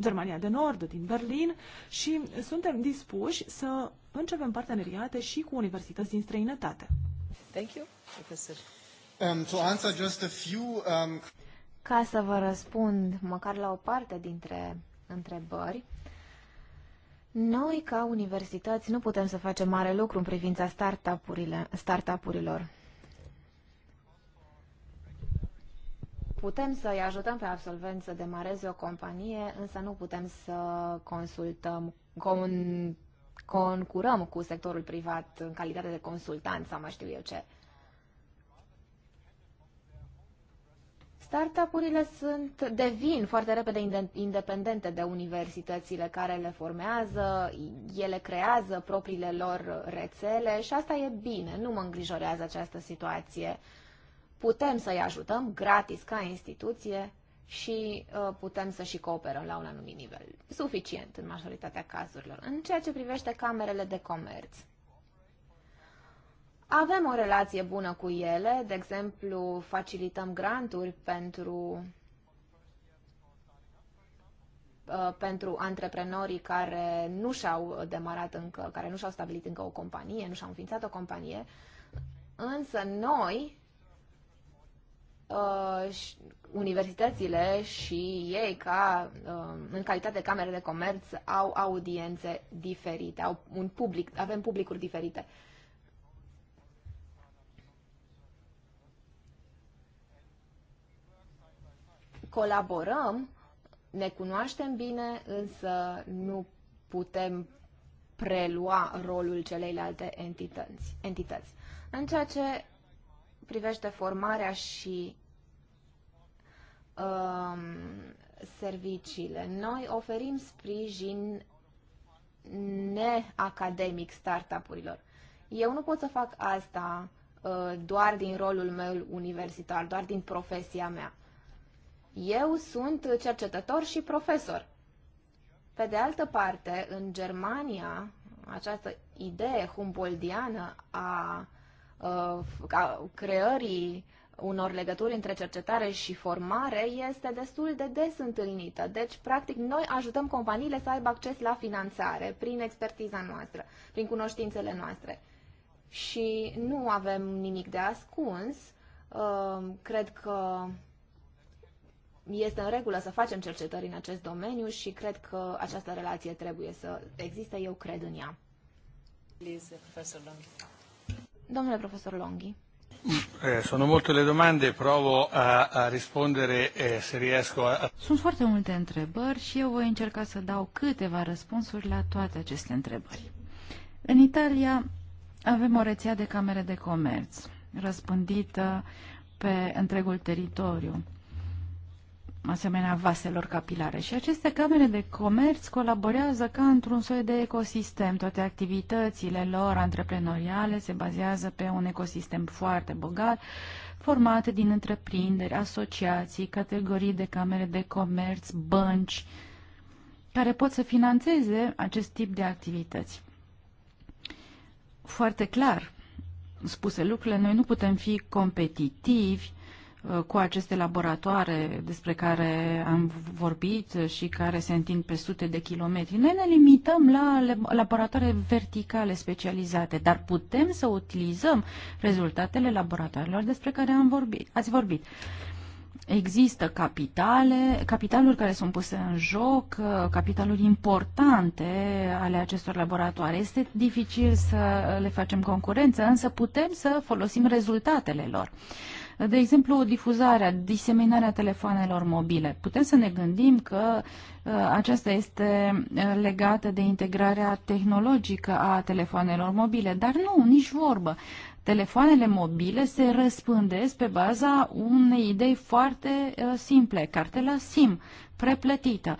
Germania de Nord, din Berlin și suntem dispuși să începem parteneriate și cu universități din străinătate. Thank you, professor. Um, to answer just a few, um... Ca să vă răspund măcar la o parte dintre întrebări, noi, ca universități, nu putem să facem mare lucru în privința startup-urilor. putem să-i ajutăm pe absolvenți să demareze o companie, însă nu putem să consultăm, con, concurăm cu sectorul privat în calitate de consultant sau mai știu eu ce. Startup-urile sunt, devin foarte repede independente de universitățile care le formează, ele creează propriile lor rețele și asta e bine, nu mă îngrijorează această situație. Putem să-i ajutăm gratis ca instituție și uh, putem să și cooperăm la un anumit nivel, suficient în majoritatea cazurilor. În ceea ce privește camerele de comerț, avem o relație bună cu ele, de exemplu, facilităm granturi pentru uh, pentru antreprenorii care nu și-au demarat încă, care nu și-au stabilit încă o companie, nu și-au înființat o companie, însă noi, uh, universitățile și ei, ca, uh, în calitate de camere de comerț, au audiențe diferite, au un public, avem publicuri diferite. colaborăm, ne cunoaștem bine, însă nu putem prelua rolul celeilalte entități. entități. În ceea ce privește formarea și um, serviciile, noi oferim sprijin neacademic startup-urilor. Eu nu pot să fac asta uh, doar din rolul meu universitar, doar din profesia mea. Eu sunt cercetător și profesor. Pe de altă parte, în Germania, această idee humboldiană a, a creării unor legături între cercetare și formare este destul de des întâlnită. Deci, practic, noi ajutăm companiile să aibă acces la finanțare prin expertiza noastră, prin cunoștințele noastre. Și nu avem nimic de ascuns. Ă, cred că este în regulă să facem cercetări în acest domeniu și cred că această relație trebuie să existe, eu cred în ea. Please, Longhi. Domnule profesor Longhi. Mm, eh, sono molte le domande, provo a, a rispondere eh, se riesco a... Sunt foarte multe întrebări și eu voi încerca să dau câteva răspunsuri la toate aceste întrebări. În Italia avem o rețea de camere de comerț răspândită pe întregul teritoriu asemenea vaselor capilare. Și aceste camere de comerț colaborează ca într-un soi de ecosistem. Toate activitățile lor antreprenoriale se bazează pe un ecosistem foarte bogat, format din întreprinderi, asociații, categorii de camere de comerț, bănci, care pot să financeze acest tip de activități. Foarte clar spuse lucrurile, noi nu putem fi competitivi uh, Uh, cu aceste laboratoare despre care am vorbit și care se întind pe sute de kilometri. Noi ne limităm la laboratoare verticale specializate, dar putem să utilizăm rezultatele laboratoarelor despre care am vorbit, ați vorbit. Există capitale, capitaluri care sunt puse în joc, uh, capitaluri importante ale acestor laboratoare. Este dificil să le facem concurență, însă putem să folosim rezultatele lor. Uh, de exemplu, difuzarea, diseminarea telefoanelor mobile. Putem să ne gândim că uh, aceasta este uh, legată de integrarea tehnologică a telefoanelor mobile, dar nu, nici vorbă. Telefoanele mobile se răspândesc pe baza unei idei foarte uh, simple, cartela SIM, preplătită.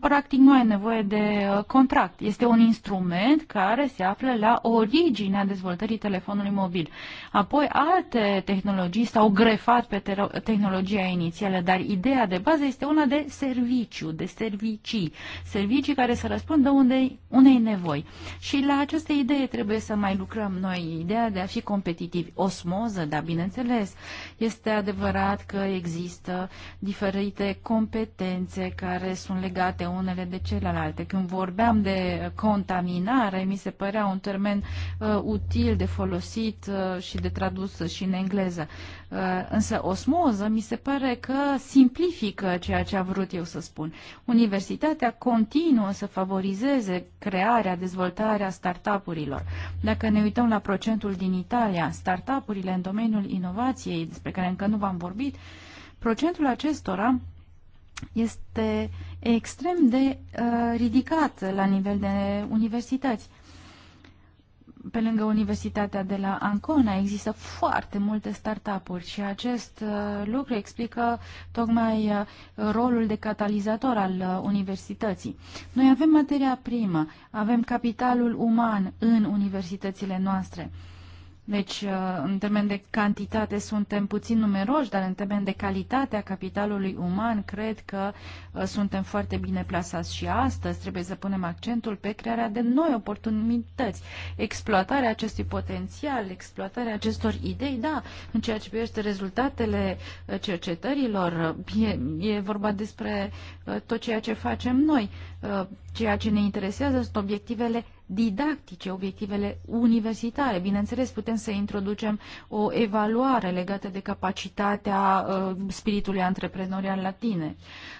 Practic nu ai nevoie de uh, contract. Este un instrument care se află la originea dezvoltării telefonului mobil. Apoi alte tehnologii s-au grefat pe tehnologia inițială, dar ideea de bază este una de serviciu, de servicii. Servicii care să răspundă unde, unei nevoi. Și la această idee trebuie să mai lucrăm noi. Ideea de a fi competitivi. Osmoză, dar bineînțeles. Este adevărat că există diferite competențe substanțe care sunt legate unele de celelalte. Când vorbeam de contaminare, mi se părea un termen uh, util de folosit uh, și de tradus și în engleză. Uh, însă osmoză mi se pare că simplifică ceea ce a vrut eu să spun. Universitatea continuă să favorizeze crearea, dezvoltarea startup-urilor. Dacă ne uităm la procentul din Italia, startup-urile în domeniul inovației, despre care încă nu v-am vorbit, procentul acestora este extrem de uh, ridicat la nivel de universități. Pe lângă Universitatea de la Ancona există foarte multe startup-uri și acest uh, lucru explică tocmai uh, rolul de catalizator al uh, universității. Noi avem materia primă, avem capitalul uman în universitățile noastre. Uh, deci, uh, în termen de cantitate, suntem puțin numeroși, dar în termen de calitate a capitalului uman, cred că uh, suntem foarte bine plasați și astăzi. Trebuie să punem accentul pe crearea de noi oportunități, exploatarea acestui potențial, exploatarea acestor idei. Da, în ceea ce privește rezultatele uh, cercetărilor, e, e vorba despre tot ceea ce facem noi. Ceea ce ne interesează sunt obiectivele didactice, obiectivele universitare. Bineînțeles, putem să introducem o evaluare legată de capacitatea uh, spiritului antreprenorial la tine.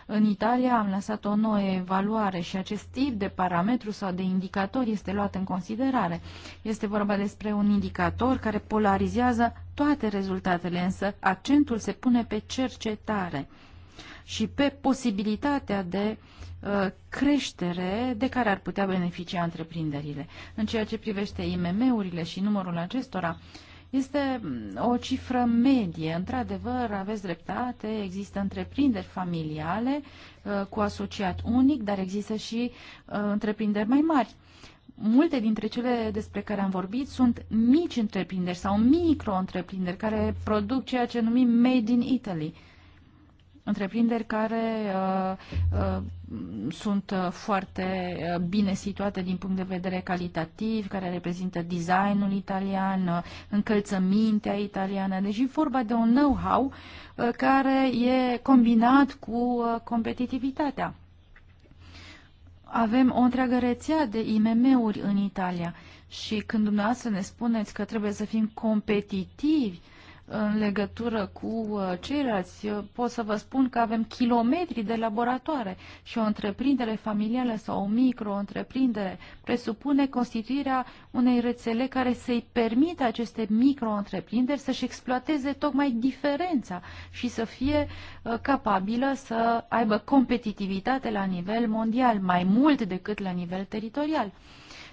În Italia am lăsat o nouă evaluare și acest tip de parametru sau de indicator este luat în considerare. Este vorba despre un indicator care polarizează toate rezultatele, însă accentul se pune pe cercetare și pe posibilitatea de uh, creștere de care ar putea beneficia întreprinderile. În ceea ce privește IMM-urile și numărul acestora, este mm, o cifră medie. Într-adevăr, aveți dreptate, există întreprinderi familiale uh, cu asociat unic, dar există și uh, întreprinderi mai mari. Multe dintre cele despre care am vorbit sunt mici întreprinderi sau micro-întreprinderi care produc ceea ce numim Made in Italy întreprinderi care uh, uh, sunt uh, foarte uh, bine situate din punct de vedere calitativ, care reprezintă designul italian, uh, încălțămintea italiană. Deci e vorba de un know-how uh, care e combinat cu competitivitatea. Avem o întreagă rețea de IMM-uri în Italia și când dumneavoastră ne spuneți că trebuie să fim competitivi, uh, în legătură cu uh, ceilalți, pot să vă spun că avem kilometri de laboratoare și o întreprindere familială sau o micro-întreprindere presupune constituirea unei rețele care să-i permită aceste micro-întreprinderi să-și exploateze tocmai diferența și să fie uh, capabilă să aibă competitivitate la nivel mondial, mai mult decât la nivel teritorial.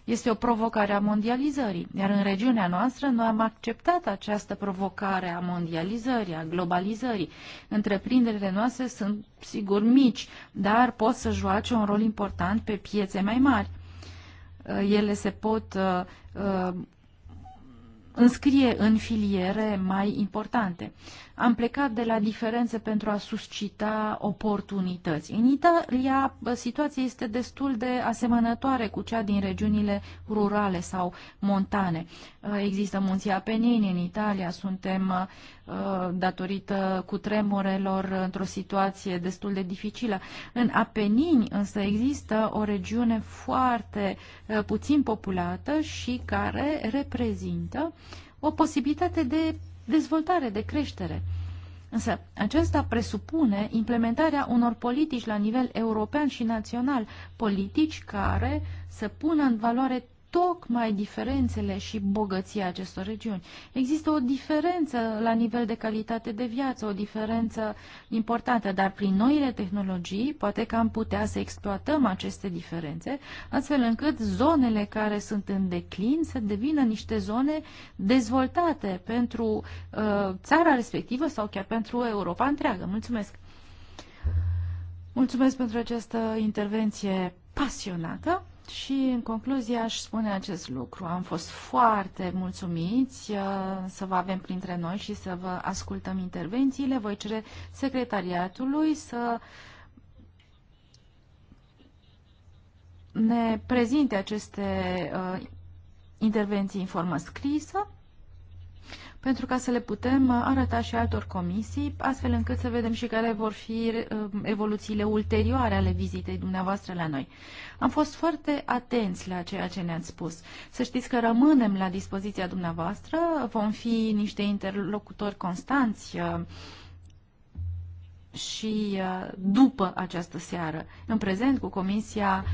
Este o provocare a mondializării, iar în regiunea noastră noi am acceptat această provocare a mondializării, a globalizării. Întreprinderile noastre sunt, sigur, mici, dar pot să joace un rol important pe piețe mai mari ele se pot uh, uh, înscrie în filiere mai importante. Am plecat de la diferențe pentru a suscita oportunități. În Italia, situația este destul de asemănătoare cu cea din regiunile rurale sau montane. Există munții Apenini în Italia, suntem Uh, datorită cutremurelor într-o situație destul de dificilă. În Apenini însă există o regiune foarte uh, puțin populată și care reprezintă o posibilitate de dezvoltare, de creștere. Însă acesta presupune implementarea unor politici la nivel european și național, politici care să pună în valoare tocmai diferențele și bogăția acestor regiuni. Există o diferență la nivel de calitate de viață, o diferență importantă, dar prin noile tehnologii poate că am putea să exploatăm aceste diferențe, astfel încât zonele care sunt în declin să devină niște zone dezvoltate pentru uh, țara respectivă sau chiar pentru Europa întreagă. Mulțumesc! Mulțumesc pentru această intervenție pasionată. Și în concluzie aș spune acest lucru. Am fost foarte mulțumiți uh, să vă avem printre noi și să vă ascultăm intervențiile. Voi cere secretariatului să ne prezinte aceste uh, intervenții în formă scrisă pentru ca să le putem uh, arăta și altor comisii, astfel încât să vedem și care vor fi uh, evoluțiile ulterioare ale vizitei dumneavoastră la noi. Am fost foarte atenți la ceea ce ne-ați spus. Să știți că rămânem la dispoziția dumneavoastră, vom fi niște interlocutori constanți uh, și uh, după această seară. În prezent, cu Comisia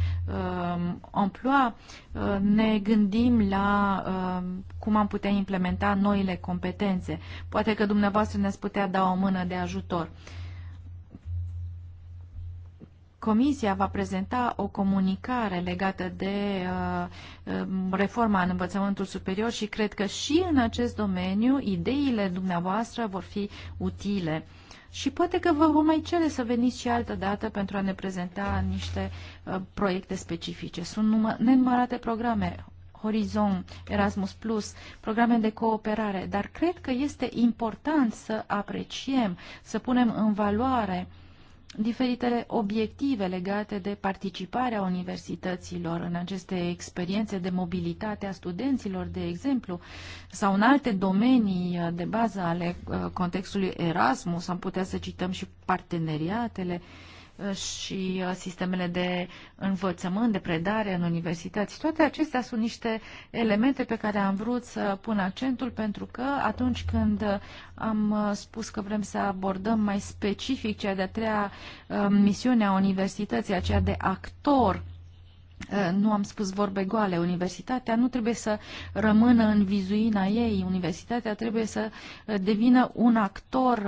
Amploa, um, uh, ne gândim la um, cum am putea implementa noile competențe. Poate că dumneavoastră ne-ați putea da o mână de ajutor. Comisia va prezenta o comunicare legată de uh, um, reforma în învățământul superior și cred că și în acest domeniu ideile dumneavoastră vor fi utile și poate că vă vom mai cere să veniți și altă dată pentru a ne prezenta niște uh, proiecte specifice. Sunt numă, nenumărate programe, Horizon, Erasmus+, Plus, programe de cooperare, dar cred că este important să apreciem, să punem în valoare uh, diferitele obiective legate de participarea universităților în aceste experiențe de mobilitate a studenților, de exemplu, sau în alte domenii de bază ale uh, contextului Erasmus, am putea să cităm și parteneriatele uh, și uh, sistemele de învățământ, de predare în universități. Toate acestea sunt niște elemente pe care am vrut să pun accentul pentru că atunci când uh, am uh, spus că vrem să abordăm mai specific cea de-a treia misiune a universității, aceea de actor Eh, nu am spus vorbe goale, universitatea nu trebuie să rămână în vizuina ei, universitatea trebuie să eh, devină un actor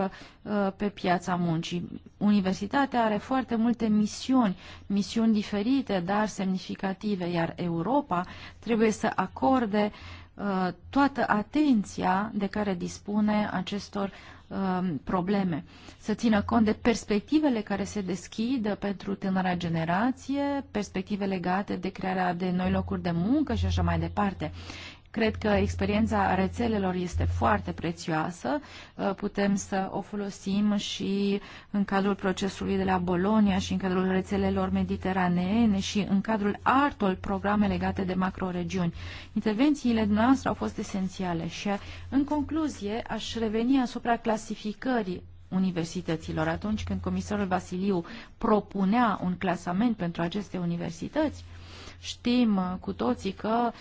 eh, pe piața muncii. Universitatea are foarte multe misiuni, misiuni diferite, dar semnificative, iar Europa trebuie să acorde toată atenția de care dispune acestor Um, probleme, să țină cont de perspectivele care se deschid pentru tânăra generație, perspective legate de crearea de noi locuri de muncă și așa mai departe. Uh, Cred că experiența rețelelor este foarte prețioasă, uh, putem să o folosim și în cadrul procesului de la Bolonia și în cadrul rețelelor mediteraneene și în cadrul altor programe legate de macroregiuni. Intervențiile noastre au fost esențiale și uh, în concluzie aș reveni asupra clasificării universităților. Atunci când comisarul Vasiliu propunea un clasament pentru aceste universități, Știm uh, cu toții că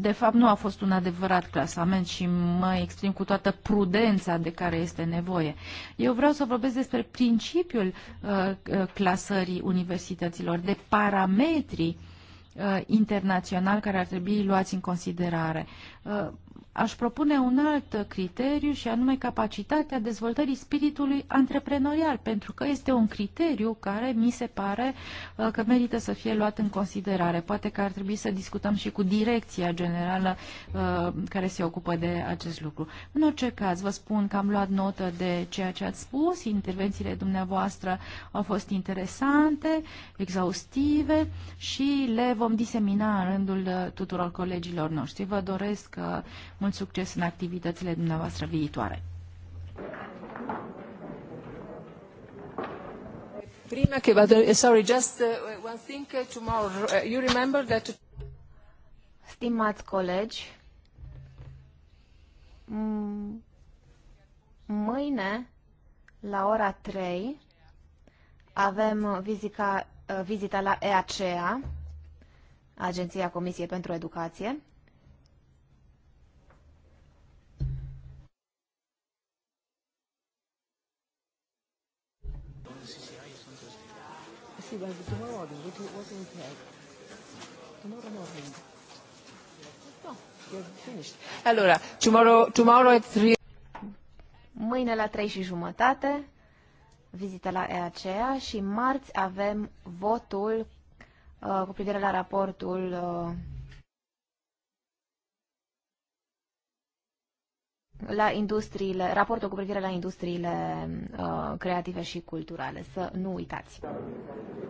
de fapt, nu a fost un adevărat clasament și mă exprim cu toată prudența de care este nevoie. Eu vreau să vorbesc despre principiul uh, uh clasării universităților, de parametrii uh, internațional care ar trebui luați în considerare. Uh, aș propune un alt criteriu și anume capacitatea dezvoltării spiritului antreprenorial, pentru că este un criteriu care mi se pare uh, că merită să fie luat în considerare. Poate că ar trebui să discutăm și cu direcția generală uh, care se ocupă de acest lucru. În orice caz, vă spun că am luat notă de ceea ce ați spus, intervențiile dumneavoastră au fost interesante, exhaustive și le vom disemina în rândul uh, tuturor colegilor noștri. Vă doresc mult succes în activitățile dumneavoastră viitoare! Eh, sorry, just eh, one thing, eh, tomorrow, you remember that... Stimați colegi, mâine la ora 3 avem vizica, vizita la EACEA, Agenția Comisiei pentru Educație. see what happens tomorrow morning. What will, what will it have? Tomorrow morning. Oh, no, Allora, tomorrow, tomorrow at three... Mâine la 3 și jumătate, vizită la EACEA și marți avem votul uh, cu privire la raportul uh, la industriile, raportul cu privire la industriile uh, creative și culturale. Să nu uitați!